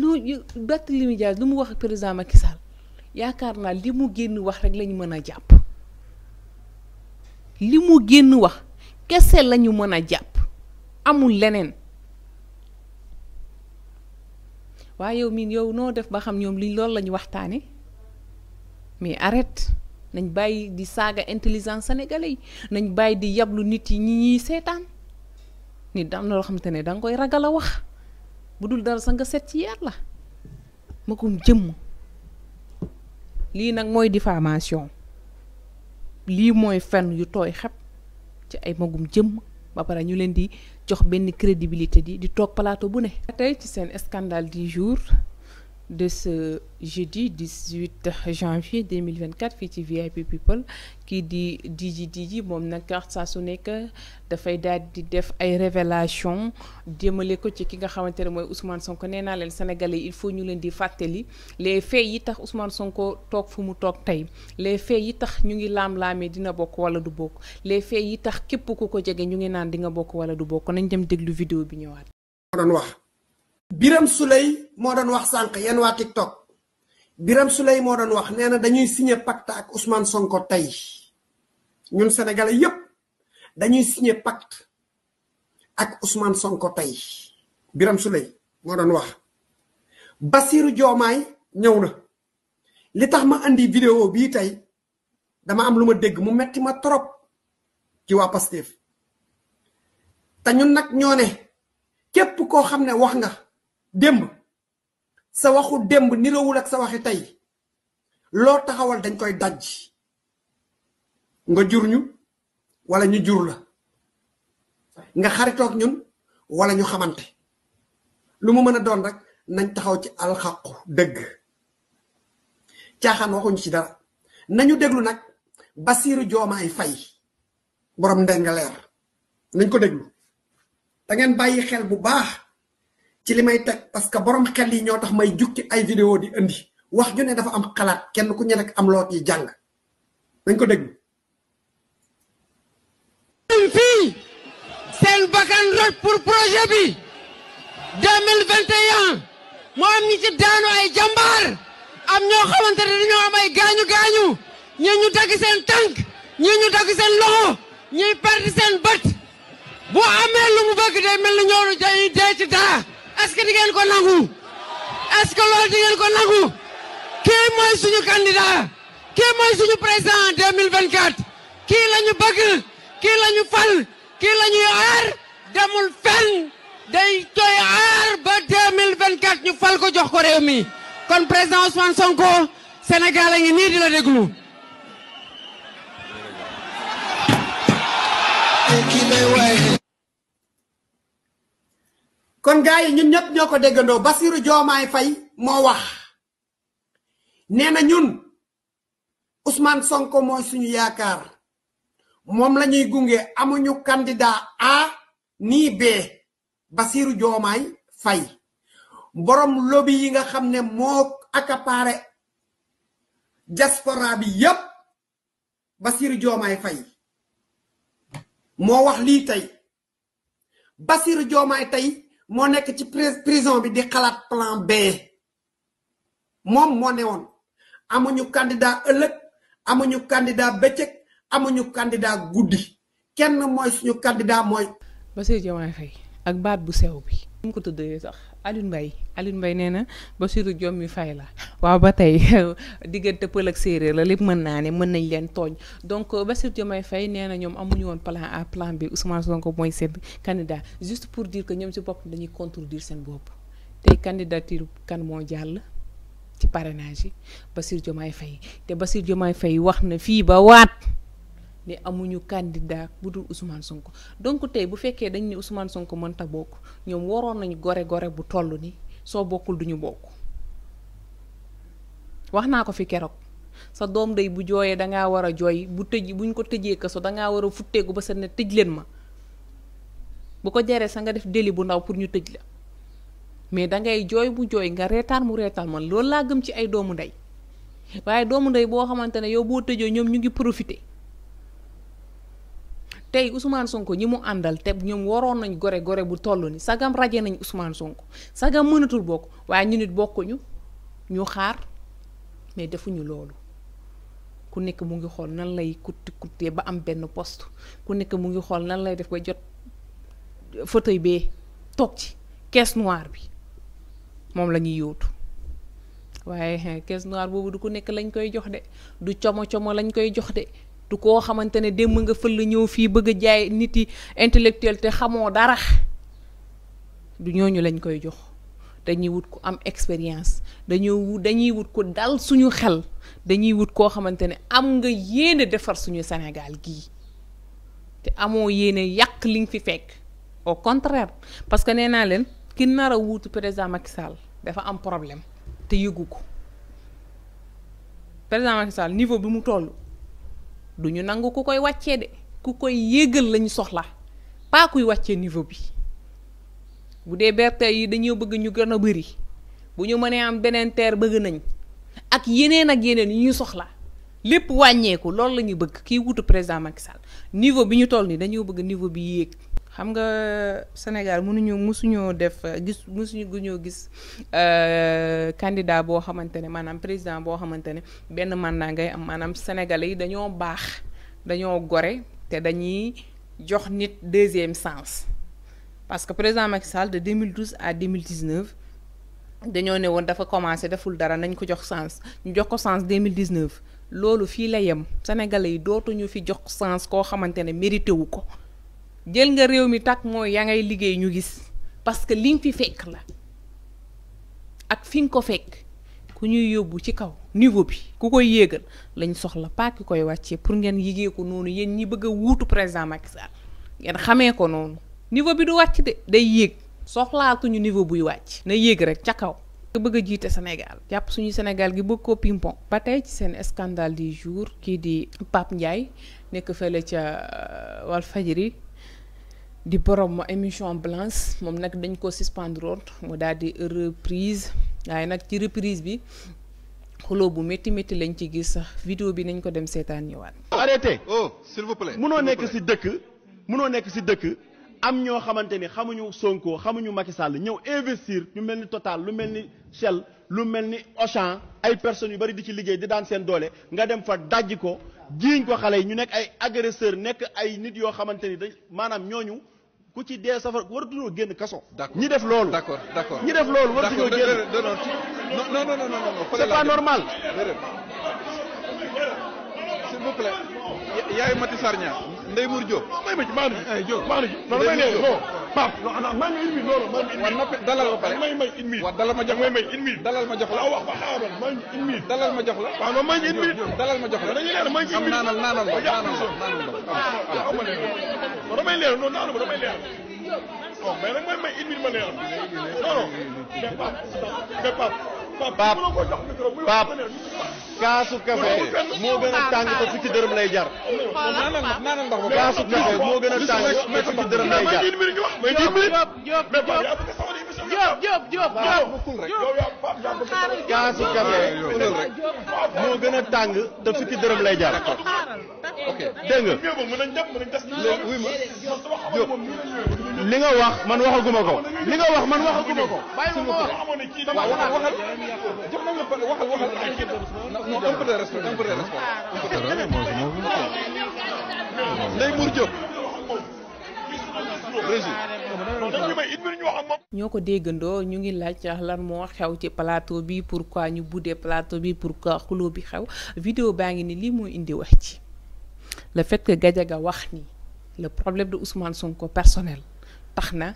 lu Barthélémy Dias lu mu wax ak président Macky Sall yaakaar naa li mu génn wax rek lañu mën a jàpp li mu génn wax kese lañu mën a jàpp amul leneen waaye yow miin yow noo def ba xam ñoom liñ loolu lañu waxtaane mais arrête nañ bàyyi di saaga intelligence sénégalais yi nañ bàyyi di yablu nit yi ñi ñuy seetaan nit da na loo xamante ne danga koy ragal a wax bu dul dara sa nga set ci yàlla ma kum jëmm lii nag mooy diffamation lii mooy fenn yu tooy xep ci ay magum jëmm ba pare ñu leen di jox benn crédibilité di di toog plateau bu ne. tey ci seen scandale du jour. de ce jeudi 18 janvier 2024 fii VIP People qui di dit Djidji carte sa saa que da fay dal di def ay révélation jëmale ko ci ki nga Ousmane Sonko il faut ñu len di les faits yi tax Ousmane Sonko tok fu mu tok les faits yi tax ñu ngi lam lamé dina bok wala du bok les faits yi tax képp ku ko jege ñu ngi naan di nga bok wala du bok dem déglu vidéo bi biram sulay mo doon wax sank yeen wa tiktok biram sulay mo doon wax neena na dañuy signé pacte ak ousmane sonko tay ñun sénégalais yépp dañuy signé pacte ak ousmane sonko tay biram sulay mo doon wax basiru joomaay ñewna li tax ma andi vidéo bi tay dama am luma dégg mu metti ma trop ci wa pastef ta ñun nak ñone képp ko xamné wax nga demb sa waxu demb nirowul ak sa waxi tay lo taxawal dañ koy dajj nga jurñu wala ñu jur la nga xaritok ñun wala ñu xamanté lu mu mëna doon rek nañ taxaw ci haqq deug tiaxan waxuñ ci dara nañu deglu nak basiru jomay fay borom ndeng leer nañ ko deglu da ngeen bayyi xel bu baax ci limay tek parce que borom xel yi ñoo tax may jukki ay vidéo di indi wax ju ne dafa am xalaat kenn ku ñe rek am loo ci jang dañ ko dégg fi sel bakan rek pour projet bi 2021 mo am ni ci daanu ay jambar am ño xamantene dañu am ay gañu gañu ñi ñu dag sen tank ñi ñu dag sen loxo ñi perdre sen bët bu amé lu mu bëgg day melni ñoo ñu dañuy dé ci daa est-ce que di ngeen ko est-ce que loolu di ngeen Qui est le mooy candidat kii mooy suñu président 2024 kii le ñu bëgg kii le ñu fal est le ñuy aar demul fenn day toy aar ba 2024 ñu fal ko jox ko réew mi kon président Ousmane Sonko Sénégal a ngi nii di la déglu Take away. kon gars yi ñun ñëpp ñoo ko déggandoo Bassirou Diomaye fay moo wax nee na ñun Ousmane Sonko mooy suñu yaakaar moom la ñuy gunge amuñu candidat A ni B basiiru joomaay Faye borom lobby yi nga xam ne moo accaparé bi yépp Bassirou Diomaye Faye moo wax lii tey Bassirou Diomaye tey moo nekk ci prison bi di xalaat plan B moom moo ne woon amuñu candidat ëllëg amuñu candidat bëccëg amuñu candidat guddi kenn mooy suñu candidat mooy. Bassirou Diomaye Faye ak baat bu sew bi. mu ko tuddee sax. Alioune Mbaye Alioune Mbaye nee na Bassirou Diomaye Faye la waaw ba tey diggante pël ak séeréer la lépp mën naa ne mën nañ leen tooñ donc euh, Bassirou Diomaye fay nee na ñoom amuñu woon plan A plan bi Ousmane Sonko mooy seen candidat juste pour diir que ñoom si bopp dañuy contredire seen bopp tey candidature kan moo jàll ci parrainage yi Bassirou Diomaye Faye te Bassirou Diomaye Faye wax na fii ba waat di amuñu candidat bu dul Ousmane Sonko donc tey bu fekkee dañ ne Ousmane Sonko mënta bokk ñoom waroon nañu gore gore bu toll ni soo bokkul duñu bokk wax naa ko fi keroog sa doom day bu jooyee dangaa war a jooy bu tëj buñ ko tëjee kaso dangaa war a futteeku ba sa ne tëj leen ma bu ko jaree sa nga def déli bu ndaw pour ñu tëj la mais dangay jooy bu jooy nga reetaan mu reetaan man loolu laa gëm ci ay doomu ndey waaye doomu ndey boo xamante ne yow boo tëjoo ñoom ñu ngi profité tey Ousmane Sonko ñi mu àndal te ñoom waroon nañ gore gore bu toll ni sagam raje nañ Ousmane Sonko sagam mënatul bokk waaye ñu nit bokkuñu ñu xaar mais defuñu loolu ku nekk mu ngi xool nan lay kutti kuttee ba am benn poste ku nekk mu ngi xool nan lay def ba jot fauteuil bee toog ci caisse noire bi moom la ñuy yóotu waaye caisse noire boobu du ko nekk lañ koy jox de du como como lañ koy jox de du koo xamante ne démb nga fël ñëw fii bëgg jaay nit yi intellectuel te xamoo dara du ñooñu lañ koy jox dañuy wut ko am expérience dañoo dañuy wut ku dal suñu xel dañuy wut koo xamante ne am nga yéene defar suñu Sénégal gii te amoo yéene yàq li nga fi fekk au contraire parce que nee naa leen ki nar a wuutu président Macky Sall dafa am problème te yëgu ko président Macky niveau bi mu toll. du ñu nangu ku koy wàccee de ku koy yéegal lañu soxla pas kuy wàccee niveau bi bu dee BRT yi dañoo bëgg ñu gën a bëri bu ñu mënee am beneen TER bëgg nañ ak yeneen ak yeneen yu ñu soxla lépp wàññeeku loolu la ñu bëgg kiy wutu président Macky Sall niveau bi ñu toll nii dañoo bëgg niveau bi yéeg. xam nga Sénégal mënuñu mësuñoo def gis mësuñu guñoo gis kandidaa euh, boo xamante ne maanaam président boo xamante ne benn naa ngay am maanaam sénégalais yi dañoo baax dañoo gore te dañuy jox nit deuxième sens. parce que président Macky Sall de 2012 à 2019 dañoo ne woon dafa commencé deful dara nañ ko jox sens ñu jox ko sens 2019 loolu fii la yem sénégalais yi dootuñu fi jox sens koo xamante ne mérité wu ko. jël nga réew mi takk mooy yaa ngay liggéey ñu gis parce que li nga fi fekk la ak fi nga ko fekk ku ñuy yóbbu ci kaw niveau bi ku koy yéegal lañ soxla pas koy wàccee pour ngeen yigee ko noonu yéen ñi bëgg a wuutu président Macky Sall ngeen xamee ko noonu niveau bi du wàcc de day yéeg soxlaatuñu niveau buy wàcc na yéeg rek ca kaw nga bëgg a jiite Sénégal jàpp suñu Sénégal gi bëgg ko pimpon ba tey ci seen scandale du jour kii di Pape Ndiaye nekk fële ca euh, Walfadjri di ma émission blanche moom nag dañ ko suspendroon mu daal di reprise waaye nag ci reprise bi xuloo bu métti métti lañ ci gis sax vidéo bi nañ ko dem seetaan ñëwaat. arrêtez oh s'il nekk si dëkk munoo nekk si dëkk am ñoo xamante ni xamuñu Sonko xamuñu Macky Sall ñëw investir ñu mel ni Total lu mel ni Shell lu mel ni Auchan ay personnes yu bari di ci liggéey di daan seen doole nga dem fa dajji ko. ko xalé agresseur d'accord d'accord non non non non non. c'est pas normal. s'il vous plaît. yaay Ndeye Mour Diop. may ma ci maanu ci eh, Diop maanu ci. non may leen non Pape. non maa ngi une minute non maa ngi une minute. waaw noppi dalal ba pare may may une minute. waaw dalal ma jox la may may une minute. dalal ma jox la wax ba xaaral maa ngi une minute. dalal ma jox la waaw non maa ngi une minute. dalal ma jox la dañuy leer maa ngi une minute. naanal naanal la naanal la naanal la waaw waaw waaw damay leer non naanal ma damay leer. bon mais nag may may une minute ma leer non non mais Pape mais Pape Pape Pape kaasu café moo gën a tàng te fukki dërëm lay jar. kaasu café moo gën a tàng te fukki dërëm lay jar. Diop Diop Diop Diop. kaasi café moo gën a tàng te fukki dërëm lay jaar. ok dégg nga. li nga wax man waxaguma ko. li nga wax man waxaguma ko. bàyyi ma wax waaw waxal waxal. jox nañ la waxal waxal. non un peu de respect un peu de respect. léegi Mour Diop. ñoo ko déggandoo ñu ngi laaj lan moo xew ci plateau bi pourquoi ñu buddee plateau bi pourquoi xuloo bi xew vidéo baa ngi ni lii moo indi wax ci la fait que Gadiaga wax ni le problème de Ousmane Sonko personnel tax na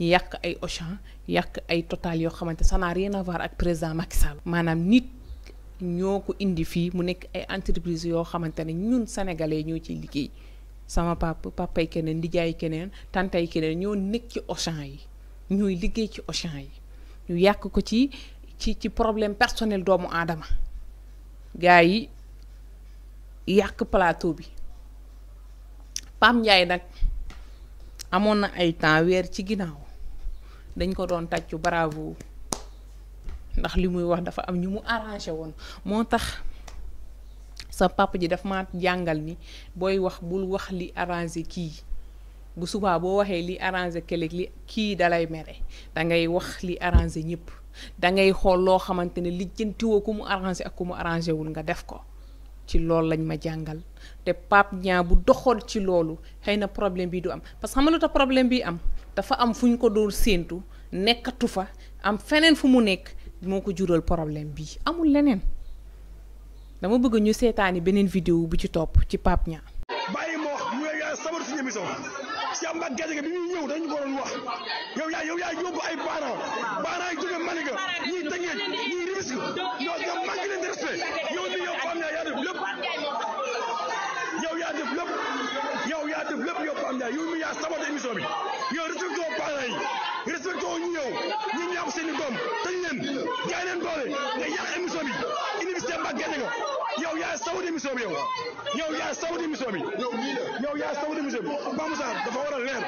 ñu yàq ay Auchan yàq ay Total yoo xamante ça n'a rien à voir ak président Macky Sall maanaam nit ñoo ko indi fii mu nekk ay entreprise yoo xamante ne ñun sénégalais ñoo ci liggéey sama papa papay keneen ndijaay keneen tantay keneen ñoo nekk ci Auchan yi ñooy liggéey ci Auchan yi ñu yàq ko ci ci ci problème personnel doomu aadama gars yi yàq plateau bi Pam Ndiaye nag amoon na ay temps weer ci ginnaaw dañ ko doon tàccu bravo ndax li muy wax dafa am ñu mu arrangé woon moo tax sa papa ji daf ma jàngal ni booy wax bul wax li arrangé kii bu subaa boo waxee li arrangé keleg li kii dalay mere da ngay wax li arrangé ñëpp da ngay xool loo xamante ne lijjantiwoo ku mu arrangé ak ku mu arrangé wul nga def ko ci loolu lañ ma jàngal te Pape Niang bu doxoon ci loolu xëy na problème bi du am parce que xam nga lu tax problème bi am dafa am fu ñu ko doon séentu nekkatu fa am feneen fu mu nekk moo ko jural problème bi amul leneen. dama bëgg ñu seetaani beneen vidéo bu ci topp ci Pape Niang. bàyyi moo mu yaa sabar suñu émission Cheikh Mbacke Gadiaga bi ñuy ñëw dañu ko wax yow yaa yow ay parents parents yi jóge Malika ñuy tëngeej ñuy risque ñoo dem manque leen de respect yow bi yow Pape Niang yi respecté woo ñu ñu ñaam seen i doom tëj leen jaay leen doole nga yàq émission bi mag génn nga yow yaa saw démission bi yow yow yaa saw démission bi yow yaa saw démission bi Pape Moussa dafa war a leer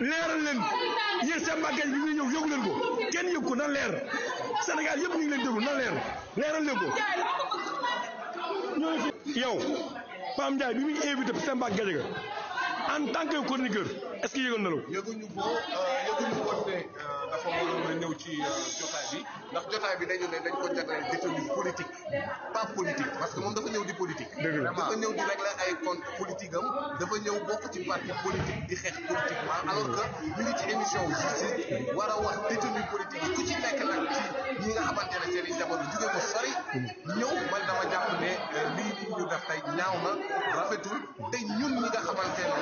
leeral leen yéen seen màggal bi muy ñëw yëgu ko kenn yëg ko na leer Sénégal yëpp ñu ngi leen déglu na leer leeral leen ko ñooñu fi yow Pam Ndiaye bi muy invité seen màggal ga en tant que chroniqueur est-ce que yëgal na yëguñu ko yëguñu ko ne euh, euh, dafa waroon a ñëw ci euh, jotaay bi ndax jotaay bi dañu ne dañ ko jagleel détenu politique que moom dafa ñëw di politique. dëgg la dafa ñëw di régler ay compte politique am dafa ñëw bokk ci parti di ngi ci émission a wax détenu politique ku ci nekk nag ci ñi nga xamante ne i jamono jóge ko sori. ñëw man dama jàpp ne lii ñu def tey ñaaw na rafetul te ñun ñi nga xamante ne.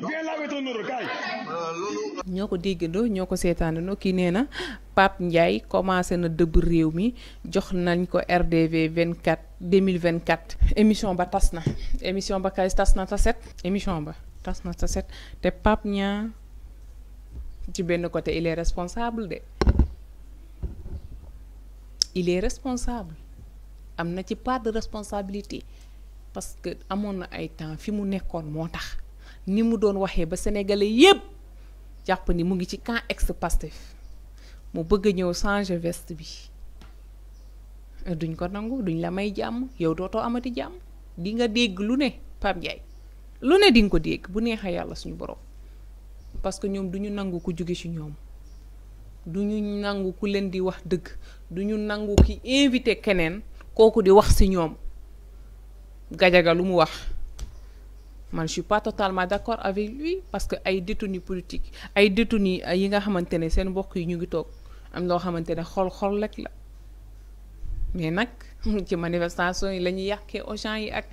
dugal ko doon ñoo ko déggandoo ñoo ko seetaanandoo kii nee na Pape Ndiaye commencé na dëbb réew mi jox nañ ko RDV 24 2024. émission ba tas na émission ba kay tas na taset émission ba tas na taset te Pape ñaa ci benn côté il est responsable de. il est responsable Il na pas pas de responsabilité parce que à na ay temps il n'y a ni mu doon waxee ba sénégalais yépp jàpp ni mu ngi ci camp ex-Pastef bëgg changer veste bi duñ ko nangu duñ la may jàmm yow dootoo amati di nga dégg ne lu ko dégg bu suñu borom parce que ñoom duñu nangu ku jóge ci ñoom duñu nangu ku du ñu nangu ki invité keneen kooku di wax si ñoom gajaga lu mu wax man je suis pas totalement d'accord avec lui parce que ay détenu politique ay détenu yi nga xamante ne seen mbokk yi ñu ngi toog am loo xamante ne xol-xol rek la mais nag ci manifestation yi la ñuy yàqee Auchan yi ak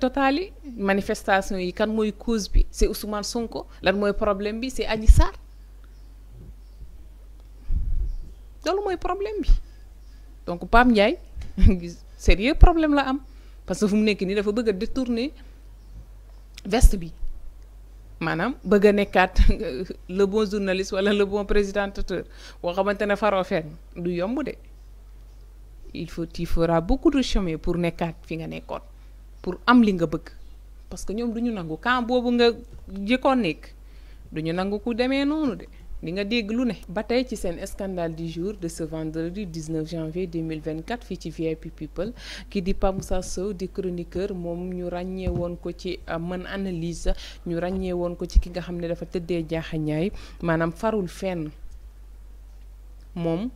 Total yi manifestation yi kan mooy cause bi c'est Ousmane Sonko lan mooy problème bi c'est Adji Sarr loolu mooy problème bi donc Pape Ndiaye sérieux problème la am parce que fu mu nekk nii dafa bëgg a détourner veste bi maanaam bëgg nekkaat le bon journaliste wala le bon présentateur boo xamante ne faroo fenn du yomb de il faut il faudra beaucoup de chemin pour nekkaat fi nga nekkoon pour am li nga bëgg parce que ñoom du ñu nangu camp boobu nga jëkkoon nekk duñu nangu ku demee noonu de. di nga dégg ne. ba tey ci seen scandale du jour de ce vendredi 19 janvier 2024 fii ci VIP People kii di Pape Moussa Sow di chroniqueur moom ñu ràññee woon ko ci euh, mën analyse ñu ràññee woon ko ci ki nga xam ne dafa tëddee jaaxañaay maanaam farul fenn moom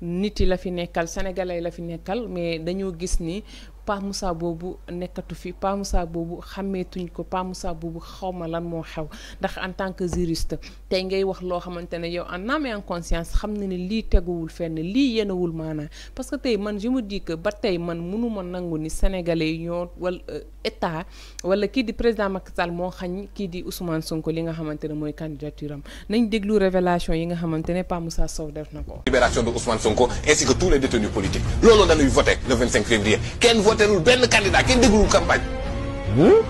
nit yi la fi nekkal sénégalais la fi nekkal mais dañoo gis ni. Pa Moussa boobu nekkatu fi Pa Moussa boobu xàmmeetuñ ko Pa Moussa boobu xaw lan moo xew ndax en tant que juriste ngay wax yow en âme et en conscience xam na ne lii fenn lii yenewul maanaa parce que tey man je me dis que ba man nangu ni sénégalais ñoo état wala di président Macky Sall moo xañ kii di Ousmane Sonko li nga candidature am nañ déglu révélation yi nga Pa Moussa Sow def libération de Ousmane Sonko ainsi que tous les détenus politiques loolu dañuy le 25 février kenn voté votelul benn candidat qui déglul campagne.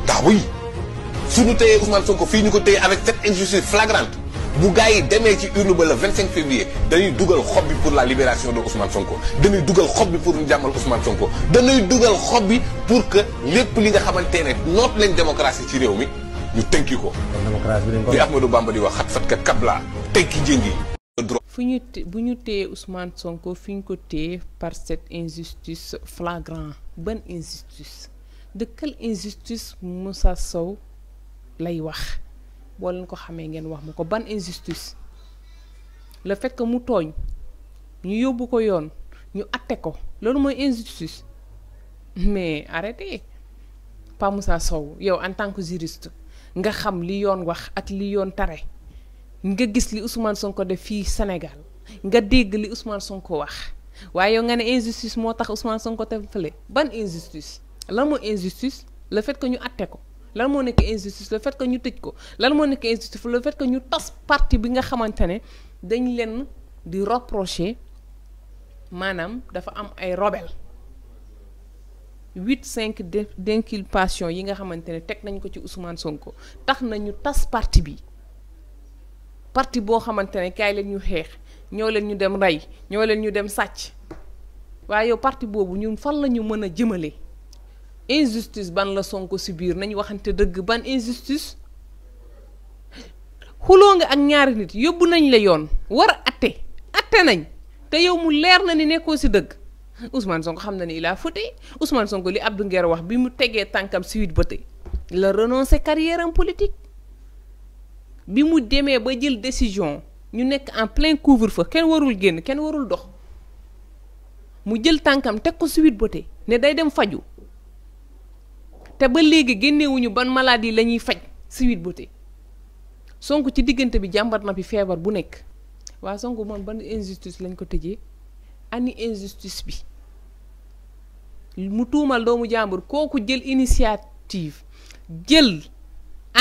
ah oui. si ñu téyee Ousmane Sonko fii ñu ko avec cette injustice flagrante bu gars yi ci urne ba le 25 février dañuy dugal xob bi pour la libération de Ousmane Sonko dañuy dugal xob bi pour ñu jàmmal Ousmane Sonko dañuy dugal xob bi pour que les li nga xamante ne notre lañ démocratie ci réew mi ñu tënki ko. démocratie bi dañ ko li Bamba di wax xat fatkat kabla tënki fu ñu bu Ousmane Sonko fiñ ko par cette injustice flagrant Bonne injustice de quelle injustice Moussa Sow lay wax boo leen ko xamé ngeen wax bonne injustice le fait que mu togn ñu yobbu ko yoon ñu atté ko Lolu moy injustice mais arrêtez pas Moussa Sow yow en tant que juriste nga xam li yoon wax ak li yoon tare nga gis li Ousmane Sonko def fii Sénégal nga dégg li Ousmane Sonko wax waaye yow nga ne injustice moo tax Ousmane Sonko te fële ban injustice lan moo injustice le fait que ñu atte ko lan moo nekk injustice le fait que ñu tëj ko lan moo nekk injustice le fait que ñu tas parti bi nga xamante ne dañ leen di reprocher maanaam dafa am ay rebel huit cinq d'inculpation yi nga xamante ne teg nañ ko ci Ousmane Sonko tax nañu tas parti bi parti boo xamante ne kaay leen ñu xeex ñoo leen ñu dem rey ñoo leen ñu dem sàcc waaye yow parti boobu ñu fan la ñu mën a jëmale injustice ban la Sonko si biir nañu waxante dëgg ban injustice xuloo nga ak ñaari nit yóbbu nañ la yoon war a atte nañ te yow mu leer na ni nekkoo si dëgg Ousmane Sonko xam na ni il a fauté Ousmane Sonko li Abdou Nguer wax bi mu tegee tànkam si huit ba tey la renoncé carrière am politique. bi mu demee ba jël décision ñu nekk en plein couvre fa kenn warul génn kenn warul dox mu jël tànkam teg ko Sweet Beauté ne day dem faju te ba léegi génnewuñu ban maladie la ñuy faj Sweet Beauté Sonko ci diggante bi jàmbat na fi feebar bu nekk waa Sonko moom ban injustice lañ ko tëjee ani injustice bi mu tuumal doomu jàmbur kooku jël initiative jël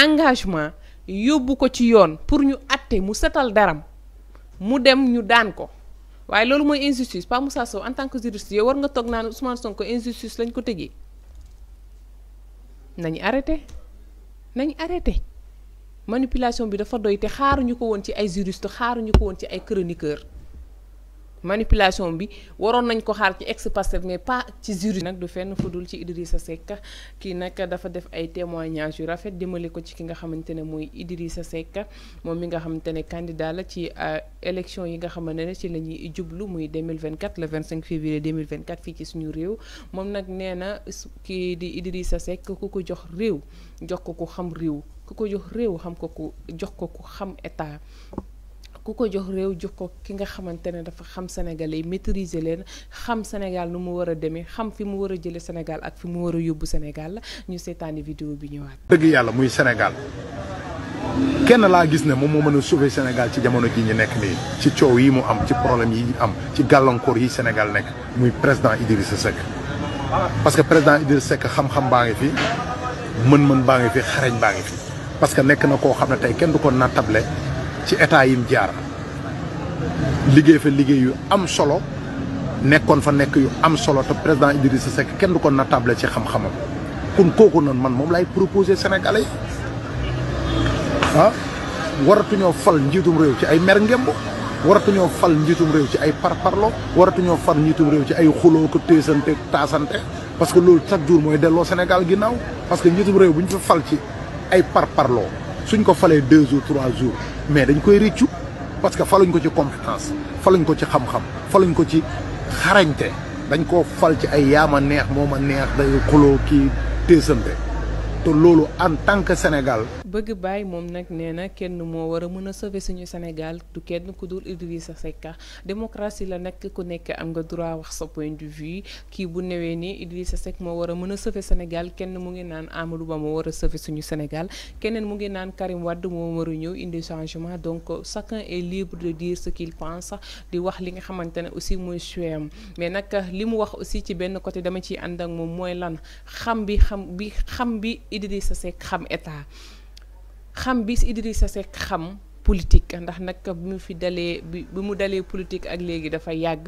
engagement yóbbu ko ci yoon pour ñu atte mu setal daram mu dem ñu daan ko waaye loolu mooy injustice Pa Moussa Sow en tant que juriste yow war nga toog naan Ousmane Sonko injustice lañ ko tëjee nañ arrêté nañ arrêté manipulation bi dafa doy te xaaruñu ko woon ci ay juriste xaaruñu ko woon ci ay chroniqueur manipulation bi waroon nañ ko xaar ci ex-Pastef mais pas ci juri nag du fenn fudul ci Idrissa Seck kii nag dafa def ay témoignages yu rafet jëmale ko ci ki nga xamante ne muy mooy Idrissa Seck moom mi nga xamante ne candidat la ci euh, élection yi nga xamante ne ci la ñuy jublu muy vingt 2024 le 25 février 2024 fii ci suñu réew moom nag nee na kii di sa Seck ku ko jox réew jox ko ku xam réew ku ko jox réew xam ko ku jox ko ku xam état ku ko jox réew jox ki nga xamante ne dafa xam sénégalais maîtriser leen xam Sénégal nu mu war a demee xam fi mu war a jëlee senegal ak fi mu war a yóbbu Sénégal ñu seetaani vidéo bi ñëwaat. dëgg yàlla muy Sénégal kenn laa gis ne moom moo mën a sauver senegal ci jamono ji ñu nekk nii ci coow yi mu am ci problème yi am ci gàllankoor yi Sénégal nekk muy président Idrissa Seck parce que président Idrissa Seck xam-xam baa ngi fi mën-mën baa ngi fi xarañ baa ngi parce que nekk na koo xam ne tey kenn du ko nattable ci état yim jaar liggéey fa liggéey yu am solo nekkoon fa nekk yu am solo te président Idrissa Seck kenn du na table ci xam-xamam kon kooku noonu man moom laay proposé Sénégalais yi ah waratuñoo fal njiitum réew ci ay mer ngemb waratuñoo fal njiitum réew ci ay parparlo waratuñoo fal njiitum réew ci ay xuloo ko téesante taasante parce que loolu chaque jour mooy delloo Sénégal ginnaaw parce que njiitum réew bu ñu fa fal ci ay par parlo suñ ko deux jours trois jours mais dañ koy réccu parce que faluñ ko ci compétence faluñ ko ci xam-xam faluñ ko ci dañ ko fal ci ay neex neex day qui to en tant que Sénégal bëgg bay mom nak nee kenn mo wara mëna sauver suñu Sénégal du kenn ku dul Idrissa Seck démocratie la nak ku nekk am nga droit wax sa point de vue ki bu newé ni Idrissa Seck mo wara mëna sauver Sénégal kenn mu ngi naan Amadou Ba mo wara sauver suñu Sénégal kenen mu ngi naan Karim Wade mo wara ñëw indi changement donc chacun est libre de dire ce qu'il pense di wax li nga xamantene aussi moy suem mais nak limu mu wax aussi ci benn côté dama ci and ak mom moy lan xam bi xam bi xam bi Idrissa Seck xam état xam bis Idrissa Seck xam politique ndax nag bi mu fi dalee bi mu dalee politique ak léegi dafa yàgg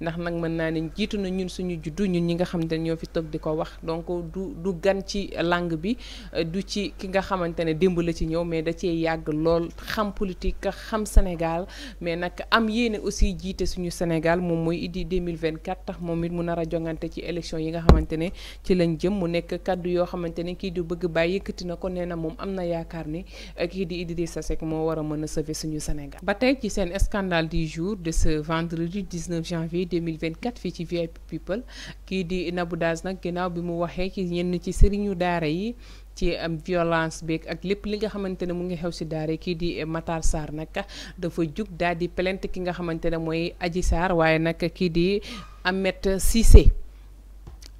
ndax nag mën naa ne jiitu na ñun suñu juddu ñun ñi nga xam ne ñoo fi toog di ko wax donc du du gan ci langue bi euh, du ci ki nga xamante ne démb la ci ñëw mais da cee yàgg lool xam politique xam Sénégal mais nag am yéene aussi jiite suñu Sénégal moom mooy Idy 2024 tax moom it mu nara a jongante ci élection yi nga xamante ne ci lañ jëm mu nekk kaddu yoo xamante ne kii di bëgg bàyyi na ko nee na moom am na yaakaar ni euh, moo war mën mën suñu senegal ba tey ci seen scandale du jour de ce vendredi 19 janvier 2024 fii ci VIP People kii di Nabou Dash nag ginnaaw bi mu waxee ci ñenn ci sëriñu daara yi ci am um, violence beeg ak lépp li nga xamante ne mu ngi xew si daara kii di Matar Sarr nag dafa jug daal di plainte ki nga xamante ne mooy aji Sarr waaye nag kii di Ahmed Cissé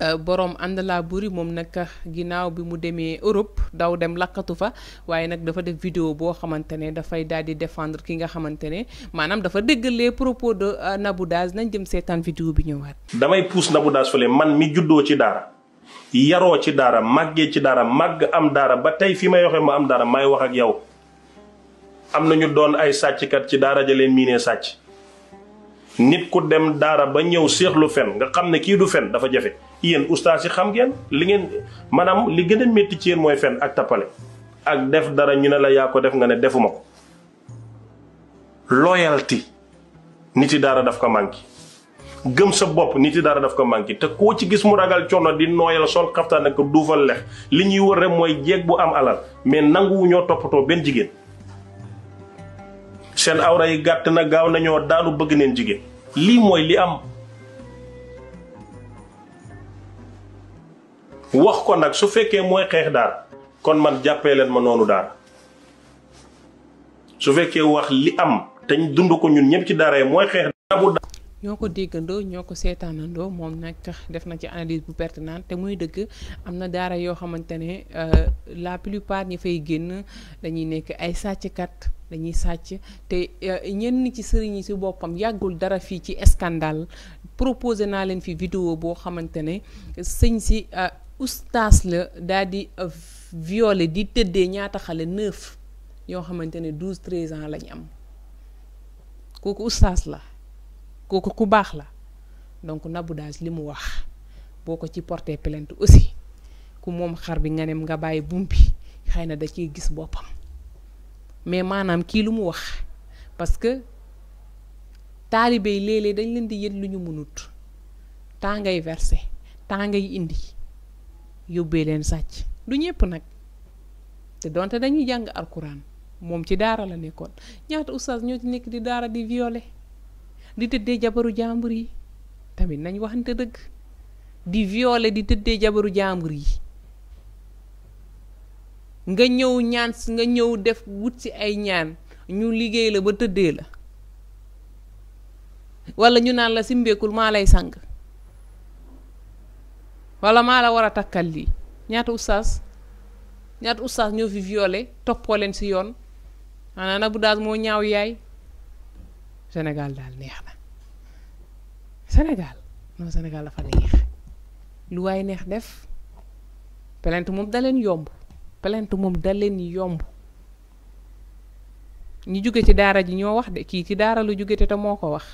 Euh, borom ànd laa buri moom nag ginnaaw bi mu demee Europe daw dem lakkatu fa waaye nag dafa def vidéo boo xamante ne dafay daal di défendre ki nga xamante ne maanaam dafa déggal les propos de euh, Nabou Dash nañ jëm seetaan vidéo bi ñëw a damay puus Nabou Dash fële man mi juddoo ci daara yaroo ci daara màggee ci daara màgg am daara ba tey fi may waxee ma am daara may wax ak yow am na ñu doon ay sàcckat ci daara ja leen miinee sàcc nit ku dem daara ba ñëw seexlu fen nga xam ne kii du fen dafa jafe. yéen ustaas yi xam ngeen li ngeen maanaam li gën a métti ci yéen mooy fen ak tappale ak def dara ñu ne la yaa ko def nga ne defuma ko loyalty nit yi dara daf ko manqué gëm sa bopp nit yi dara daf ko manqué te koo ci gis mu ragal coono di nooyal sol xaftaan ak duufal lex li ñuy wër rek mooy jeeg bu am alal mais nanguwu ñoo toppatoo benn jigéen seen awra yi gàtt na gaaw nañoo daanu bëgg neen jigéen lii mooy li am wax ko nag su fekkee mooy xeex daal kon man jàppee leen ma noonu daal su fekkee wax li am te dund ko ñun ñëpp ci daara yi mooy xeex daal. ñoo ko déggandoo ñoo ko seetaanandoo moom nag def na ci analyse bu pertinente te muy dëgg am na daara yoo xamante ne euh, la plupart ñi fay génn dañuy nekk ay sàcckat dañuy sàcc te euh, ñenn ci sëriñ yi si boppam yàggul dara fii ci scandale proposé naa leen fi vidéo boo xamante ne sëñ si. Euh, oustaz la daal di euh, violé di tëddee ñaata xale neuf yoo xamante ne douze treize ans lañ am kooku oustaz la kooku ku baax la donc Nabou Dash li mu wax boo ko ci porté plainte aussi ku moom xar bi nga nem nga bàyyi buum bi xëy na da ciy gis boppam mais maanaam kii lu mu wax parce que taalibe yi léeg-léeg dañ leen di yët lu ñu mënut temps ngay versé temps ngay indi. yóbbee leen sàcc du ñëpp nag te donte dañuy jàng alquran moom ci daara la nekkoon ñaata oustaz ñoo ci nekk di daara di violé di tëddee jabaru jàmbur yi tamit nañ waxante dëgg di violé di tëddee jabaru jàmbur yi nga ñëw ñaan si nga ñëw def wut si ay ñaan ñu liggéey la ba tëddee la wala ñu naan la simbeekul maa lay sang wala maa la war a takkal lii ñaata oustaz ñaata oustaz ñoo fi violé toppoo leen si yoon maanaam nag bu daal moo ñaaw yaay Sénégal daal neex na Sénégal non Sénégal dafa neex lu waay neex def plainte moom da leen yomb plainte moom da yomb ñu jóge ci daara ji ñoo wax de kii ci daara lu jóge te moo ko wax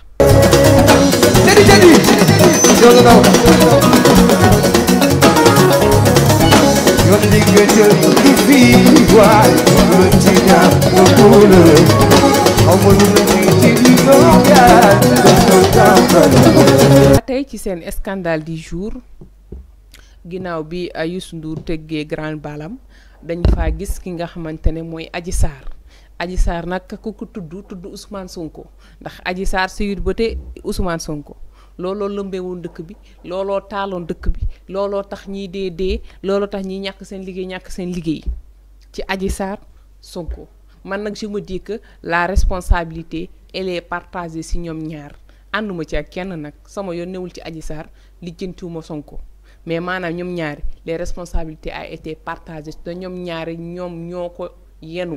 jadi tey ci seen scandale di jour ginnaaw bi Youssou Ndour teggee grand balam dañ fa gis ki nga xamante ne mooy Adji Sarr Adji Sarr nag ku ko tudd tudd Ousmane Sonko ndax Adji Sarr suyut ba te Ousmane Sonko looloo lëmbee dëkk bi looloo taaloon dëkk bi looloo tax ñiy dee dee looloo tax ñiy ñàkk seen liggéey ñàkk seen liggéey ci Adji Sarr Sonko man nag je me dis que la responsabilité elle partage partagée si ñoom ñaar ànduma ci ak kenn nag sama yoon newul ci Adji Sarr lijjantiwuma Sonko mais maanaam ñoom ñaari les responsabilité a été partagées te ñoom ñaari ñoom ñoo ko yenu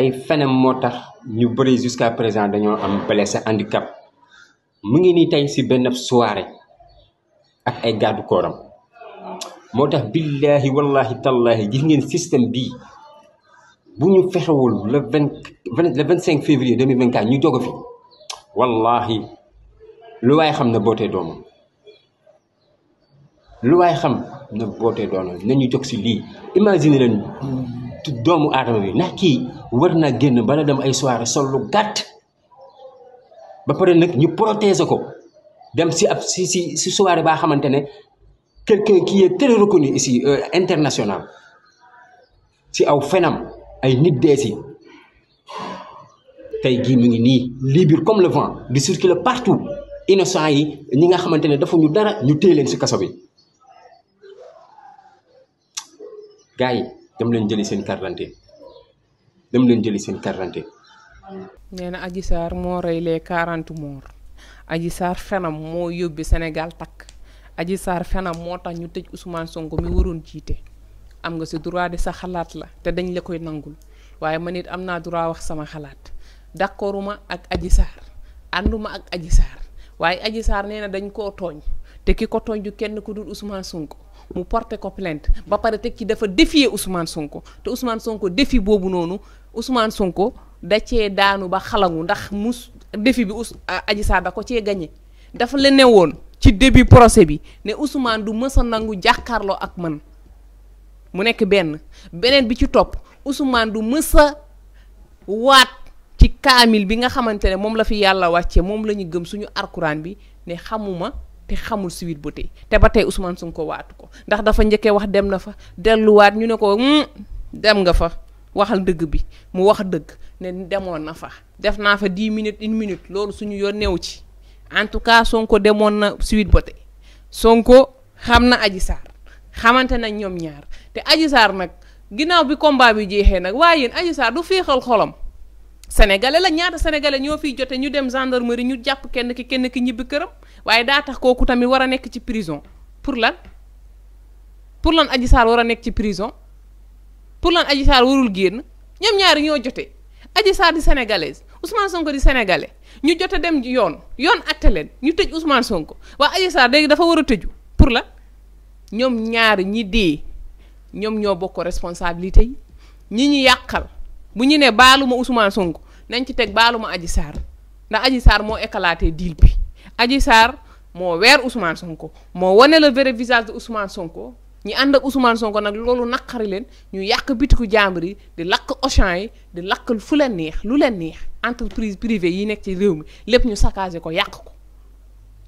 ay fenam qui ñu bari jusqu'à présent dañoo am blessé handicap mu ngi ni tay ci benn soirée ak ay motax billahi wallahi tallahi gis ngeen système bi bu ñu fexewul le 25 février 2024, nous ñu wallahi lu way xam na boté doom lu way xam na le doomu aadama bi ndax kii war naa génn bala dem ay soirée sol lu gàtt ba pare nag ñu protéger ko dem si ab si si si soirée baa xamante ne quelqu'un qui est très reconnu ici euh, international si aw fenam ay nit dee si tey jii mu ngi nii libre comme le vent di circuler partout innocent yi ñi nga xamante ne dafa ñu dara ñu téye leen si kaso bi gars yi dem leen jëli seen carte d'identité dem leen jëli seen na Adji Sarr moo rey les quarante morts Adji fenam moo yóbbi senegal takk Adji Sarr fenam moo tax ñu tëj Ousmane Sonko mi waroon jiite am nga si droit di sa xalaat la te dañ la koy nangul waaye man it am naa droit wax sama xalaat d'accorduma ak Adji Sarr ànduma ak Adji Sarr waaye Adji Sarr nee na dañ koo tooñ te ki ko tooñ du kenn ku dul Ousmane Sonko. mu porté ko plainte ba pare teg ci dafa défier Ousmane Sonko té Ousmane Sonko défi bobu noonu Ousmane Sonko da ci daanu ba xalangu ndax mu défi bi us Adji ko cee gagné dafa le ne ci début procès bi ne Ousmane du mës a nangu jàkkaarloo ak man mu nek ben benen bi ci top Ousmane du mës wat ci Kamil bi nga xamantene mom la fi yalla wacce mom lañu gëm suñu alcorane bi ne xamuma te xamul Sweet Beauté te ba tey Ousmane Sonko waatu ko ndax dafa njëkkee wax dem na fa delluwaat ñu ne ko hmm, dem nga fa waxal dëgg bi mu wax dëgg ne demoon na fa def naa fa dix minute une minute loolu suñu yoon néew ci en tout cas Sonko demoon na Sweet Beauté Sonko xam na Adji Sarr xamante nañ ñoom ñaar te Adji Sarr nag ginnaaw bi kombaam bi jeexee nag waaye yéen Adji Sarr du féexal xolam sénégalais la ñaata sénégalais ñoo fiy jote ñu dem gendarmerie ñu jàpp kenn ki kenn ki ñibbi këram waaye daa tax kooku tamit war a nekk ci prison pour lan pour lan Adji Sarr war a nekk ci prison pour lan Adji Sarr warul génn ñoom ñaari ñoo jote Adji Sarr di sénégalaise Ousmane Sonko di sénégalais ñu jote dem yoon yoon atte leen ñu tëj Ousmane Sonko waa Adji Sarr léegi dafa war a tëju pour la ñoom ñaari ñi dee ñoom ñoo bokk responsabilité ñi ñu yàqal. bu ñu ne baaluma Ousmane Sonko nañ ci teg baaluma aji Sarr ndax aji Sarr moo éclaté deal bi aji Sarr moo weer Ousmane Sonko moo wane le vrai visage de Ousmane Sonko ñi ànd ak Ousmane Sonko nag loolu naqari leen ñu yàq bitiku jambri di lakk Auchan yi di lakk fu leen neex lu leen neex entreprise privée yi nekk ci réew mi lépp ñu saccagé ko yàq ko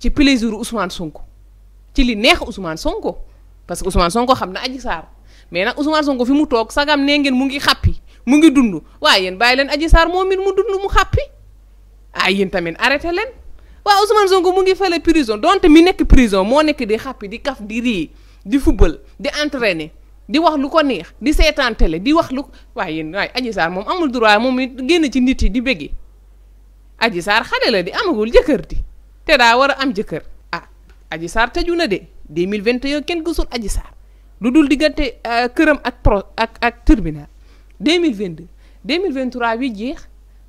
ci plaisir Ousmane Sonko ci li neex Ousmane Sonko parce que Ousmane Sonko xam na Adji sar mais nag Ousmane Sonko fi mu toog sagam nee ngeen mu ngi xàppi mu ngi dund waaye yéen bàyyi leen Adji Sarr moom it mu dund mu xàppi ah yéen tamit arrêté leen waaw Ousmane Sonko mu ngi fële prison donte mi nekk prison moo nekk di xàppi di kaf di rii di football di entraîner di wax lu ko neex di seetaan télé di wax lu waaye yéen waaye Adji moom amul droit moom it génn ci nit yi di bëgge Adji Sarr xale la di amagul jëkkër di te daa war a am jëkkër ah Adji Sarr tëju na de 2021 kenn gisul Adji Sarr lu dul diggante euh, këram ak ak ak tribunal 2022 2023 bi jeex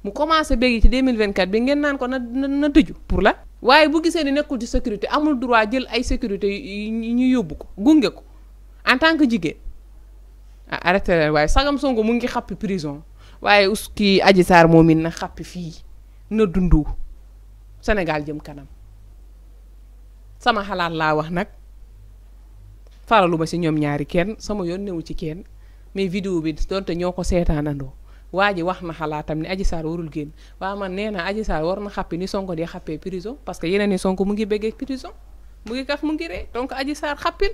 mu commencé béy ci 2024 bi ngeen naan ko na na tëju pour la waaye bu gisee ni nekkul ci sécurité amul droit jël ay sécurité ñu yóbbu ko gunge ko en tant que jigéen ah arrêté waaye sagam Sonko mu ngi xappi prison waaye us kii Adji Sarr moom it na xappi fii na dundu Sénégal jëm kanam sama xalaat laa wax nag faralu ma si ñoom ñaari kenn sama yoon newu ci kenn mais vidéo bi donte ñoo ko seetaanandoo waa ji wax na xalaatam ni Adji Sarr warul génn waa man nee naa Adji Sarr war na xàppi ni Sonko di xàppee prison parce que yeneen ni Sonko mu ngi béggee prison mu ngi kaf mu ngi ree donc Adji Sarr xàppil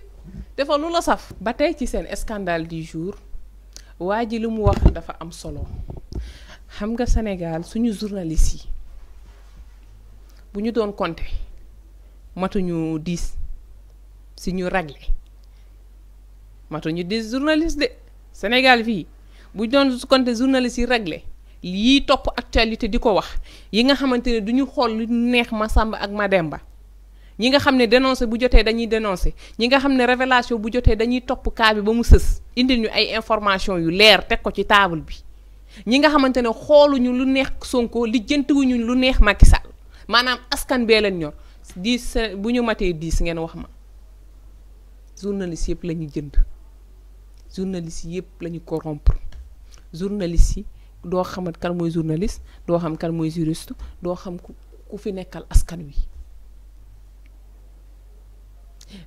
dafa lu la saf ba tey ci seen scandale du jour waa ji li mu wax dafa am solo xam nga Sénégal suñu journaliste yi bu ñu doon compté matuñu dix si ñu ragle matuñu dix journaliste de Sénégal fii bu doon su compté journaliste yi réglé yii topp actualité di ko wax yi nga xamante ne du ñu xool lu neex ma Masamba ak ma demba ñi nga xam ne dénoncé bu jotee dañuy dénoncé ñi nga xam ne révélation bu jotee dañuy topp kaa bi ba mu sës indi ñu ay information yu leer teg ko ci table bi ñi nga xamante ne xooluñu lu neex Sonko lijjantiwuñu lu neex Macky Sall maanaam askan bee leen ñor diis bu ñu matee diis ngeen wax ma journaliste yëpp la ñu jënd. journaliste yëpp la ñu corrompre journaliste yi doo xamat kan mooy journaliste doo xam kan mooy juriste doo xam ku fi nekkal askan wi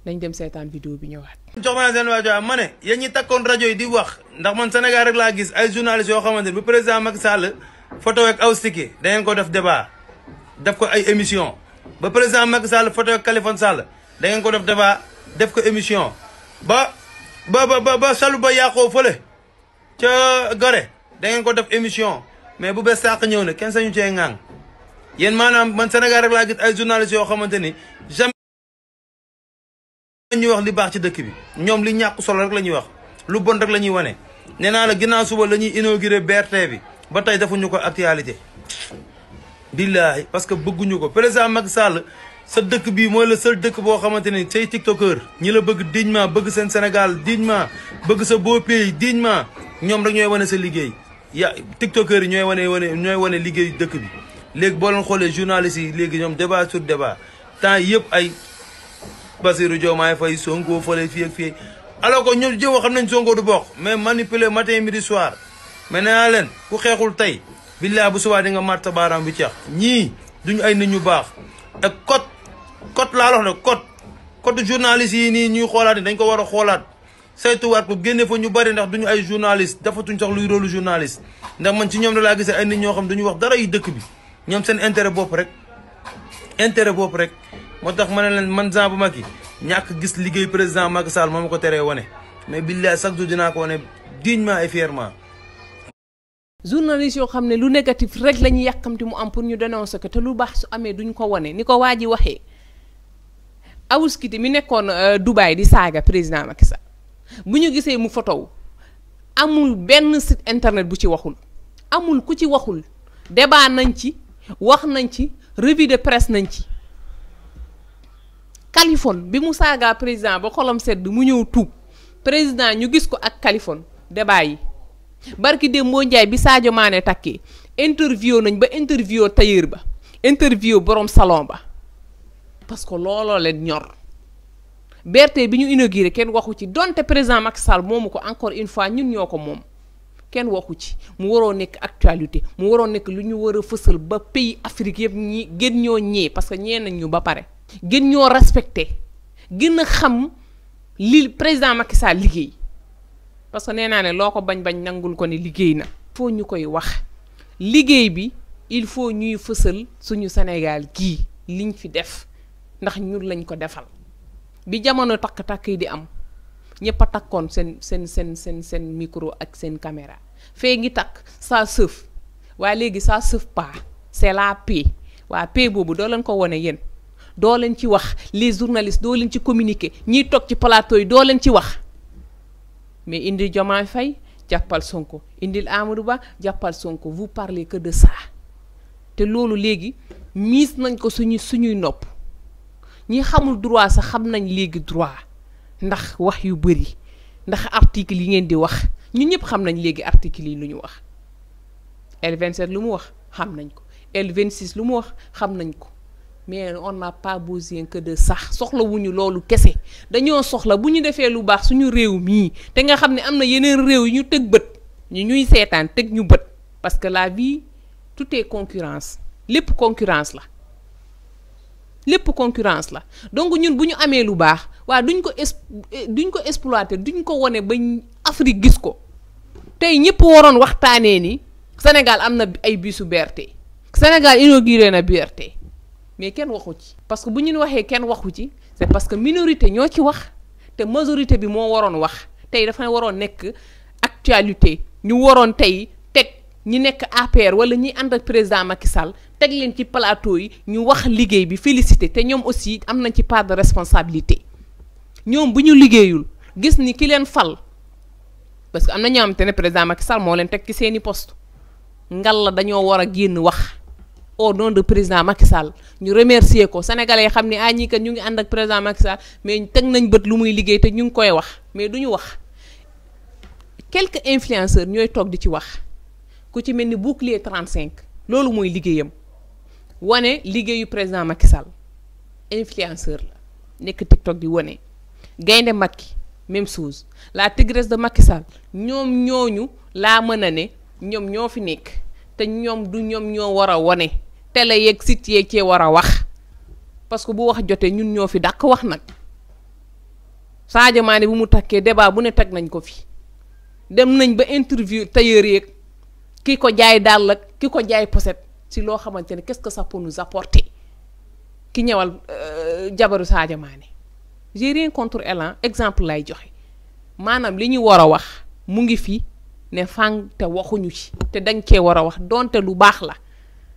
dañ dem seetaan video bi ñëwaat. jox ma seen waa ne yéen ñi takkoon rajo yi di wax ndax man Sénégal rek laa gis ay journalistes yoo xamante ne bu président mag Sall photo ak aw stické dangeen ko def débat def ko ay émission ba président mag Sall photo ak Khalifa Sall dangeen ko def débat def ko émission ba. ba ba ba salu ba yàqoo fële ca gare da ngeen ko def émission mais bu bees sàq ñëw na kenn sañu cee ŋaang yéen maanaam man Sénégal rek gis ay journalistes yoo xamante ni jamais ñuy wax li baax ci dëkk bi ñoom li ñàkk solo la ñuy wax lu bon rek la ñuy wane nee naa la ginnaaw suba la ñuy inauguré BRT bi ba tey defuñu ko actualité billaahi parce que bëgguñu ko président mag Sall sa dëkk bii mooy la seul dëkk boo xamante ni say tiktokeur ñi la bëgg dignement bëgg seen Sénégal dignement bëgg sa beau pays dignement ñoom rek ñooy wane sa liggéey ya tiktokeur yi ñooy wane wane ñooy wane liggéey dëkk bi léegi boo leen xoolee journalistes yi léegi ñoom débat sur débat temps yëpp ay Bassirou Diomaye Faye Sonko fële fii ak fii alors que ñoom jëw xam nañ Sonko du bokk mais manipuler matin midi soir mais nee naa leen ku xeexul tey billaa bu subaa di nga màtt baaraam bi ceex ñii duñu ay nit ñu baax code laa wax ne code code journaliste yi nii ñuy xoolaat ni dañ ko war a xoolaat saytuwaat ko génne fa ñu bëri ndax duñu ay journaliste dafatuñ sax luy rôlu journaliste ndax man ci ñoom da laa gisee ay nit ñoo xam duñu wax dara yu dëkk bi ñoom seen intérêt bopp rek intérêt bopp rek moo tax ma ne leen man Jean bu Macky ñàkk gis liggéey président Macky Sall moo ma ko teree wane mais billaay chaque jour dinaa ko wane dignement et fièrement journaliste yoo xam ne lu négatif rek la ñuy yàkkamti mu am pour ñu dénoncer ko te lu baax su amee duñ ko wane ni ko waa ji Awouskity mi nekkoon euh, Dubaï di saaga président Macky Sall bu ñu gisee mu fotow amul benn sit internet bu ci waxul amul ku ci waxul débat nañ ci wax nañ ci revue de presse nañ ci Kaliphone bi mu saaga président ba xolam sedd mu ñëw tuub président ñu gis ko ak Kaliphone débat yi barki Dembo Ndiaye bi Sadio Mané takkee interview nañ ba interview tailleur ba interview borom salon ba parce que looloo leen ñor BRT bi ñu inauguré kenn waxu ci donte président Macky Sall moomu ko encore une fois ñun ñoo ko moom kenn waxu ci mu waroo nekk actualité mu waroo nekk lu ñu war a fësal ba pays Afrique yëpp ñi gën ñoo ñee parce que ñee nañ ñu ba pare. gën ñoo respecté gën a xam li président Macky liggéey parce que nee naa ne loo ko bañ bañ nangul ko ne liggéey na. foo ñu koy wax liggéey bi il faut ñuy fësal suñu Sénégal gii liñ fi def. ndax ñu lañ ko defal bi jamono takk-takk yi di am ñëpp a takkoon seen seen seen seen seen micro ak seen caméra fee ngi takk saa sëf waaye léegi saa sëf pas c'est la paix waa paix boobu doo leen ko wone yéen doo leen ci wax les journalistes doo leen ci communiquer ñiy toog ci plateau yi doo leen ci wax mais indi Diomaye Faye jàppal Sonko indil Amadou Ba jàppal sonk vous parlez que de ça te loolu léegi miis nañ ko suñu suñuy nopp ñi xamul droit sax xam nañ léegi droit ndax wax yu bëri ndax article yi ngeen di wax ñun ñëpp xam nañ léegi article yi lu ñu wax L27 lu mu wax xam nañ ko L26 lu mu wax xam nañ ko mais on n'a pas besoin que de sax soxlawuñu loolu kese dañoo soxla bu ñu defee lu baax suñu réew mii te nga xam ne am na yeneen réew yu ñu tëg bët ñu ñuy seetaan tëg ñu bët parce que la vie tout est concurrence lépp concurrence la lépp concurrence la donc ñun bu ñu amee lu baax waa duñ ko ex duñ ko exploiter duñ ko wone ba Afrique gis ko tey ñëpp waroon waxtaanee ni Sénégal am na ay bisu BRT Sénégal inauguré na BRT mais kenn waxu ci parce que bu ñu waxee kenn waxu ci c'est parce que minorité ñoo ci wax te majorité bi moo waroon wax tey dafa waroon nekk actualité ñu waroon tey teg ñi nekk APR wala ñi ànd ak président Macky Sall teg leen ci plateau yi ñu wax liggéey bi félicité te ñoom aussi am nañ ci part de responsabilité ñoom bu ñu liggéeyul gis ni ki leen fal parce que am na ñoo xamante ne président Macky Sall moo leen teg ci seeni poste ngal la dañoo war a génn wax au nom de président Macky Sall ñu remercier ko yi xam ni ah ñii kat ñu ngi ànd ak président Macky Sall mais teg nañ bët lu muy liggéey te ñu ngi koy wax mais du ñu wax quelques influenceurs ñooy toog di ci wax ku ci mel ni bouclier 35 loolu mooy liggéeyam. wane liggéeyu président Macky Sall influenceur la nekk TikTok di wane gaynde mat ki même chose la tigresse de Macky Sall ñoom ñooñu laa mën a ne ñoom ñoo fi nekk te ñoom du ñoom ñoo war a wane télé yeeg site yeeg cee war a wax parce que bu wax jotee ñun ñoo fi dàq wax nag Sadio Mané bu mu takkee débat bu ne teg nañ ko fi dem nañ ba interview tailleur yeeg ki ko jaay dàll ak ki ko jaay poset ci loo xamante ne qu'est-ce que ça peut nous apporter ki ñëwal euh, jabaru saa Mané j'ai rien contre Elan exemple lay joxe maanaam li ñuy war a wax mu ngi fi ne fang te waxuñu ci te dañ cee war a wax donte lu baax la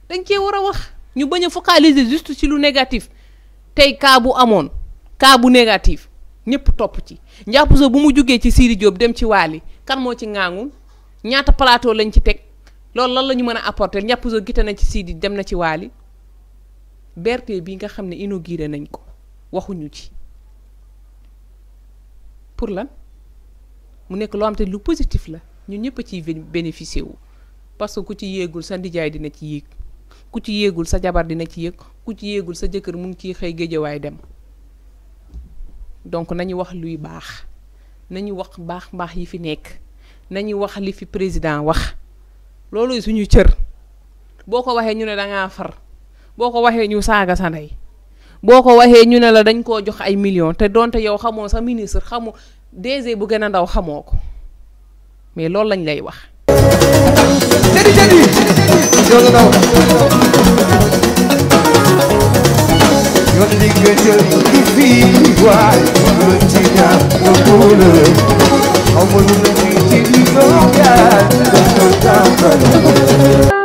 dañ kee war a wax ñu bañ a focaliser juste ci lu négatif tey kaa bu amoon kaa bu négatif ñëpp topp ci njàpp sa bu mu jógee ci Siri Diop dem ci Waly kan moo ci ngaangum ñaata plateau lañ ci teg loolu lan la ñu mën a apporter Ndiaye Pouso gite na ci Sidi dem na ci Waali BRT bi nga xam ne inauguré nañ ko waxuñu ci pour lan mu nekk loo xam te lu positif la ñun ñëpp a ciy bénéficier wu parce que ku ci yéegul sa ndijaay dina ci yéeg ku ci yéegul sa jabar dina ci yéeg ku ci yéegul sa jëkkër mu ngi ciy xëy géejawaay dem donc nañu wax luy baax nañu wax baax baax yi fi nekk nañu wax li fi président wax loolu suñu cër boo ko waxee ñu ne danga far boo ko waxee ñu saaga sa ndey boo ko waxee ñu ne la dañ koo jox ay million te donte yow xamoo sa ministre xamu DG bu gën a ndaw xamoo ko mais loolu lañ lay wax. you go, God, don't come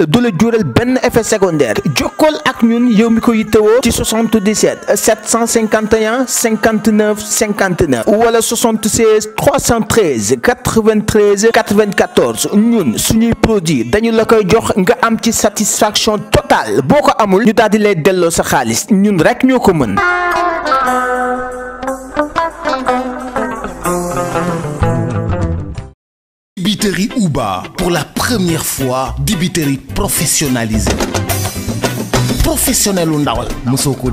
la le ben effet secondaire Jokol ak ñun yow mi ci 77 751 59 59 ou wala 76 313 93 94 Nous, suñuy produit dañu la koy jox nga am ci satisfaction totale boko amul ñu daal lay sa xaalis ñun rek Uba pour la première fois Dibiteri professionnalisé professionnel ndawal musoko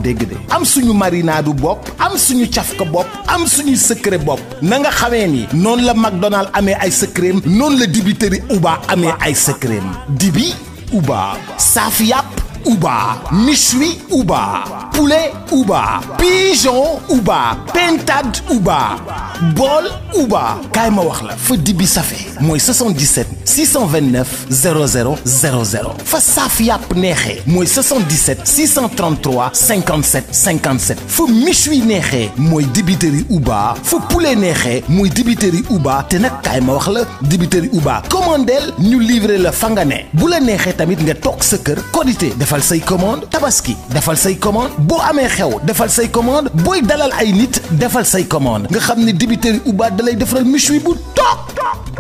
am suñu marinade un am suñu secret bop. McDonald amé ice cream. non la Uba amé ice cream. dibi Uba ouba, Michui ouba, poulet ouba, pigeon ouba, pentade ouba, bol ouba. Kaimorle fou wax la 77 629 0000 fa safiap 77 633 57 57 Fou Michui Nehe, Moui dibiteri ouba Fou poulet Moui dibiteri ouba te nag kaay dibiteri ouba Commandel, ñu livrer le fangané. Boule tamit nga Tok qualité de qualité defal say commande tabaski defal say commande boo amee xew defal say commande booy dalal ay nit defal say commande nga xam ne dibiteri Uba dalay defaral méchoui bu toog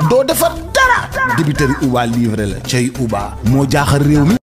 doo defar dara dibiteri Uba livré la cay Uba moo jaaxal réew mi